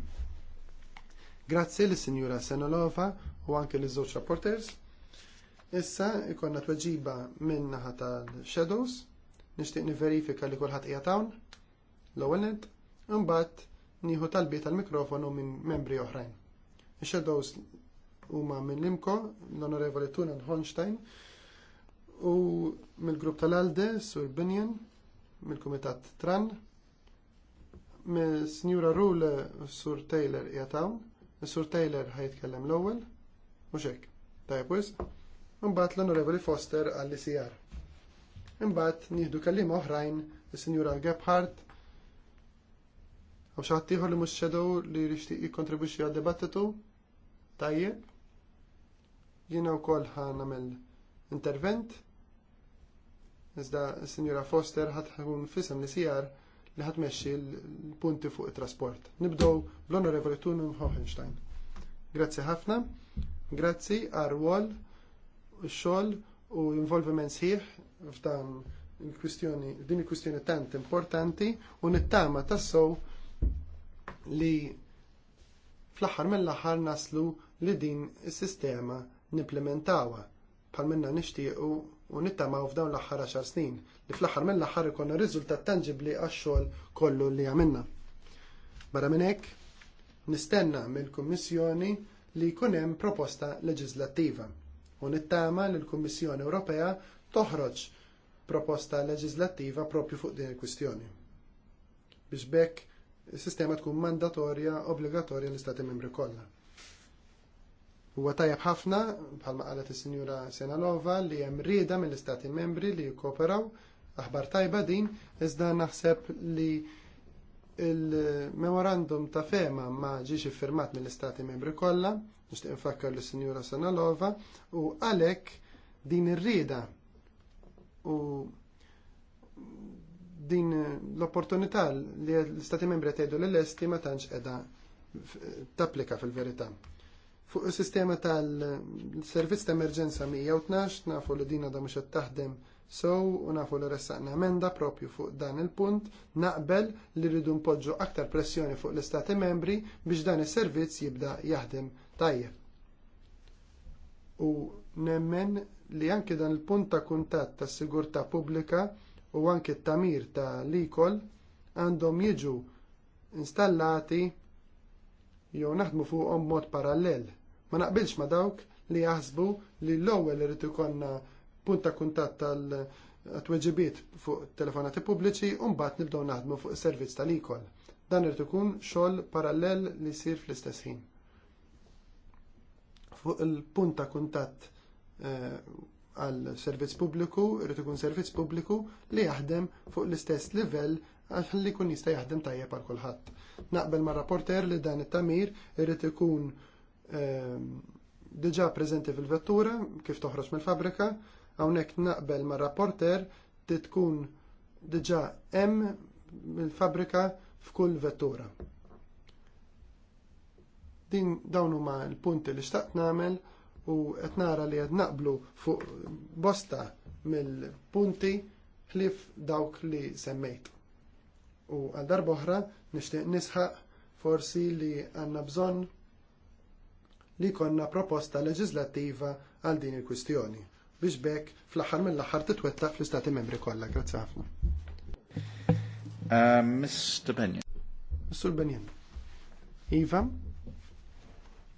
Grazzi lis sinjura Senolova u anke liż żewġ rapporters. Issa ikonna tweġiba minn naħa tal-Shadows. Nixtieq niverifika li kulħadd qiegħed hawn. L-ewwel imbagħad nieħu talbi tal-mikrofonu minn membri oħrajn. Ix-shadows huma minn Limko, l-Onorevoli Tunan Holstein, u mill-grupp tal-Alde, Sur Binion, mill-Kumitat Tran, mill-Sinjura Rule Sur Taylor jatawn, Sur Taylor ħajtkellem l-ewwel, mhux hekk. Tajb wisq. l-Onorevoli Foster għall-ICR. Imbagħad nieħdu kellim oħrajn is-Sinjura Gebhardt, Għaw xaħtiħor li mux li rixtiq jikontribuċi għad debattitu? Tajjeb? Jina u koll ħanamel intervent? Iżda s-Sinjura Foster ħatħun fissam li sijar li ħatmexxi l-punti fuq it-trasport. Nibdow l onorevoli Tunum Hohenstein. Grazzi ħafna, grazzi għarwol, xol u involviment sħiħ f'dan il-kwistjoni, din il-kwistjoni tant importanti u nittama tassow li fl-aħħar mill-aħħar naslu li din is-sistema nimplementawa bħal minna nixtiequ u nittamaw f'dawn l-aħħar 10 snin li fl-aħħar mill-aħħar ikonna riżultat tanġibli għax-xogħol kollu li għamilna. Barra minn hekk nistenna mill-Kummissjoni li jkun hemm proposta leġislattiva u nittama li l-Kummissjoni Ewropea toħroġ proposta leġislattiva propju fuq din il-kwistjoni. Biex bekk sistema tkun mandatorja obbligatorja l-istati membri kollha. Huwa tajjeb ħafna, bħalma qalet is-Sinjura Senalova, li hemm rieda mill-istati membri li jikkooperaw, aħbar tajba din, iżda naħseb li il-memorandum ta' fema ma ġiġ iffirmat mill-istati membri kollha, nixtieq infakkar lis sinjura Senalova, u għalhekk din ir-rieda u din l-opportunità li l-Stati membri tgħidu l-esti ma tantx qiegħda tapplika fil-verità. Fuq is-sistema tal-servizz ta' emerġenza 112 nafu li din għadha mhux qed taħdem sew u nafu li ressaqna emenda propju fuq dan il-punt naqbel li rridu npoġġu aktar pressjoni fuq l-Istati membri biex dan is-servizz jibda jaħdem tajjeb. U nemmen li anke dan il-punt ta' kuntatt tas sigurtà pubblika u anke t-tamir ta' l-ikol għandhom jiġu installati jew naħdmu fuqhom mod parallel. Ma naqbilx ma dawk li jaħsbu li l-ewwel irid ikollna punt ta' kuntatt tal tweġibiet fuq telefonati pubbliċi u mbagħad nibdew naħdmu fuq is-servizz tal-ikol. Dan irid ikun xogħol parallel li jsir fl-istess ħin. Fuq il-punt ta' kuntatt eh, għal servizz pubbliku, irid ikun servizz pubbliku li jaħdem fuq l-istess livell għal li kun jista' jaħdem tajjeb għal kulħadd. Naqbel mar rapporter li dan it-tamir irid ikun ehm, diġà preżenti fil-vettura kif toħroġ mill-fabrika, hawnhekk naqbel mar rapporter tkun diġà hemm mill-fabrika f'kull vettura. Din dawn huma l-punti li xtaqt nagħmel u qed nara li qed naqblu fuq bosta mill-punti ħlif dawk li semmejt. U għal darba oħra nixtieq nisħaq forsi li għandna bżonn li konna proposta leġislattiva għal din il-kwistjoni biex bekk fl-aħħar mill-aħħar titwettaq fl-istati membri kollha. Grazzi ħafna. Uh, Mr. Benjen. Mr. Benjen. Iva,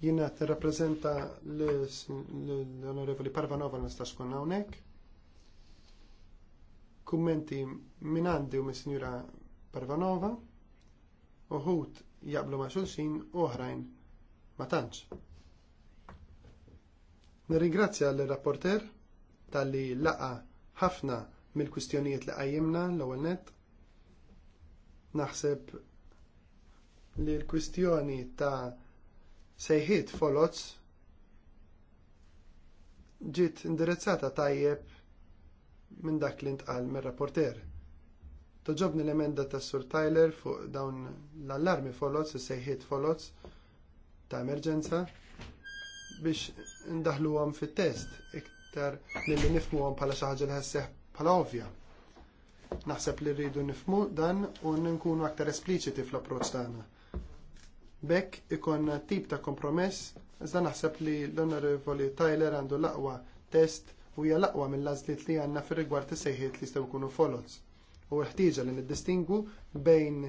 Jiena t reprezenta l-Onorevoli Parvanova nistax konna hawnhekk. Kummenti min għandi u mis-Sinjura Parvanova, uħud jaqblu ma' xulxin uħrajn oħrajn ma tantx. Nirringrazzja l-rapporter talli laqa ħafna mill-kwistjonijiet li qajjimna l-ewwel nett. Naħseb li l-kwistjoni ta' sejħiet folots ġiet indirizzata tajjeb minn dak li ntqal mir-rapporter. Toġobni l-emenda ta' Sur Tyler fuq dawn l-allarmi folots, sejħiet folots ta' emerġenza biex ndaħluhom fit-test iktar milli nifhmuhom bħala xi ħaġa li ħasseħ bħala ovvja. Naħseb li rridu nifmu dan u nkunu aktar espliċiti fl-approċċ tagħna Bekk ikonna tip ta' kompromess, iżda naħseb li l-onorevoli Tyler għandu l-aqwa test u hija l-aqwa mill-għażliet li għandna fir-rigward is-sejħiet li jistgħu jkunu folots. U l-ħtieġa li niddistingu bejn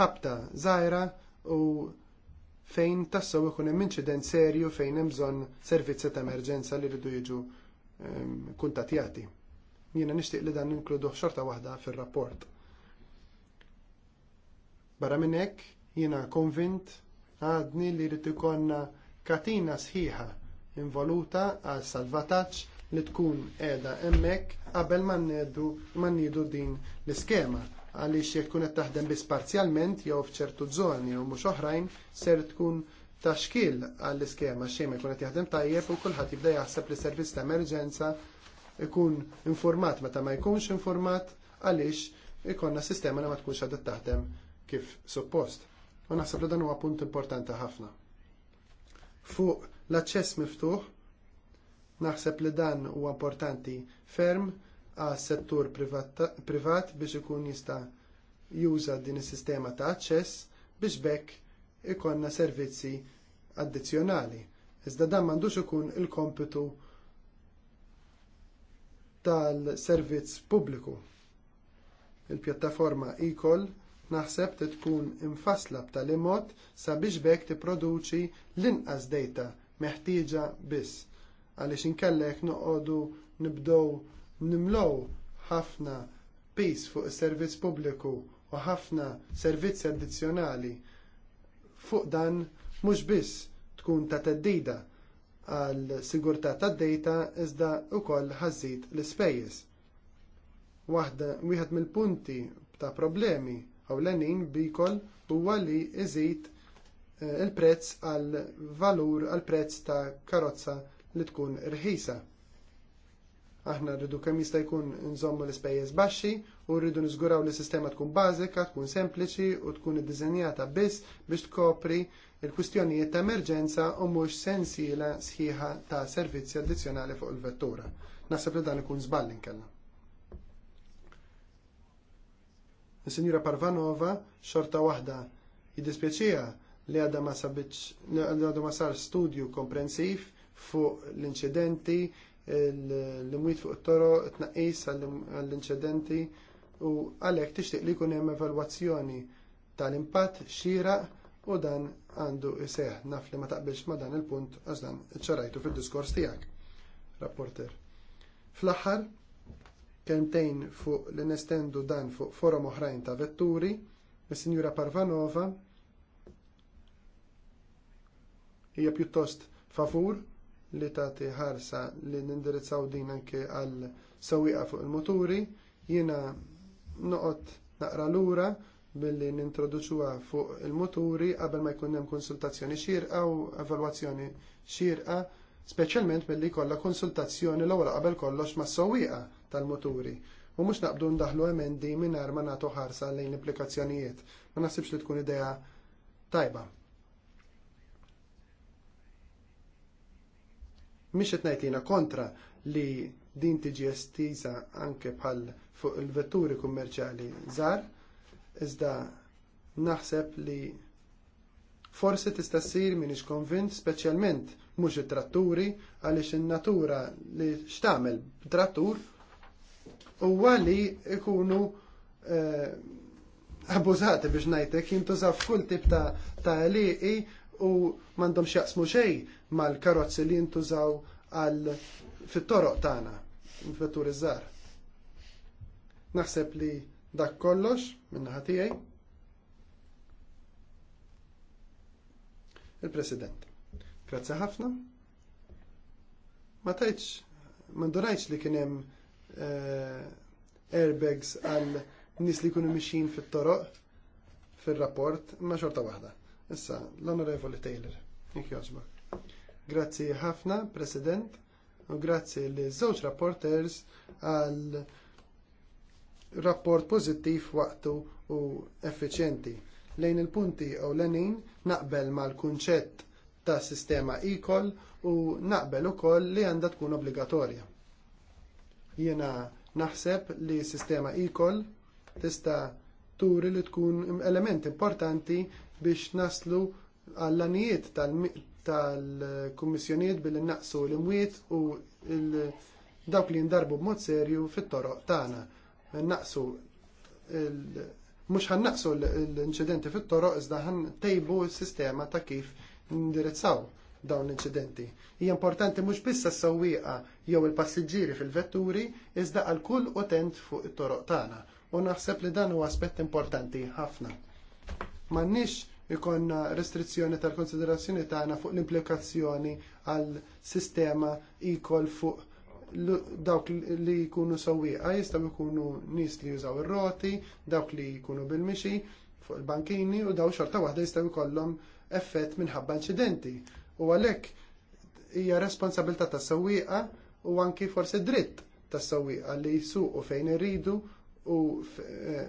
ħabta żgħira u fejn tassew ikun hemm inċident serju fejn hemm bżonn servizzi ta' emerġenza li rridu jiġu ehm, kuntatjati. Jiena nixtieq li dan inkludu xorta waħda fir-rapport. Barra minn hekk Jiena konvint għadni li rrid ikonna katina sħiħa involuta għal salvataġġ li tkun qiegħda hemmhekk qabel ma nniedu din l-iskema għaliex jekk tkun qed taħdem biss parzjalment jew f'ċertu żoni jew mhux oħrajn ser tkun ta' għall-iskema xejn ma jkun qed jaħdem tajjeb u kulħadd jibda jaħseb li servizz ta' emerġenza ikun informat meta ma jkunx informat għaliex ikonna sistema li ma tkunx għadha taħdem kif suppost u naħseb li dan huwa punt importanti ħafna. Fuq l-aċċess miftuħ, naħseb li dan huwa importanti ferm għas settur privat biex ikun jista juża din is-sistema ta' aċċess biex bekk ikonna servizzi addizzjonali. Iżda dan m'għandux ikun il-kompitu tal-servizz pubbliku. Il-pjattaforma e-call naħseb li tkun infasla b'tali mod sabiex bekk tipproduċi l-inqas dejta meħtieġa biss. Għaliex inkellek noqogħdu nibdew nimlow ħafna pis fuq is-servizz pubbliku u ħafna servizzi addizzjonali fuq dan mhux biss tkun ta' teddida għal sigurtà tad-dejta iżda wkoll ħażid l-ispejjeż. Waħda wieħed mill-punti ta' problemi ewlenin bikol huwa li iżid eh, il-prezz għal valur għall prezz ta' karozza li tkun rħisa. Aħna rridu kemm jista' jkun nżommu l-ispejjeż baxxi u rridu niżguraw li sistema tkun bażika, tkun sempliċi u tkun iddiżenjata biss biex tkopri il-kwistjonijiet ta' emerġenza u mhux sensiela sħiħa ta' servizzi addizzjonali fuq il-vettura. Naħseb li dan ikun żball inkella. Is-Sinjura Parvanova xorta waħda jiddispjaċija li għadha ma sabiċ għadha ma sar studju komprensiv fuq l-inċidenti, l mwit fuq it-toro, t-tnaqqis għall-inċidenti u għalhekk tixtieq li jkun hemm evalwazzjoni tal-impatt xieraq u dan għandu jseħ naf li ma taqbilx ma dan il-punt għax dan ċarajtu fid-diskors tiegħek. Rapporter. Fl-aħħar, kemtejn fuq li nestendu dan fuq forum oħrajn ta' vetturi, il-Sinjura e Parvanova hija pjuttost favur li tagħti ħarsa li nindirizzaw din anke għal sewwieqa fuq il-muturi, jiena noqgħod naqra lura billi nintroduċuha fuq il-muturi qabel ma jkun hemm konsultazzjoni xierqa u evalwazzjoni xierqa, speċjalment billi jkollha konsultazzjoni l-ewwel qabel kollox mas-sewwieqa tal-moturi. U mhux naqbdu ndaħlu emendi mingħajr ma nagħtu ħarsa lejn implikazzjonijiet Ma naħsibx li tkun idea tajba. Mhix qed ngħidlina kontra li din tiġi estiza anke bħal fuq il-vetturi kummerċjali żgħar, iżda naħseb li Forsi tista' ssir konvint speċjalment mhux it-tratturi għaliex in-natura li xtamel trattur huwa li ikunu eh, abbużati biex ngħidlek jintużaw f'kull tip ta' taliqi u m'għandhom x'jaqsmu xejn mal-karozzi li jintużaw għal fit-toroq tagħna iż żgħar. Naħseb li dak kollox minn naħa tiegħi. il-President. Grazzi ħafna. Ma tajtx, ma li kien hemm Eh, airbags għal nis li jkunu mixin fit-toroq fil-rapport ma xorta waħda. Issa, l-Onorevoli Taylor, jek Grazzi ħafna, President, u grazzi li żewġ rapporters għal rapport pożittiv waqtu u effiċjenti. Lejn il-punti u lenin naqbel mal-kunċett ta' sistema e u naqbel ukoll li għandha tkun obbligatorja. Jiena naħseb li s sistema ikol tista turi li tkun element importanti biex naslu għall-anijiet tal-kummissjonijiet billi naqsu l-imwiet u dawk li jindarbu b'mod serju fit-toroq tagħna. Naqsu mhux ħannaqsu l-inċidenti fit-toroq iżda ħan tejbu s-sistema ta' kif ndirizzaw dawn l-inċidenti. Hija importanti mhux biss s-sewwieqa jew il-passiġġieri fil-vetturi iżda għal kull utent fuq it-toroq tagħna u naħseb li dan huwa aspett importanti ħafna. M'għandniex ikonna restrizzjoni tal-konsiderazzjoni tagħna fuq l-implikazzjoni għal sistema ikol fuq dawk li jkunu sewwieqa jistgħu jkunu nies li jużaw ir-roti, dawk li jkunu bil-mixi fuq il-bankini u daw xorta waħda jistgħu jkollhom effett minħabba inċidenti. U għalhekk hija responsabilità ta' sewwieqa u anki forsi dritt tas sewwieqa li jsuqu fejn iridu u eh,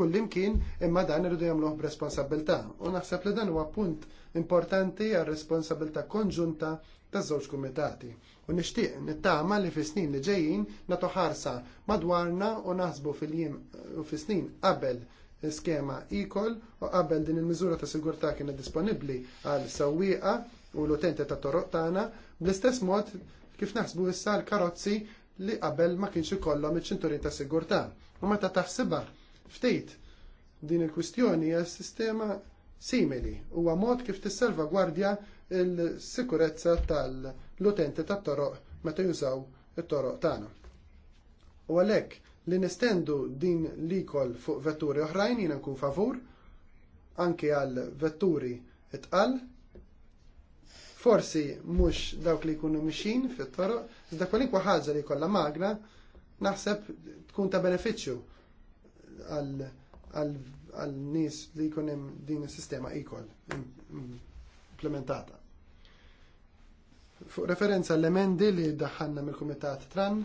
kullimkien imma dan irridu jagħmluh b'responsabilità. U naħseb li dan huwa punt importanti għal responsabilità konġunta taż-żewġ kumitati. U nixtieq nittama li fi snin li ġejjin nagħtu ħarsa madwarna u naħsbu fil-jiem u fi snin qabel skema ikol u qabel din il-miżura ta' sigurtà kienet disponibbli għal sewwieqa u l utente ta' toroq tagħna bl-istess mod kif naħsbu issa l-karozzi li qabel ma kienx ikollhom iċ-ċinturin ta' sigurtà. U meta taħsibha ftit din il-kwistjoni hija sistema simili huwa mod kif tissalvagwardja il sikurezza tal-utenti ta' toroq meta jużaw it-toroq tagħna. U għalhekk li nistendu din l-ikol fuq vetturi oħrajn jiena nkun favur anke għal vetturi itqal Forsi mhux dawk li jkunu mixin fit-toroq, iżda kwalinkwa ħaġa li jkollha magna naħseb tkun ta' benefiċċju għal nies li jkun hemm din is-sistema ikol implementata. Fuq referenza l-emendi li daħħanna mill-Kumitat Tran,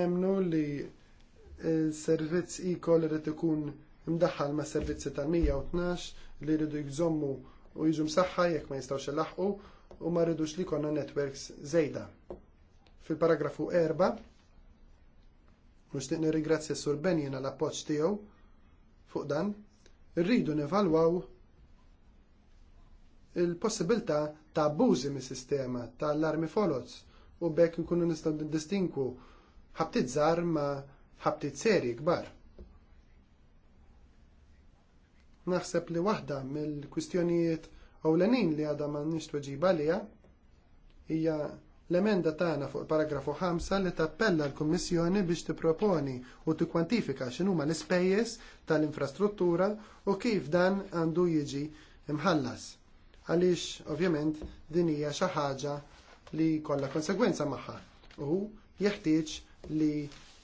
nemnu li il-servizz ikol irid ikun imdaħħal ma' servizzi tal-112 li rridu jżommu u jiġu msaħħa jekk ma jistgħux ilaħqu u ma rridux li jkollna networks żejda. Fil-paragrafu 4 nixtieq nirringrazzja sur Benjina l-appoġġ tiegħu fuq dan, rridu nevalwaw il-possibilità ta' abbużi mis-sistema ta' armi folots u bekk nkunu nistgħu distinku ħabtit żgħar ma' ħabtit seri kbar. Naħseb li waħda mill-kwistjonijiet ewlenin li għadha ma nix tweġiba għalija hija l-emenda tagħna fuq paragrafu 5 li tappella l-Kummissjoni biex tipproponi u tikkwantifika x'inhuma l-ispejjeż tal-infrastruttura u kif dan għandu jiġi imħallas. Għaliex ovvjament din hija xi ħaġa li kollha konsegwenza magħha u jeħtieġ li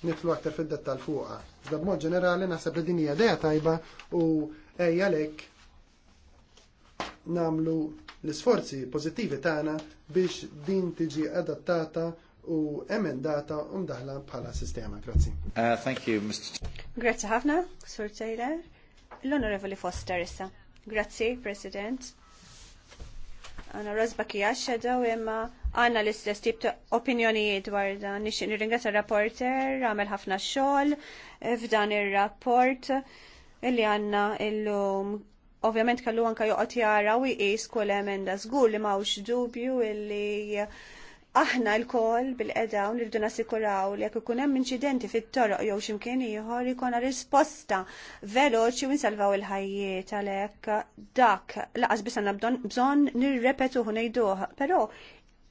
nitlu aktar fid-dettall fuqha. Iżda b'mod ġenerali naħseb li din hija idea tajba u Ej lek namlu l-isforzi pozittivi tagħna biex din tiġi adattata u emendata u mdaħla bħala sistema. Grazzi. Uh, thank you, Mr. Grazzi ħafna, Sur Taylor. L-Onorevoli Foster issa. Grazzi, President. Għana rozba kijax daw imma għanna l-istess tip ta' opinjonijiet dwar dan. Nixin nirringat rapporter għamel ħafna xogħol f'dan ir rapport illi għanna illum ovvjament kallu anka joqgħod jara u jqis kull emenda żgur li m'hawnx dubju illi aħna l-kol bil-qeda u nirridu nasikuraw li jekk ikun hemm inċidenti fit-toroq jew x'imkien ieħor ikun risposta veloċi u nsalvaw il-ħajjiet għalhekk dak laqas biss għandna bżonn nirrepetuh ngħiduh, però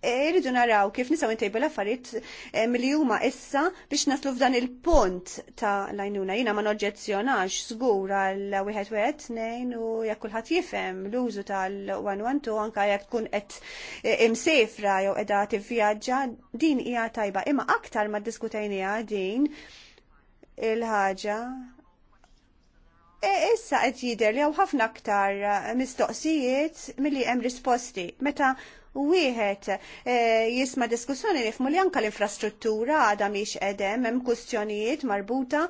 irridu e, naraw kif nisaw intejbu l-affarijiet e, milli huma issa biex naslu f'dan il-punt ta' lajnuna. Jina ma noġġezzjonax żgur għal wieħed wieħed nejn u jekk kulħadd jifhem l-użu tal-112 anke jekk tkun qed e, imsefra jew qiegħda tivvjaġġa din hija tajba. Imma aktar ma ddiskutejniha din il-ħaġa Issa qed jidher li hawn ħafna aktar mistoqsijiet milli hemm risposti. Meta wieħed eh, jisma' diskussjoni li li anka l-infrastruttura għadha mhix qedem hemm kwistjonijiet marbuta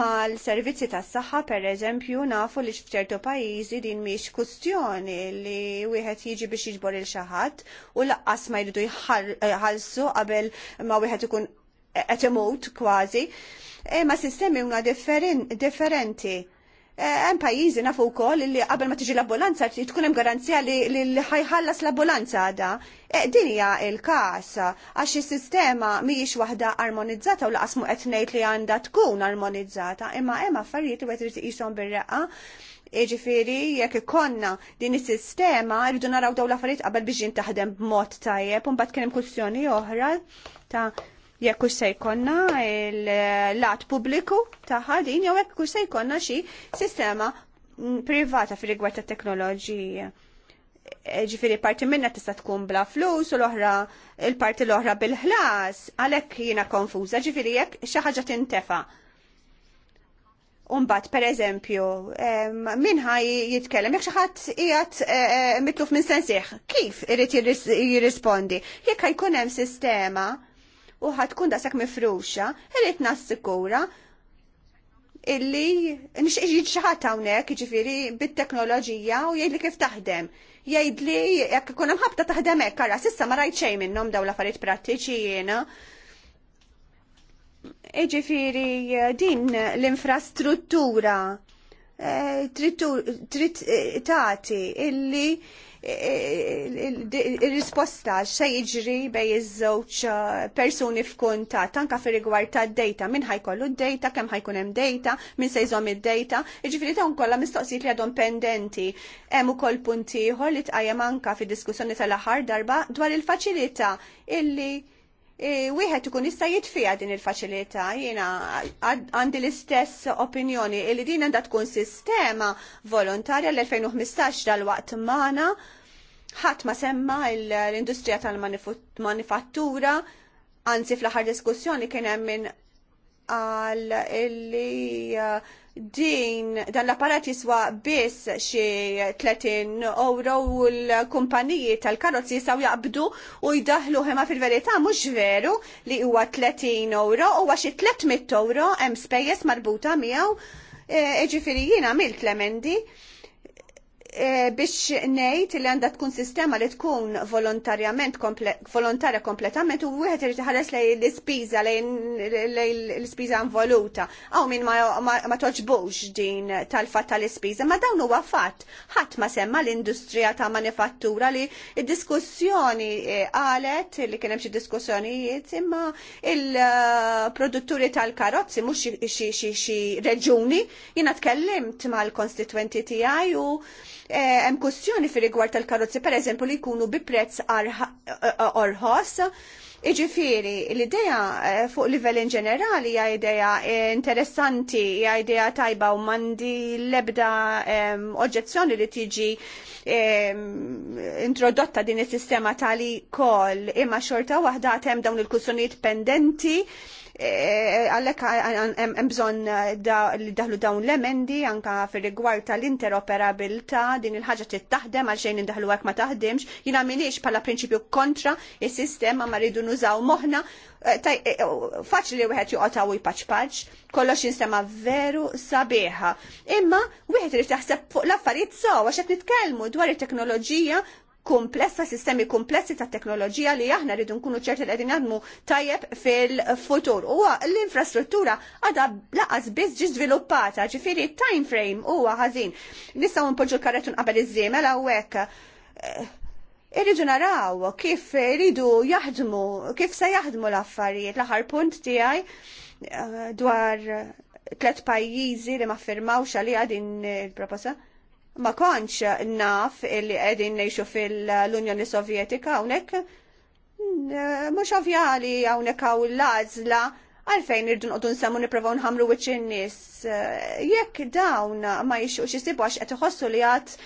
mal-servizzi tas-saħħa pereżempju nafu li f'ċertu pajjiżi din mhix kwistjoni li wieħed jiġi biex jiġbor il xi ħadd u laqqas ma jridu jħallsu eh, qabel ma wieħed ikun qed imut kważi. Imma eh, sistemi huma differenti Eh, hemm pajjiżi nafu wkoll li qabel ma tiġi l-ambulanza tkun hemm garanzija li ħajħallas l-ambulanza għada. Eh, din hija l-każ għax is-sistema mhijiex waħda armonizzata u laqas mu qed ngħid li għandha tkun armonizzata, imma hemm affarijiet li qed irid iqishom bir-reqqa. Ġifiri, jekk ikonna din is-sistema rridu naraw dawn l-affarijiet qabel biex jintaħdem b'mod tajjeb, u mbagħad kien hemm kwistjoni oħra ta' jekk se jkollna l-lat pubbliku taħħa din jew jekk se jkollna xi sistema privata fil rigward ta' teknoloġija. E, ġifiri parti minna tista' tkun bla flus u l-oħra il-parti l-oħra bil-ħlas, għalhekk jiena konfuża, ġifiri jekk xi ħaġa tintefa'. Umbat, per eżempju, e, minn ħaj jitkellem, jek xaħat jgħat e, mitluf minn sensieħ, kif irrit jirrispondi? Jek ħajkun hemm sistema u ħatkun daqshekk mifruxa, irrid nassikura illi nxieġiġ jitxaħat hawnhekk jiġifieri bit-teknoloġija u jgħidli kif taħdem. Jgħidli jekk ikun hemm ħabta taħdem hekk ara s'issa ma rajt xejn minnhom dawn l-affarijiet prattiċi jena. Jiġifieri eh, din l-infrastruttura eh, trid eh, tagħti illi il-risposta xe jiġri bej iż-żewġ eh, persuni f'kuntat tanka fir rigward ta' data min ħajkollu d-data, kemm ħajkun hemm data, min se jżomm id-data, jiġifieri dawn kollha mistoqsijiet li għadhom pendenti. Hemm ukoll puntiħor ieħor li tqajjem anka fid-diskussjoni tal-aħħar darba dwar il-faċilità illi E, wieħed ikun jista' jitfija din il-faċilità, jiena għandi l-istess opinjoni li din għandha tkun sistema volontarja l-2015 dal-waqt magħna ħadd ma semma l-industrija tal-manifattura, anzi fl-aħħar diskussjoni kien hemm min għal li din dan l-apparat jiswa biss xi 30 euro u l-kumpaniji tal-karozzi jisaw jaqbdu u jdaħlu ħema fil-verità mhux veru li huwa 30 euro u għaxi 300 euro hemm spejjeż marbuta miegħu e, e ġifieri jiena mill-Klemendi Eh, biex ngħid li għandha tkun sistema li tkun volontarjament volontarja kompletament u wieħed irid ħares lej l-ispiża lej l-ispiża involuta. Aw min ma toġbux din tal-fatt tal-ispiża, ma dawn huwa fatt. Ħadd ma semma l-industrija ta' manifattura li d-diskussjoni eh, qalet li kien hemm xi diskussjonijiet imma il-produtturi tal-karozzi mhux xi reġuni jiena tkellimt mal-konstituenti tiegħi u Eh, hemm kustjoni fi rigward tal-karozzi pereżempju li jkunu bi prezz eh, eh, orħos. Iġifiri, l-ideja fuq livell in ġenerali hija ideja interessanti, hija ideja tajba u mandi ebda ehm, oġġezzjoni li tiġi ehm, introdotta din is-sistema tal-ikoll imma xorta waħda hemm dawn il kustjonijiet pendenti għallek eh, eh, hemm bżonn eh, li daħlu dawn l-emendi anka fir-rigward tal-interoperabilità din il-ħaġa trid taħdem għal xejn indaħlu hekk ma taħdimx. Jiena minix bħala prinċipju kontra is-sistema ma rridu nużaw moħħna oh, faċli wieħed joqgħod u jpaċpaċ, kollox jinsema veru sabiħa. Imma wieħed irid taħseb fuq l-affarijiet sew għax qed nitkellmu dwar it-teknoloġija komplessa, sistemi komplessi ta' teknoloġija li aħna rridu nkunu ċerti li qegħdin għadmu tajjeb fil-futur. Huwa l-infrastruttura għadha laqas biss ġi żviluppata, ġifieri time frame huwa ħażin. Nistgħu npoġġu l-karretun qabel iż-żiemel hawnhekk. Eh, irridu naraw kif iridu jaħdmu, kif se jaħdmu l-affarijiet. L-aħħar punt tiegħi eh, dwar tlet pajjiżi li ma firmawx għalija din il-proposta ma konċ naf illi qegħdin ngħixu fil-Unjoni Sovjetika hawnhekk mm, mhux ovjali hawnhekk hawn l-għażla għalfejn irdu għodun samu nippruvaw nħamlu wiċċ in-nies. Jekk dawn ma jixux jisibu għax qed iħossu li għat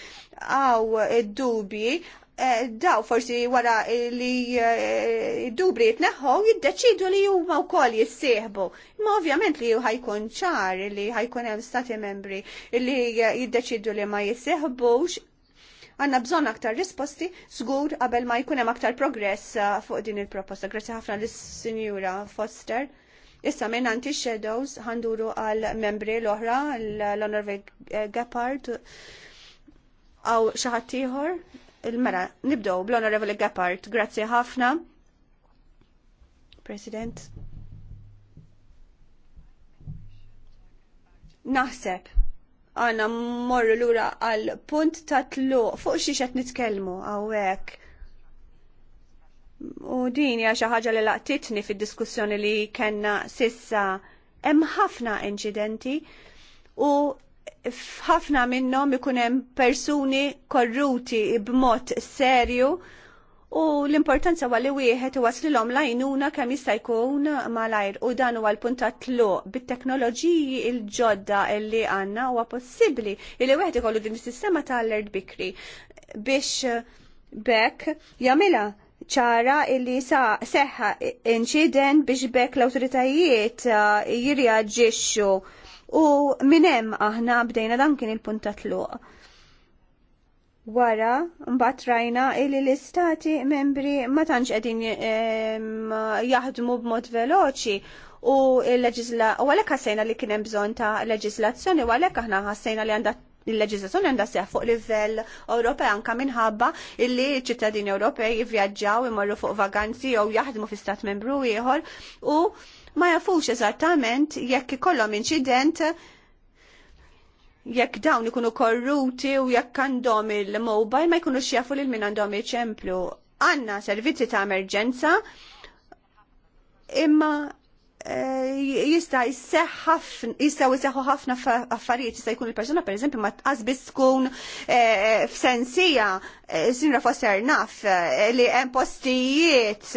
għaw id-dubji Eh, daw forsi wara li eh, dubri jitneħħu jiddeċidu li huma wkoll jissieħbu. Ma ovvjament li ħajkun ċar li ħajkun hemm stati membri li eh, jiddeċidu li ma jissieħbux għanna bżon aktar risposti zgur qabel ma jkunem aktar progress fuq din il-proposta. Grazie ħafna l-Sinjura Foster. Issa minn anti shadows ħanduru għal membri l-oħra l-Honorable Gepard għaw xaħatiħor Il-mela, nibdow bl-Onorevoli Gapart. Grazzi ħafna. President. Naħseb għana morru lura għal punt ta' fuq xie qed nitkellmu hawnhekk. U din hija xi ħaġa li laqtitni fid-diskussjoni li kellna sissa hemm ħafna inċidenti u f'ħafna minnhom ikun hemm persuni korruti b'mod serju u l-importanza għalli wieħed l-om lajnuna kemm jista' jkun malajr u dan huwa l-puntat tluq bit-teknoloġiji l-ġodda li għandna huwa possibbli li wieħed ikollu din is-sistema ta' alert bikri biex bekk jagħmilha ċara illi sa seħħa inċiden biex bekk l-awtoritajiet uh, jirreaġixxu U minem aħna bdejna dan kien il ta' tluq. Wara, mbagħad rajna li l-istati membri ma tantx qegħdin jaħdmu b'mod veloċi u l-leġizla u għalhekk ħassejna li kien hemm bżonn ta' leġislazzjoni u għalhekk aħna ħassejna li għandha il-leġislazzjoni għandha seħ fuq livell Ewropej anka minħabba illi ċittadini Ewropej jivvjaġġaw imorru fuq vaganzi jew jaħdmu fi stat membru ieħor u ma jafux eżattament jekk ikollhom inċident jekk dawn ikunu korruti u jekk għandhom il-mobile ma jkunux jafu lil min għandhom iċemplu. Għanna servizzi ta' emerġenza imma Eh, jista jistaw jisseħu ħafna affarijiet jista jkun il-persuna per eżempju ma tqasbis tkun eh, f'sensija eh, sinra fosser naf li hemm postijiet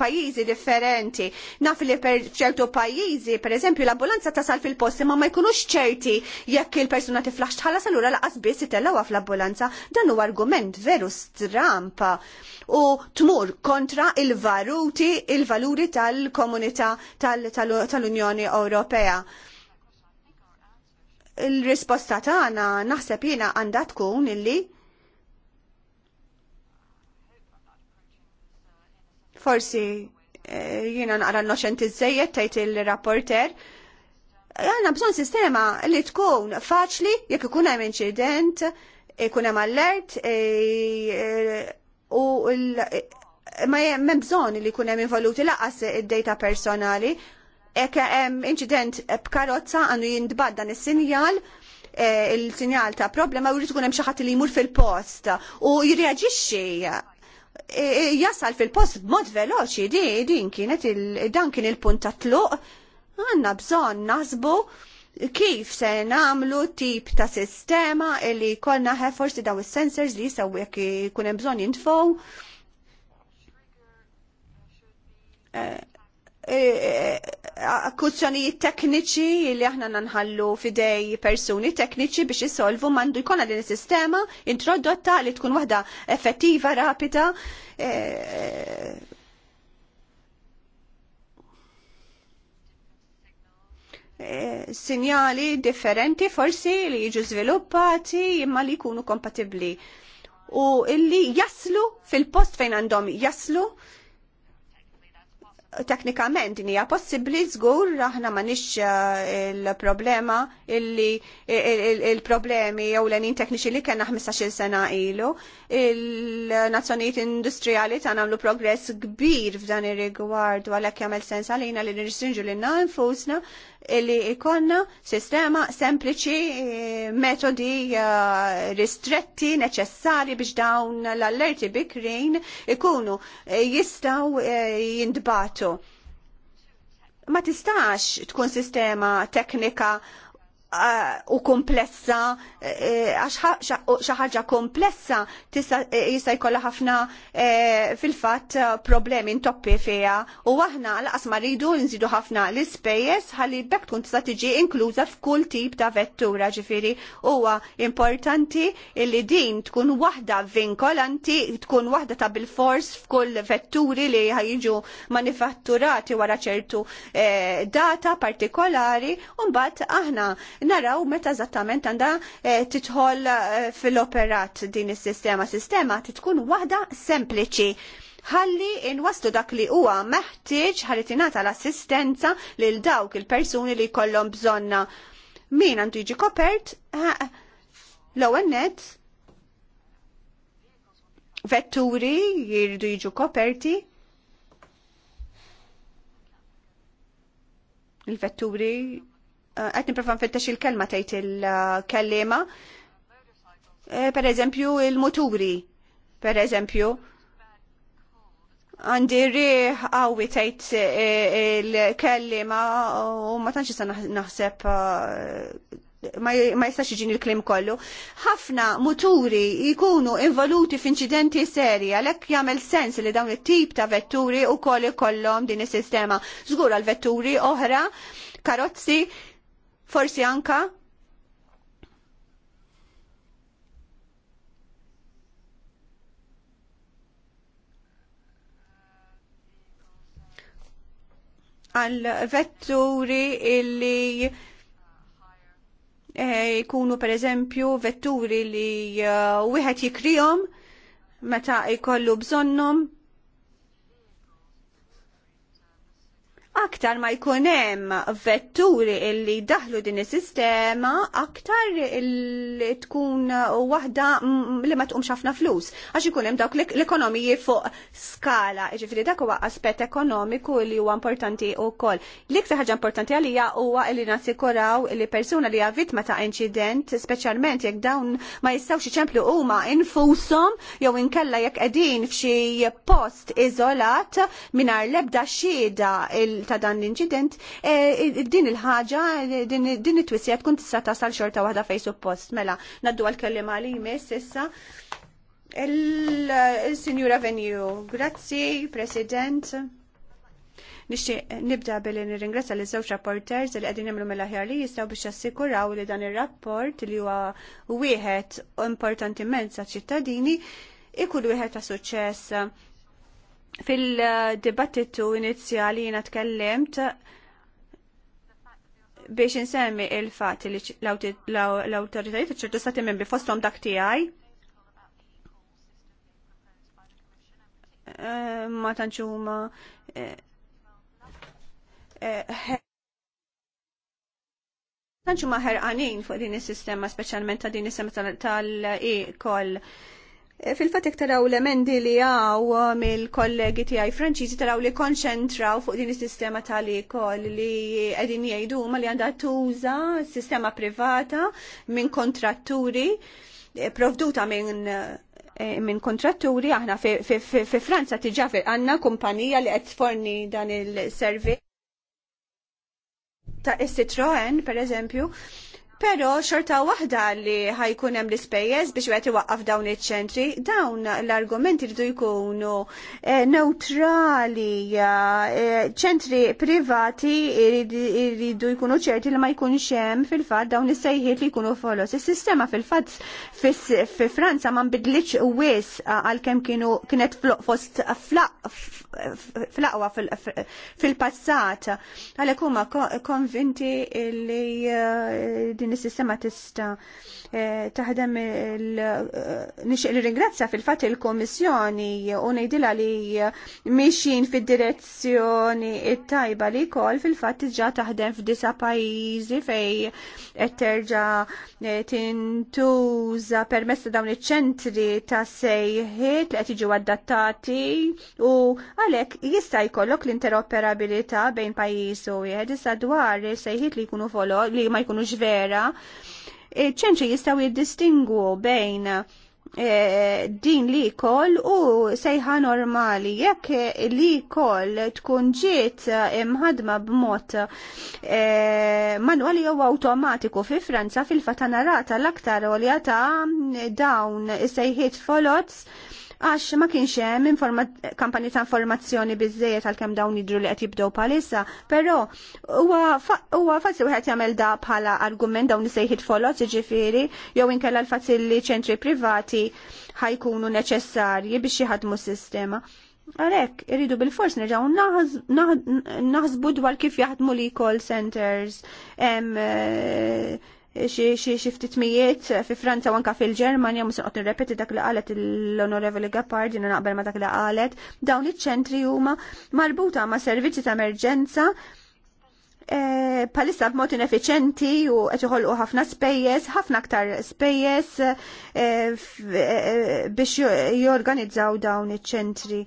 pajjiżi differenti naf li per ċertu pajjiżi per eżempju l-ambulanza tasal fil-posti ma ma jkunux ċerti jekk il-persuna tiflax tħallas allura laqas biss itellawha fl-ambulanza dan huwa argument veru strampa u tmur kontra il-varuti il-valuri tal-komunità tal-Unjoni Ewropea. Il-risposta tagħna naħseb jiena għandha tkun illi forsi eh, jiena naqra noċenti żejjed tgħid il-rapporter għanna bżon sistema li tkun faċli jekk ikun hemm inċident, ikun hemm allert eh, eh, u ma hemm bżonn li jkun hemm involuti laqas id-data personali. Ek hemm incident b'karozza għandu jintbad dan is-sinjal eh, il-sinjal ta' problema u jrid ikun hemm xi ħadd li jmur fil-post u jirreaġixxi Jassal e, e, jasal fil-post b'mod veloċi di din kienet dan kien il-punt ta' tluq għandna bżonn nasbu kif se nagħmlu tip ta' sistema li jkollna forsi daw is-sensors li jistgħu jekk ikun hemm bżonn akkuzzjonijiet eh, eh, eh, tekniċi li aħna nanħallu fidej persuni tekniċi biex jisolvu mandu jkollna din is-sistema introdotta li tkun waħda effettiva, rapida. Sinjali differenti forsi li jiġu żviluppati imma li jkunu kompatibbli u illi jaslu fil-post fejn għandhom jaslu teknikament din hija possibbli żgur aħna m'għandix eh, il-problema illi il-problemi jew l-għenin tekniċi li kellna 15-il sena ilu. Il-nazzjonijiet industrijali ta' nagħmlu progress kbir f'dan ir-rigward għalhekk jagħmel sens għalina li nirsinġu lilna infusna li ikonna sistema sempliċi, eh, metodi eh, ristretti neċessari biex dawn l-allerti bikrin ikunu eh, jistaw jindbatu. Ma tistax tkun sistema teknika u komplessa, eh, għax xaħġa ħaġa komplessa eh, jista' jkollha ħafna eh, fil-fatt problemi ntoppi fiha u aħna laqas ma rridu nżidu ħafna l-ispejjeż ħalli bekk tkun tista' tiġi inkluża f'kull tip ta' vettura ġifieri huwa importanti li din tkun waħda vinkolanti, tkun waħda ta' bil-fors f'kull vetturi li ħajġu manifatturati wara ċertu data partikolari u mbagħad aħna naraw meta eżattament għandha eh, titħol eh, fil-operat din is-sistema. Sistema titkun waħda sempliċi ħalli inwastu dak li huwa meħtieġ ħalli tingħata l-assistenza lil dawk il-persuni li jkollhom bżonna. Min għandu jiġi kopert? Eh, l-ewwel vetturi jirdu jiġu koperti. Il-vetturi qed nipprova nfittex il-kelma tgħid il-kellima. Eh, per eżempju il-muturi, per eżempju. Għandi riħ għawi tajt eh, il-kellima u ma tanċi sa naħseb eh, ma jistax iġin il-klim kollu. ħafna muturi jkunu involuti f'inċidenti seri, għalhekk jagħmel sens li dawn it-tip ta' vetturi u koll ikollhom din is-sistema. Żgur għal vetturi oħra, karozzi forsi anka għal vetturi illi eh, jkunu per eżempju vetturi li eh, wieħed jikrihom meta jkollu bżonnhom aktar ma jkun hemm vetturi illi daħlu din is-sistema, aktar tkun waħda li ma tqumx ħafna flus. Għax ikun hemm dawk l-ekonomiji fuq skala. Ġifieri dak huwa aspett ekonomiku li huwa importanti wkoll. L-iktar ħaġa importanti għalija huwa li nassikuraw li persuna li hija vittma ta' inċident, speċjalment jekk dawn ma jistgħux iċemplu huma infushom jew inkella jekk qegħdin f'xi post iżolat mingħajr l-ebda xhieda ta' dan l-inċident, e, din il-ħaġa, e, din it-twissija tkun tista' tasal xorta waħda fej suppost. Mela, naddu għal-kellima li jmiss s'issa. Il-Sinjura Venju, grazzi, President. Nixtieq nibda billi nir-ingressa li żewġ rapporters li qegħdin jemlu mill-aħjar li jistgħu biex jassikuraw li dan ir-rapport li huwa wieħed importanti immens ċittadini ikun wieħed ta' suċċess Fil-dibattitu inizjali jina tkellimt biex insemmi il-fat li l-autoritajiet ċertu stati membri fostom dak tiegħi ma tanċuma ma ħerqanin fuq din is-sistema speċjalment ta' din is-sistema tal-e koll. -tal Eh, Fil-fat jek taraw l-emendi li għaw eh, mill-kollegi għaj franċiżi taraw li konċentraw fuq din is-sistema tali koll li għedin jgħidu ma li għandha tuża sistema privata minn kontratturi eh, provduta minn minn kontratturi aħna fi Franza tiġa għanna kumpanija li qed tforni dan il-servi ta' Citroen per eżempju Pero xorta waħda li ħajkun hemm l-ispejjeż biex wieħed iwaqqaf dawn iċ-ċentri, dawn l-argumenti rridu jkunu eh, neutrali, eh, ċentri privati rridu jkunu ċerti li ma jkunx hemm fil-fatt dawn is-sejħiet li jkunu folos. Is-sistema fil-fatt fi Franza ma nbidlitx wis għal-kem kienu kienet fost flaqwa fil-passat. għalek huma konvinti li din is-sistema tista' e, taħdem il e, ringrazzja fil-fatt il komissjoni u ngħidilha li mixin fid-direzzjoni it-tajba li kol fil-fatt ġa taħdem f'disa pajjiżi fej qed terġa' tintuż iżda permess dawn iċ-ċentri ta' sejħiet li qed jiġu adattati u għalhekk jista' jkollok l-interoperabilità bejn pajjiż u wieħed issa dwar sejħiet li jkunu folo li ma jkunux vera. iċ ċentri jistgħu jiddistingu bejn E, din li kol u sejħa normali jekk li kol tkun ġiet imħadma b'mod e, manwali jew automatiku fi Franza fil-fatanarata l-aktar olja ta' dawn sejħiet folots għax ma kienx hemm kampanji ta' informazzjoni biżejjed għalkemm dawn jidru li qed jibdew bħalissa, però huwa faċli wieħed jagħmel da bħala argument dawn isejħid folot jiġifieri jew inkella l-fatt li ċentri privati ħajkunu neċessarji biex jħadmu s-sistema. Għalek, irridu bil-fors nerġaw naħsbu dwar kif jaħdmu li call centers, eh, xi ftitmijiet eh, fi Franza u anka fil-Ġermanja mhux noqgħod nirrepeti dak li qalet l-Onorevoli Gappard naqbel ma dak li qalet dawn iċ-ċentri huma marbuta ma' servizzi ta' emerġenza eh, palissa b'mod ineffiċenti u qed iħolqu ħafna spejjeż, ħafna aktar spejjeż eh, biex jorganizzaw dawn iċ-ċentri.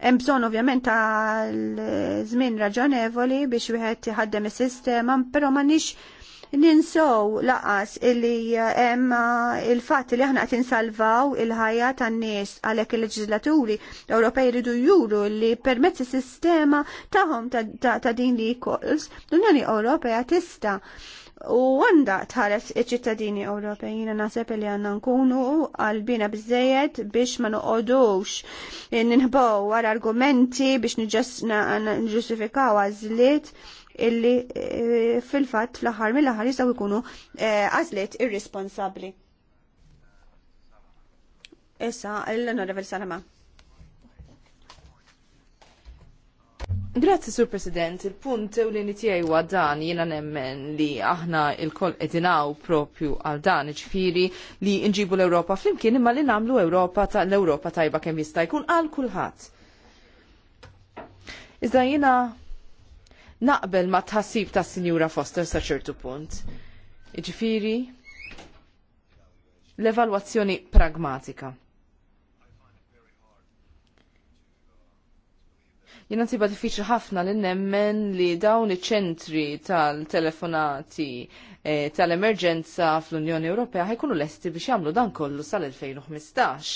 Hemm bżonn ovvjament ta' żmien raġonevoli biex wieħed iħaddem is-sistema, però m'għandniex ninsow laqas illi eh, hemm eh, il-fatt li aħna qed insalvaw il-ħajja tan-nies għalhekk il-leġislaturi Ewropej jridu juru li permezz is-sistema tagħhom ta' din li jkolls l-Unjoni Ewropea tista' u għanda tħares iċ-ċittadini Ewropej jina naħseb li għanna nkunu għalbina bizzejed biex ma nuqodux ninħbow għal argumenti biex nġustifikaw għazliet illi eh, fil-fatt fl-aħħar mill ħar jistgħu jkunu eh, għazlet irresponsabbli. Issa l-Onorevol Salama. Grazzi, Sur President. Il-punt u li nitijaj u dan jena nemmen li aħna il-koll edinaw propju għal dan ġifiri li nġibu l-Europa flimkien imma li namlu Europa ta' l-Europa tajba kem jista' jkun għal kulħadd. Iżda jena naqbel ma tħassib ta' Sinjura Foster sa' ċertu punt. Iġifiri, l-evalwazzjoni pragmatika. Jena tiba diffiċli ħafna li nemmen li dawn iċ-ċentri tal-telefonati eh, tal-emerġenza fl-Unjoni Ewropea ħajkunu lesti biex jagħmlu dan kollu sal-2015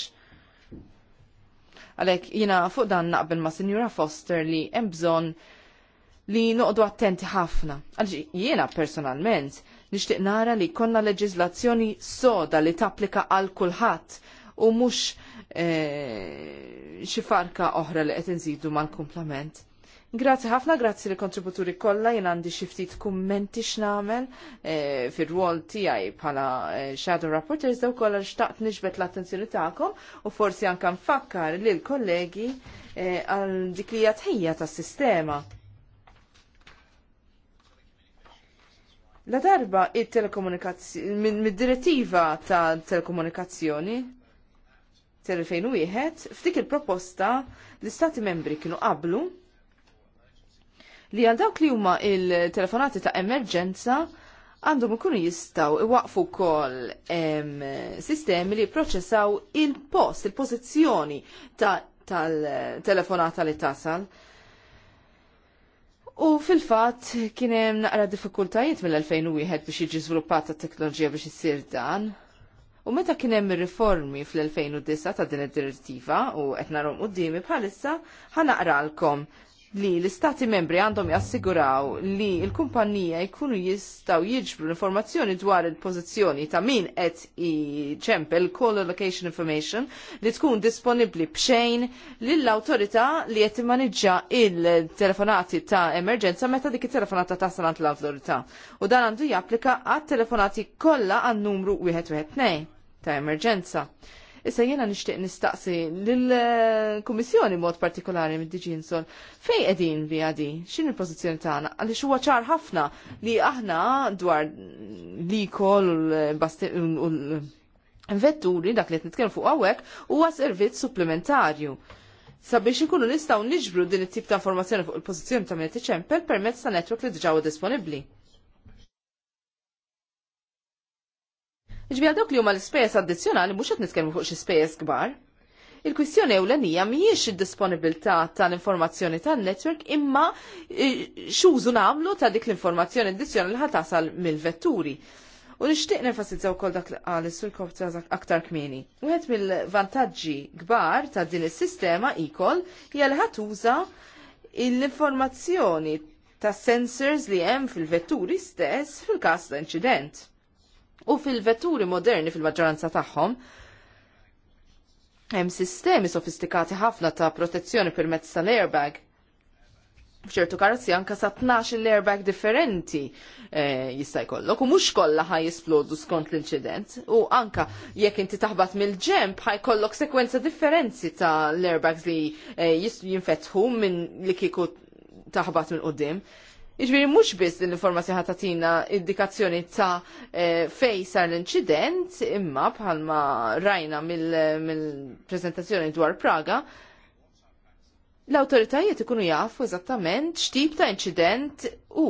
Għalhekk jiena fuq dan naqbel ma' Sinjura Foster li hemm bżonn li noqdu attenti ħafna. Għalġ jiena personalment nixtieq nara li konna leġiżlazzjoni soda li tapplika għal kulħadd u mhux eh, xi farka oħra li qed inżidu mal-kumplament. Grazzi ħafna, grazie li kontributuri kollha jien għandi xi ftit kummenti x'namel e, fir-rwol tiegħi bħala eh, Shadow Rapporters daw kolla xtaqt nixbet l-attenzjoni tagħkom u forsi anke nfakkar l kollegi għal e, dik li hija tħejja tas-sistema. La darba il-telekomunikazzjoni, mid-direttiva ta' telekomunikazzjoni, tal-2001, f'dik il-proposta l-istati membri kienu qablu li għal dawk li huma il-telefonati ta' emerġenza għandhom ikunu jistaw iwaqfu kol em, sistemi li proċessaw il-post, il-pozizjoni tal-telefonata li tasal. U fil-fat kien hemm naqra diffikultajiet mill-2001 biex jiġi żviluppata t-teknoloġija biex issir dan. U meta kien hemm ir-riformi fl-2009 ta' din id-direttiva u qed narhom dimi bħalissa ħanaqralkom li l-istati membri għandhom jassiguraw li l-kumpanija jkunu jistaw jiġbru l-informazzjoni dwar il-pozizjoni ta' min qed ċempel call location information li tkun disponibli bxejn lill-awtorità li qed timmaniġġa il-telefonati ta' emerġenza meta dik it-telefonata tasal l-awtorità. U dan għandu japplika għat-telefonati kollha għan-numru 112 ta' emerġenza. Issa jena nishtiq nistaqsi l-Kummissjoni mod partikolari mid Diġinsol. Fej edin bi għadi? Xin il-pozizjoni tagħna? Għaliex huwa ċar ħafna li aħna dwar li kol u l-vetturi dak li qed nitkellmu fuq hawnhekk huwa servizz supplementarju sabiex ikunu nistaw niġbru din it-tip ta' informazzjoni fuq il-pożizzjoni ta' Mieti Ċempel permezz ta' network li diġaw disponibbli. Ġbija dawk li huma l-ispejjeż addizzjonali mhux qed nitkellmu fuq xi spejjeż kbar. Il-kwistjoni ewlenija mhijiex id-disponibilità tal-informazzjoni tan-netwerk imma eh, xużu nagħmlu ta' dik l-informazzjoni addizzjonali li ħatasal mill-vetturi. U nixtieq nenfasizza wkoll dak li qal is-sur aktar kmieni. Wieħed mill-vantaġġi kbar ta' din is-sistema ikol hija li ħatuża l-informazzjoni ta' sensors li hemm fil-vetturi stess fil-każ ta' inċident u fil-vetturi moderni fil-maġġoranza tagħhom hemm sistemi sofistikati ħafna ta' protezzjoni permezz tal-airbag. F'ċertu karozzi anka sa' 12 l-airbag differenti eh, jista' jkollok u mhux kollha ħaj jisplodu skont l-inċident u anka jekk inti taħbad mill-ġemp ħajkollok sekwenza differenzi ta' l-airbags li eh, jinfetħu minn li kieku taħbad mill-qudiem. Iġbiri mux biss din l-informazzjoni ħatatina indikazzjoni ta' eh, fej sar l-inċident, imma bħalma rajna mill-prezentazzjoni dwar Praga, l-autoritajiet ikunu jafu eżattament x'tip ta' inċident u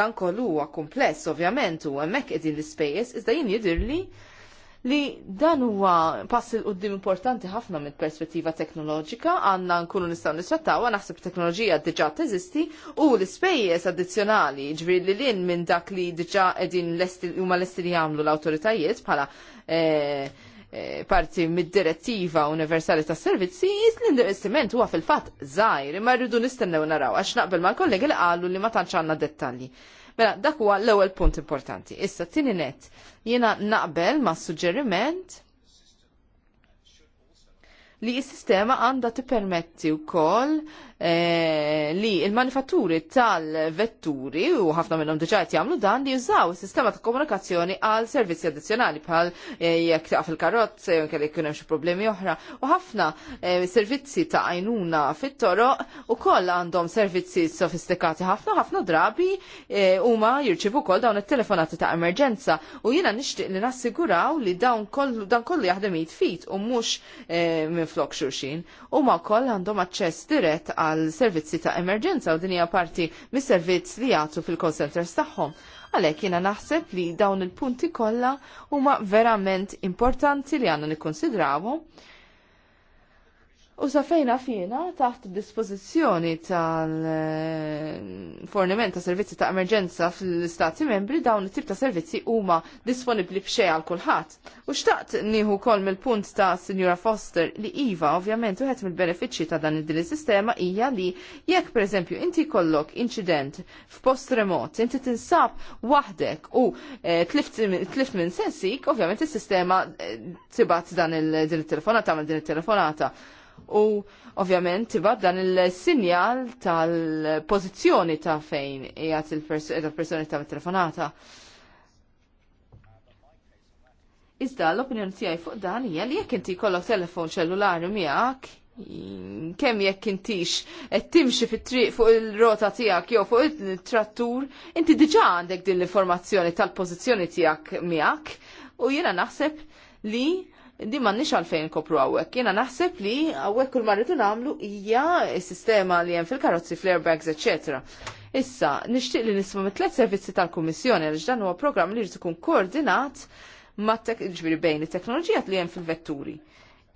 dan kollu huwa kumpless ovvjament u hemmhekk qegħdin l-ispejjeż iżda jien jidhirli li dan huwa pass il qudiem importanti ħafna mit perspettiva teknoloġika, għandna nkunu nistgħu nisrattaw, naħseb teknoloġija diġà teżisti u l-ispejjeż addizzjonali ġbir li lin minn dak li diġà qegħdin huma lesti li jagħmlu l-awtoritajiet bħala eh, eh, parti mid-direttiva universali ta' servizzi, l-investiment huwa fil-fatt żgħir, imma rridu nistennew naraw għax naqbel mal-kollegi li qalu li ma tantx għandna dettalji. Mela, dak huwa l-ewwel punt importanti. Issa tieni net, jiena naqbel ma' suġġeriment li s-sistema għandha tippermetti wkoll Eh, li il-manifatturi tal-vetturi u ħafna minnhom diġà qed jagħmlu dan li jużaw is-sistema ta' komunikazzjoni għal servizzi addizzjonali bħal eh, jekk taqaf il-karozz jew inkella jkun hemm xi problemi oħra u ħafna eh, servizzi ta' għajnuna fit-toroq ukoll għandhom servizzi sofistikati ħafna ħafna drabi huma jirċivu wkoll dawn it-telefonati ta' emerġenza u jiena nixtieq li nassiguraw li dawn kollu dan kollu jaħdem jitfit u mhux minflok xulxin huma wkoll għandhom aċċess dirett għal servizzi ta' emerġenza u dinija parti mis-servizz li jagħtu fil-call centers tagħhom. Għalhekk jiena naħseb li dawn il-punti kollha huma verament importanti li għandna nikkonsidrawhom U safejna fina taħt dispożizzjoni tal-forniment ta' servizzi ta' emerġenza fl-Stati membri dawn it-tip ta' servizzi huma disponibbli b'xej għal kulħadd. U xtaqt nieħu kol mill-punt ta' Sinjura Foster li iva ovvjament wieħed mill-benefiċċji ta' dan id-din sistema hija li jekk pereżempju inti kollok inċident f'post remot, inti tinsab waħdek u eh, tlift minn sensik, ovvjament is-sistema eh, tibat dan il-din il-telefonata, din it telefonata din it telefonata u ovvjament tibad dan il-sinjal tal-pozizjoni ta' fejn jgħat il-personi eh, ta' telefonata. Iżda l-opinjoni tiegħi fuq dan hija li jekk inti jkollok telefon ċellulari miegħek, kemm jekk intix qed timxi fit-triq fuq il-rota tiegħek jew fuq it-trattur, inti diġà għandek din l-informazzjoni tal-pożizzjoni tiegħek miegħek u jiena naħseb li di ma nix għalfejn kopru għawek. Jena naħseb li għawek kull marritu namlu hija s-sistema li jen fil-karozzi, fl-airbags, etc. Issa, nishtiq li nisma mit-tlet servizzi tal-Kummissjoni għal dan huwa programm li jrid ikun koordinat ma' ġbiri bejn it-teknoloġija li jen fil-vetturi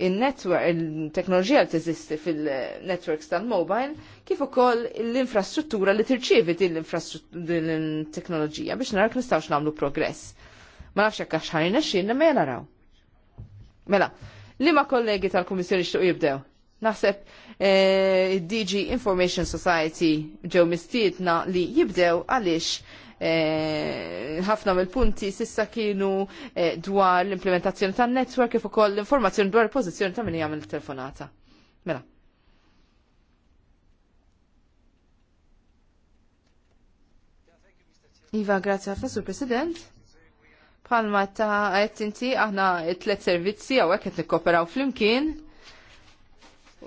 il-network, il-teknoloġija li teżisti fil-networks tal-mobile, kif ukoll l-infrastruttura li tirċievi din l-teknoloġija biex narak nistgħux nagħmlu progress. Ma nafx hekk għax ħajna xinna ma naraw. Mela, li ma kollegi tal-Komissjoni xtuq jibdew? Naħseb eh, DG Information Society ġew mistietna li jibdew għaliex eh, ħafna eh, mill-punti sissa kienu eh, dwar l-implementazzjoni tan network kif ukoll l-informazzjoni dwar il-pożizzjoni ta' min jagħmel telefonata. Mela. Iva, grazie ħafna, Sur President. Palma ta' għet inti aħna tlet servizzi għaw għet nikoperaw fl flimkien.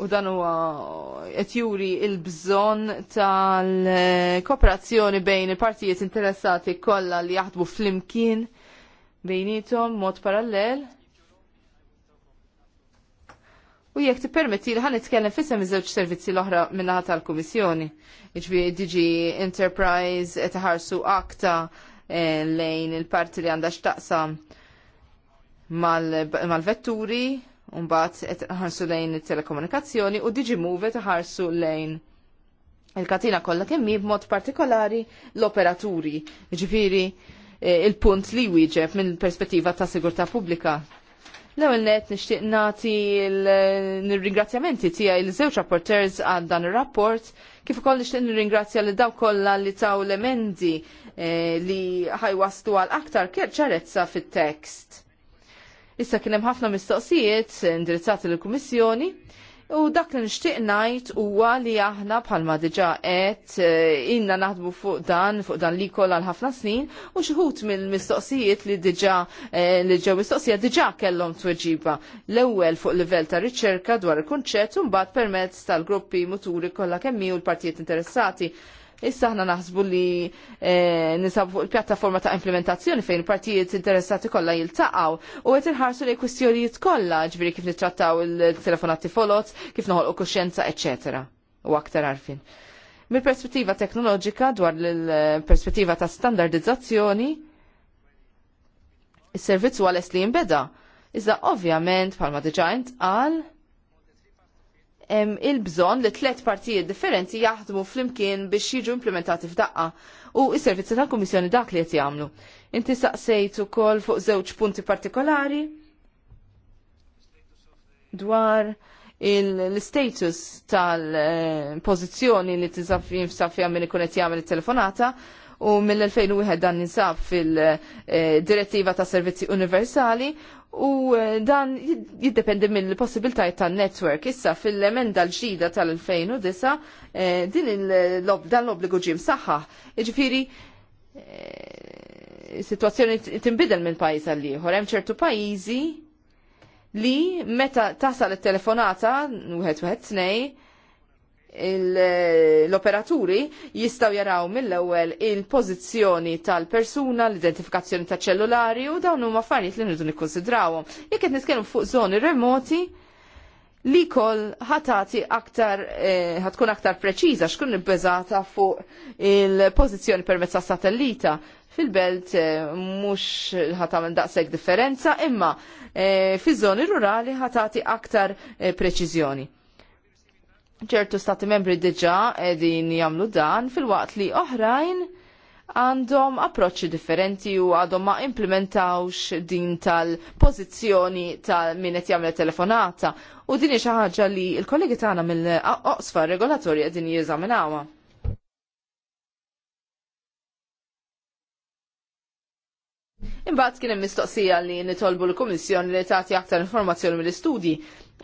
u dan huwa qed juri l-bżonn tal-kooperazzjoni bejn il-partijiet interessati kollha li jaħdmu flimkien bejnietom mod parallel. U jekk tippermetti li ħan nitkellem fissem iż-żewġ servizzi l-oħra minnaħa tal-Kummissjoni. Iġbi Digi Enterprise qed iħarsu akta Eh, lejn il-parti li għandha x'taqsa mal-vetturi u mbagħad ħarsu lejn it-telekomunikazzjoni u DigiMove ħarsu lejn il-katina kollha kemm b'mod partikolari l-operaturi, ġifiri eh, il-punt li wieġeb minn perspettiva ta' sigurtà pubblika. L-ewwel net nixtieq nagħti l-ringrazzjamenti tiegħi l żewġ rapporters għal dan ir-rapport kif ukoll nixtieq nirringrazzja lil dawk kollha li taw l-emendi eh, li ħajwastu għal aktar ċarezza fit-tekst. Issa kien hemm ħafna mistoqsijiet eh, indirizzati lill-Kummissjoni U dak li nixtieq ngħid huwa li aħna bħalma diġà qed eh, inna naħdmu fuq dan fuq dan li kollha għal ħafna snin u xi mill-mistoqsijiet li diġà eh, li ġew mistoqsija diġà kellhom tweġiba. L-ewwel fuq livell ta' riċerka dwar il-kunċett u mbagħad permezz tal-gruppi muturi kollha kemm u l-partijiet interessati Issa aħna naħsbu li eh, nisab fuq il-pjattaforma ta' implementazzjoni fejn partijiet interessati kollha jiltaqgħu u qed inħarsu lejn kwistjonijiet kollha, ġifieri kif nittrattaw il-telefonati folot, kif noħolqu kuxjenza, eċetera. U aktar arfin. Mill-perspettiva teknoloġika dwar l-perspettiva ta' standardizzazzjoni, is-servizz huwa les li jinbeda. Iżda ovvjament bħalma diġà intqal il-bżon li tlet partijiet differenti jaħdmu flimkien biex jiġu implementati f'daqqa u s-servizzi tal-Kummissjoni dak li qed jagħmlu. Inti saqsejt ukoll fuq żewġ punti partikolari dwar l-status tal-pozizjoni eh, li tinsab fija minn ikun qed jagħmel it-telefonata u mill-2001 dan ninsab fil-direttiva ta' servizzi universali u eh, dan jiddependi mill possibiltajiet tan-network. Issa fil-emenda l ġida tal-2009 eh, din dan l-obbligu ġim saħħa. Iġifiri, eh, situazzjoni timbidel minn pajjiż għalli. ieħor. Hemm ċertu pajjiżi li meta tasal it-telefonata wieħed wieħed l-operaturi jistaw jaraw mill-ewwel il-pożizzjoni tal-persuna, l-identifikazzjoni ta' ċellulari u dawn huma affarijiet li nridu nikkonsidrawhom. Jekk qed nitkellmu fuq żoni remoti, li kol ħatati aktar, eh, ħatkun eh, aktar preċiża xkun nibbeżata fuq il-pożizzjoni permezz ta' satellita fil-belt eh, mux ħatamen daqseg differenza, imma eh, fi żoni rurali ħatati aktar preċizjoni ċertu stati membri diġa edin jamlu dan fil-waqt li oħrajn għandhom approċċi differenti u għadhom ma implementawx din tal-pozizjoni tal min qed jagħmel telefonata u din xi ħaġa li l-kollegi tagħna mill-oqsfa regolatorji qegħdin jeżaminawha. Imbagħad kien hemm mistoqsija li nitolbu l-Kummissjoni li tagħti aktar informazzjoni mill-istudji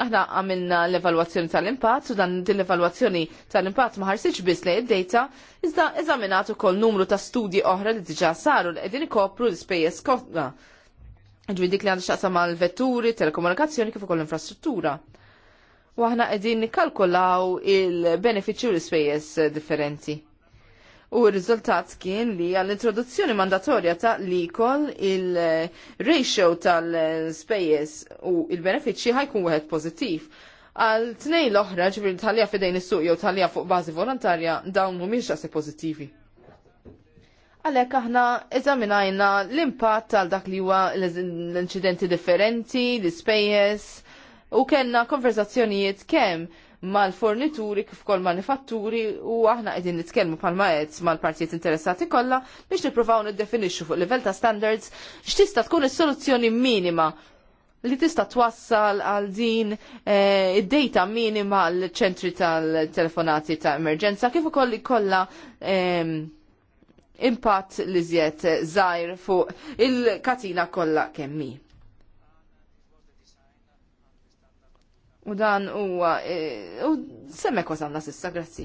Aħna għamilna l-evalwazzjoni tal-impatt u dan din l-evalwazzjoni tal-impatt ma ħarsitx biss lejn id-data, iżda eżaminat ukoll numru ta' studji oħra li diġà saru li qegħdin ikopru l-ispejjeż kotna. Ġwin dik li għandu xaqsam għal vetturi, telekomunikazzjoni kif ukoll infrastruttura. U aħna qegħdin nikkalkulaw il-benefiċċju l-ispejjeż differenti. U r-riżultat kien li għall-introduzzjoni mandatorja ta' l-ikol il-ratio tal-spejjes u il-benefiċċji ħajkun wieħed pożittiv. Għal tnej l-oħra ġifir talija fidejn is-suq jew talija fuq bażi volontarja dawn mhumiex daqsi pożittivi. Għalek aħna eżaminajna l-impatt tal dak li huwa l-inċidenti differenti, l-ispejjeż, u kellna konverzazzjonijiet kemm mal-fornituri kif kol manifatturi u aħna qegħdin nitkellmu palma qed mal-partijiet interessati kollha biex nippruvaw niddefinixxu fuq level ta' standards x'tista' tkun is-soluzzjoni minima li tista' twassal għal din eh, id-data minima għal ċentri tal-telefonati ta' emerġenza kif ukoll ikollha ehm, impatt li żjed żgħir fuq il-katina kollha kemmi. U dan huwa e, u semmek għandna sissa, grazzi.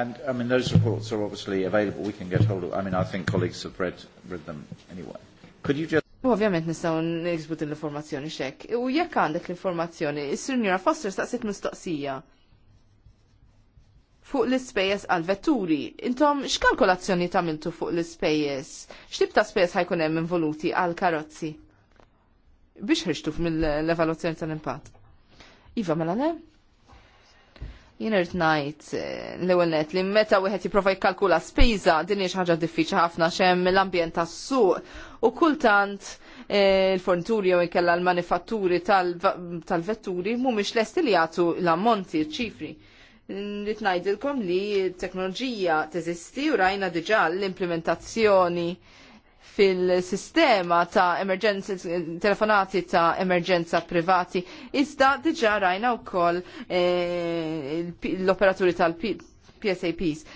And I mean those reports are obviously available. We can get hold of. I mean I think colleagues have read read them anyway. Could you just U ovvjament nistgħu niksbut l-informazzjoni xek. U jekk għandek l-informazzjoni, is-Sinjora Foster staqsit mistoqsija fuq l-ispejjeż għal vetturi. Intom x'kalkolazzjoni tagħmiltu fuq l-ispejjeż? X'tib ta' spejjeż ħajkun hemm involuti għal karozzi? biex ħriġtu mill-evaluazzjoni tal-impatt. Iva, mela le? Jien irt ngħid eh, l-ewwel net li meta wieħed jipprova jikkalkula spiża din hija ħaġa diffiċli ħafna xemm l-ambjent tas-suq u kultant eh, il-fornituri jew inkella l-manifatturi tal-vetturi mhumiex lesti li jagħtu l-ammonti, ċifri. Rrid ngħidilkom li t teknoloġija teżisti u rajna diġà l-implementazzjoni fil-sistema ta' emerġenza, telefonati ta' emerġenza privati, iżda diġa rajna u koll eh, l-operaturi tal-PSAPs.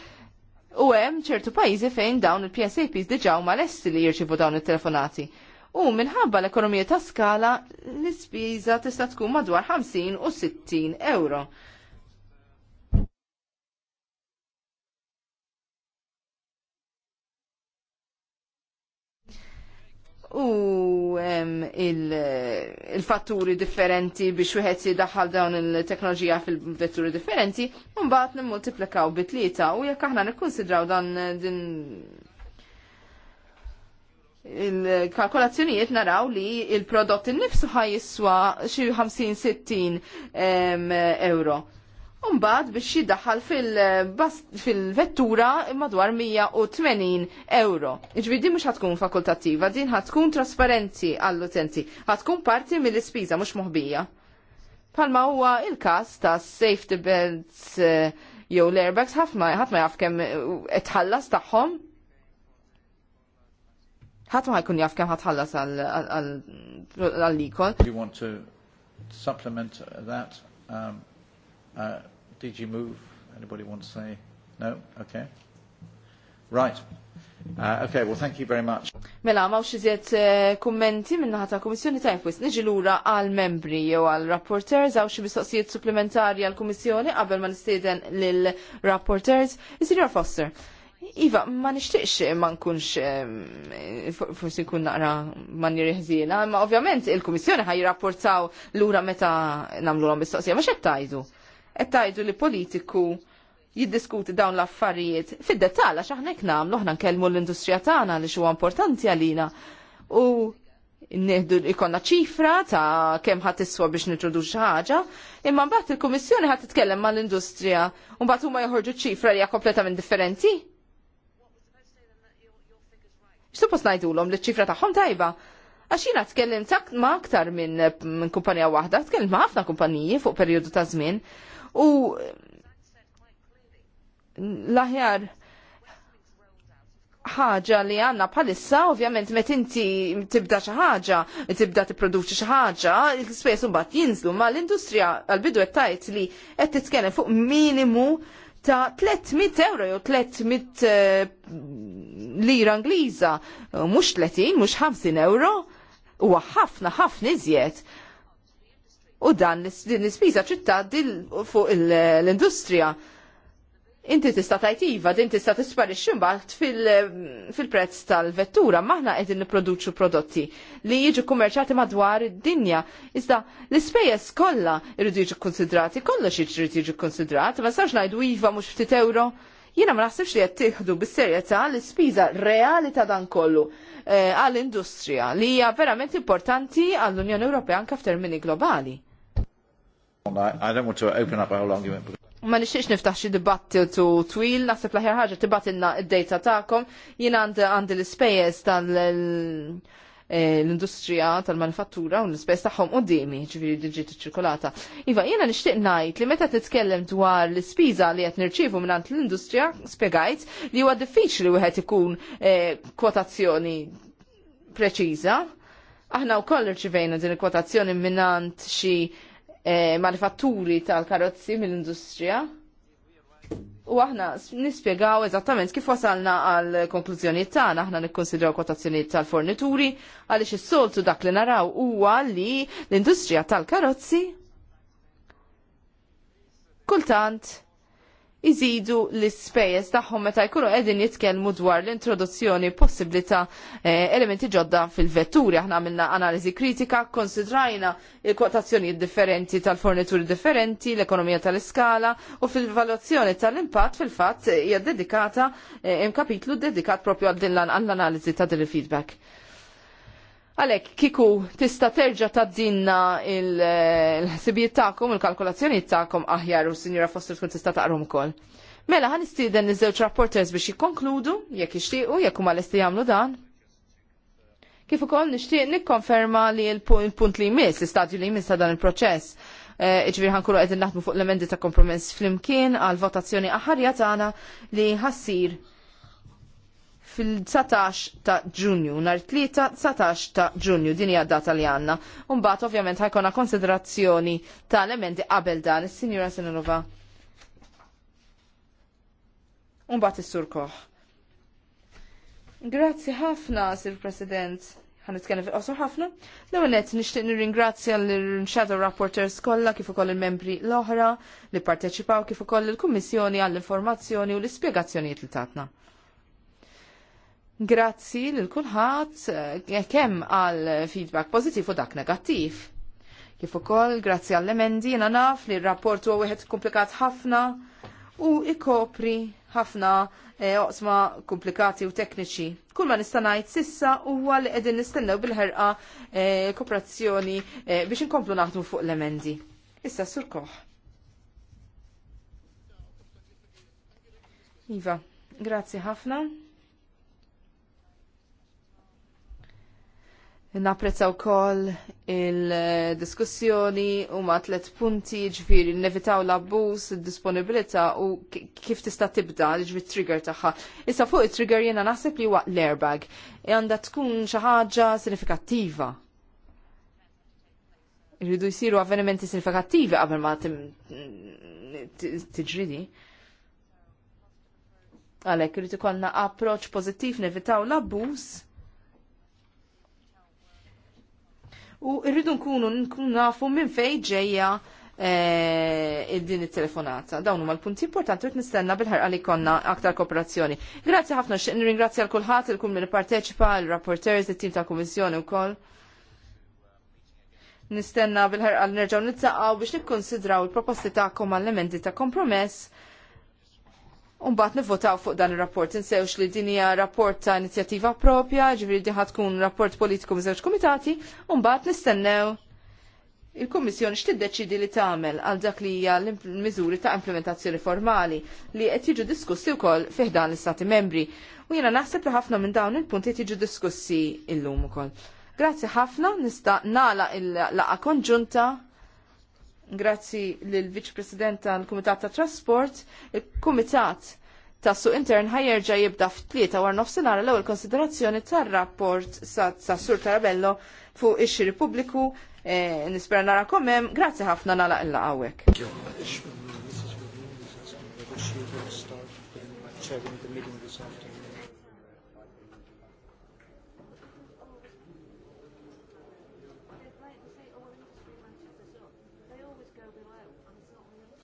U hemm ċertu pajjiżi fejn dawn il-PSAPs diġa huma lesti li jirċivu dawn il-telefonati. U minħabba l-ekonomija ta' skala l-ispiża tista' tkun madwar 50 u 60 euro. u il-fatturi differenti biex wieħed jidaħħal dawn il-teknoloġija fil-vetturi differenti, mbagħad nimmultiplikaw bit tlieta u jekk aħna nikkunsidraw dan din il-kalkolazzjonijiet naraw li il-prodott innifsu ħaj jiswa xi 50-60 euro. Umbad biex jidaħħal fil-vettura fil madwar 180 euro. Iġbidi mux ħatkun fakultattiva, din ħatkun trasparenti għall-utenti, ħatkun parti mill-ispiża mux muħbija. Palma huwa il-kas ta' safety belts jew l-airbags ħatma jaf kem etħallas tagħhom. Ħadd ma jkun jaf kemm ħatħallas għall-ikol. want to supplement that um, Uh, did you move? Anybody want to say? No? Okay. Right. Uh, okay, well, thank you very much. Mela, ma' uxiziet uh, kummenti minna ħata komissjoni ta' jfwis. Niġi l-ura għal-membri jew għal-rapporters, għaw xie mistoqsijiet supplementari għal-komissjoni qabel ma' nistiden l-rapporters. Isidor Foster, Iva, ma nishtiqx ma nkunx um, forsi nkun naqra ma ħzina, ma ovvjament il-Kummissjoni ħaj rapportaw l-ura meta namlu l-mistoqsija, ma xe tajdu? qed tgħidu li politiku jiddiskuti dawn l-affarijiet fid-dettall għax aħna jekk nagħmlu nkellmu l-industrija tagħna li huwa importanti għalina. U nieħdu ikonna ċifra ta' kemm ħadd iswa biex nintroduċi ħaġa, imma mbagħad il-Kummissjoni ħadd titkellem mal-industrija u mbagħad huma joħorġu ċifra li hija kompletament differenti. X'suppost ngħidulhom li ċifra tagħhom tajba. Għax jiena tkellim ma' aktar minn kumpanija waħda, tkellim ma' ħafna kumpaniji fuq perjodu ta' żmien, u l-aħjar ħaġa li għanna bħalissa, ovvjament met inti tibda xi ħaġa, tibda tipproduċi xi ħaġa, l un bat jinżlu, ma l-industrija għall-bidu qed tajt li qed titkellem fuq minimu ta' 300 euro jew 300 eh, lira Ingliża, mhux 30, mhux 50 euro, huwa ħafna ħafna iżjed u dan din l-ispiża ċittaddi fuq l-industrija. Inti tista' tajt iva, din tista' tisparixxi imbagħad fil-prezz fil-prezz tal-vettura maħna qegħdin nipproduċu prodotti li jiġu kummerċati madwar id-dinja. Iżda l-ispejjeż kollha jridu jiġu konsidrati, kollox jiġrid jiġu konsidrat, ma sarx ngħidu iva mhux ftit euro. Jiena ma naħsibx li qed tieħdu bis-serjetà l-ispiża reali ta' dan kollu eh, għall-industrija li hija verament importanti għall-Unjoni Ewropea anke f'termini globali. I don't want to open up a whole argument. Ma nixtiex niftaħ xi dibattitu twil, naħseb l-aħjar ħaġa tibatilna id-dejta tagħkom, jien għandi l-ispejjeż tal-industrija eh, tal-manifattura u l-ispejjeż tagħhom qudiemi, ġifieri diġi tiċċirkolata. Iva, jiena nixtieq ngħid li meta titkellem dwar l-ispiża li qed nirċievu mingħand l-industrija, spjegajt li huwa diffiċli wieħed ikun eh, kwotazzjoni preċiża. Aħna wkoll irċivejna din il-kwotazzjoni minant xi Eh, manifatturi tal-karozzi mill-industrija. U aħna nispiegaw eżattament kif wasalna għal konklużjoni tagħna aħna nikkonsidraw kotazzjoni tal-fornituri għaliex is-soltu dak li naraw huwa li l-industrija tal-karozzi kultant iżidu l-ispejjeż tagħhom meta jkunu qegħdin jitkellmu dwar l-introduzzjoni possibbli ta' eh, elementi ġodda fil-vetturi. Aħna għamilna analiżi kritika, konsidrajna il-kwotazzjonijiet differenti tal-fornituri differenti, l-ekonomija tal-iskala u fil-valutazzjoni tal-impatt fil-fatt hija dedikata eh, hemm kapitlu dedikat propju għal din l-analiżi ta' din il-feedback. Għalek, kiku tista terġa tazzinna il-ħsibijiet ta'kom, il-kalkolazzjoniet ta'kom aħjar u s-sinjura Foster tkun tista taqrom kol. Mela, għan istiden iż-żewġ rapporters biex jikkonkludu, jekk ixtiequ, jekk huma lesti jagħmlu dan. Kif ukoll nixtieq nikkonferma li l-punt li jmiss, l-istadju li jmiss ta' dan il-proċess. Eh, Iġbir ħankunu għedin naħdmu fuq l-emendi ta' kompromess flimkien għal votazzjoni aħarja tagħna li ħassir fil-19 ta' ġunju, nar 3-19 ta' ġunju, din hija data li għanna. Umbat ovvjament ħajkona konsiderazzjoni ta' elementi qabel dan, is-Sinjura Sinova. Umbat is-Sur Koch. Grazzi ħafna, Sir President għan nitkellem fi qosor ħafna. L-ewwel nishtiq nixtieq nirringrazzja l-Shadow rapporters kollha kif ukoll il-membri l-oħra li parteċipaw kif ukoll il-Kummissjoni għall-informazzjoni u l-ispjegazzjonijiet li tatna. Grazzi lil kulħadd eh, kemm għal feedback pożittiv u dak negattiv. Kif ukoll grazzi għall emendi jiena naf li r-rapport huwa wieħed komplikat ħafna u ikopri ħafna eh, oqsma komplikati u tekniċi. Kull ma nista' ngħid sissa huwa li qegħdin nistennew bil-ħerqa koprazzjoni eh, kooperazzjoni biex inkomplu naħdmu fuq l-emendi. Issa sur koħ. Iva, grazzi ħafna. Napprezzaw kol il-diskussjoni u ma tlet punti ġviri nevitaw l-abbus, disponibilita u kif tista tibda ġviri trigger taħħa. Issa fuq il-trigger jena naħseb li waqt l-airbag. Janda e tkun xaħġa sinifikattiva. Irridu jisiru avvenimenti sinifikattivi qabel ma tiġridi. Għalek, rridu konna approċ pozittiv nevitaw l-abbus u rridu nkunu nkunu nafu minn fejn ġejja il eh, din it-telefonata. Dawn huma l-punti importanti rrit nistenna bil-ħarqa li konna aktar kooperazzjoni. Grazzi ħafna x'in ringrazzja l-kulħadd il-kum li parteċipa, l-rapporters, it-tim tal-Kummissjoni wkoll. Nistenna bil-ħarqa li nerġgħu nittaqgħu biex nikkonsidraw il-proposti ta' għall-elementi ta' kompromess Umbat nivvotaw fuq dan il-rapport, nsewx li dinja rapport ta' inizjattiva propja, ġiviri diħat tkun rapport politiku mżewġ komitati, umbat nistennew il-Kommissjoni x'tiddeċidi li tagħmel għal dak li hija l-miżuri ta' implementazzjoni formali li qed jiġu diskussi wkoll fih dan l-Istati membri. U jiena naħseb li ħafna minn dawn il-punti jiġu diskussi illum ukoll. Grazzi ħafna nista' nagħlaq il-laqa konġunta Grazzi l-Viċ President tal-Kumitat ta' Trasport, il-Kumitat ta' su intern ħajerġa jibda f'tlieta war nofsinhar l-ewwel konsiderazzjoni tar-rapport sa' Sur Tarabello fuq ix-xiri pubbliku nispera nara komem, grazzi ħafna nalaq illa għawek. the meeting this afternoon.